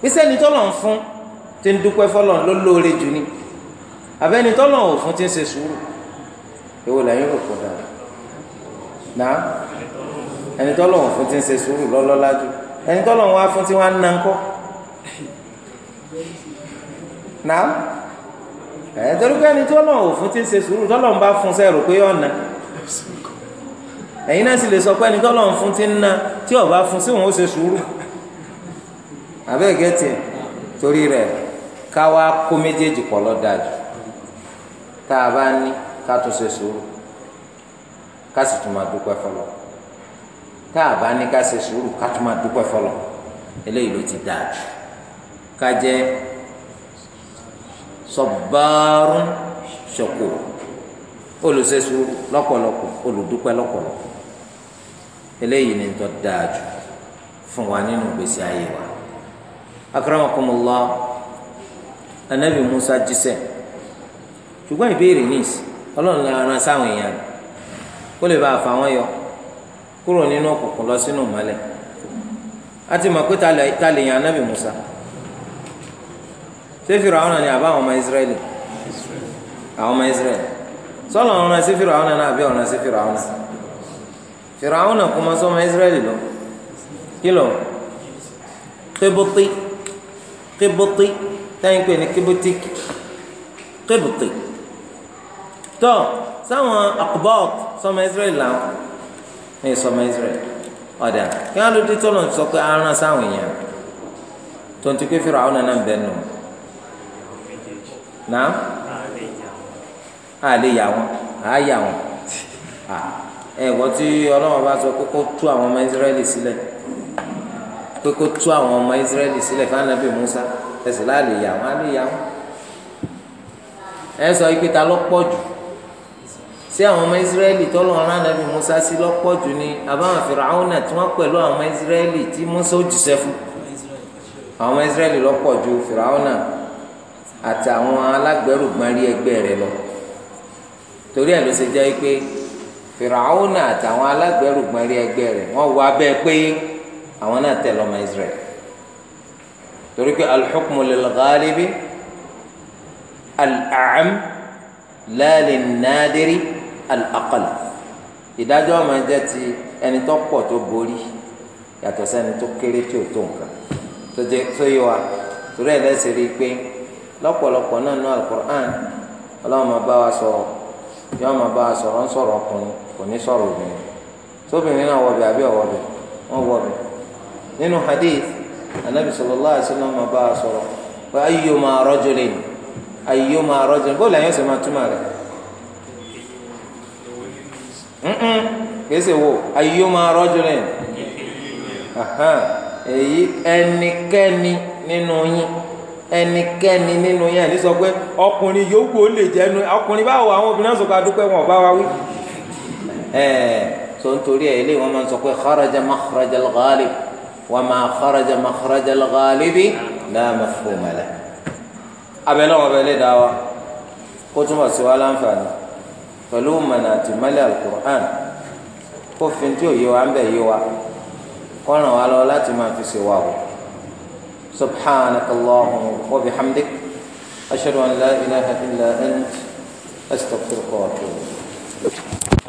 pèsè ẹni tọ́lọ̀ ń fún ti ń dúpẹ́ fọlọ́ ló lóore jù ni àbẹ́ni tọ́lọ̀ ò fún ti ń ṣe sùúrù èwo lẹ́yìn rò kó dára. naa ẹni tọ́lọ̀ fún ti ń ṣe sùúrù lọ́lọ́lájú ẹni tọ́lọ̀ wọn fún ti wọn á nà ńkọ́ nà ẹ̀ torí pé ẹni tọ́lọ̀ fún ti ń ṣe sùúrù bá fún sẹ́rù pé ọ̀nà ẹ̀yin náà sì lè sọ pé ẹni ti ń na tí ọba fún sí suru ó ṣe sùúrù àbẹ́ gẹ́tì torí rẹ̀ káwa kó méjèèjì pọ̀ tá ká sì tún máa dúpẹ́ fọlọ́ tá a bá ní ká ṣe sùúrù ká tún máa dúpẹ́ fọlọ́ eléyìí ló ti dáa jù ká jẹ́ sọ̀bárún ṣọ̀kò olùṣe sùúrù lọ́pọ̀lọpọ̀ olùdúpẹ́ lọ́pọ̀lọpọ̀ eléyìí ni tó dáa jù fún wa nínú gbèsè ayé wa akramakumullah anabi musa jíṣẹ́ ṣùgbọ́n ìbéèrè ní ìsìn ọlọ́run sáwọn èèyàn kó lè bá a fà wọ́n yọ kúrò nínú òkùnkùn lọ sínú ìmọ́lẹ̀ a ti mọ̀ pé ta lè yan anábì Musa ṣé Fíráúnà ni àbá àwọn ọmọ Israẹli àwọn ọmọ Israẹli sọlọ ọ̀ràn sí Fíráúnà náà àbí ọ̀ràn sí Fíráúnà Fíráúnà kò mọ sọmọ Israẹli lọ kí lọ kébùtì kébùtì táyìn pé ní kébùtì kébùtì tọ́ sáwọn akubọt sọmọ israẹli làwọn ní sọmọ israẹli ọdà kí wọn ló dé tọ́lọ̀ sọ pé aràn sáwọn èèyàn tó ń ti pé fìrà ọ̀nà náà ń bẹ́ẹ̀ nù náà àlè yà wọn àáyà wọn ẹ̀wọ́ tí ọlọ́wọ́ bá sọ pé kó tú àwọn ọmọ israẹli sílẹ̀ pé kó tú àwọn ọmọ israẹli sílẹ̀ fún anabi musa ẹ̀sìn láàlè yà wọn àlè yà wọn ẹ̀ sọ ipe ta pọ̀ jù ṣé àwọn ọmọ israẹli tọ́lọ̀ rán nàbì musa sí lọ́pọ̀ jù ni àbáwọn fìràwọ́nà tí wọ́n pẹ̀lú àwọn israẹli tí musa ó jùṣẹ́ fún àwọn ọmọ israẹli lọ́pọ̀ ju fìràwọ́nà àtàwọn alágbẹ̀rùgbọ́n rí ẹgbẹ́ rẹ̀ lọ torí ẹ̀ ló ṣe jẹ́ pé fìràwọ́nà àtàwọn alágbẹ̀rùgbọ́n rí ẹgbẹ́ rẹ̀ wọ́n wọ abẹ́ pé àwọn náà tẹ̀ lọ́mọ israẹli torí pé al-hukmu lil al al-aqal ìdájọ́ máa jẹ́ ti ẹni tó pọ̀ tó borí yàtọ̀ sẹ́ni tó kéré tí ò tó nǹkan tó jẹ́ tó yé wa torí ẹ̀ lẹ́sẹ̀ rí i pé lọ́pọ̀lọpọ̀ náà nínú al-Qur'an ọlọ́run máa bá wa sọ̀rọ̀ yọ́n máa bá wa sọ̀rọ̀ ń sọ̀rọ̀ ọkùnrin kò ní sọ̀rọ̀ obìnrin tóbìnrin náà wọ̀bẹ̀ àbí ọ̀wọ̀bẹ̀ wọ́n wọ̀bẹ̀ nínú hadith anabi sallallahu alaihi wasallam máa bá wa sọ̀rọ̀ nǹkan gbèsè wo ayyuma rajulin èyí ẹnikẹ́ni nínú yín ẹnikẹ́ni nínú yín ẹni sọ pé ọkùnrin yòówù ó lè jẹ́ nu ọkùnrin báwo àwọn obìnrin náà sọ pé adúpẹ́ wọn bá wa wí. so nítorí ẹ eléyìí wọn máa ń sọ pé kharaja makhrajal ghalib wa ma kharaja makhrajal ghalibi la mafhuma lahu. abẹ́lẹ́ wọn bẹ́ẹ̀ lè dá kó túnbọ̀ sí wa láǹfààní pẹ̀lú mọ̀nà àti mọ́lẹ̀ alukur'an kó fi tí òye wa ń bẹ̀ yé wa kó ràn wá lọ láti máa fi ṣe wa o subhanaka allahumma wa bihamdik ashhadu an la ilaha illa ant astaghfiruka wa atubu.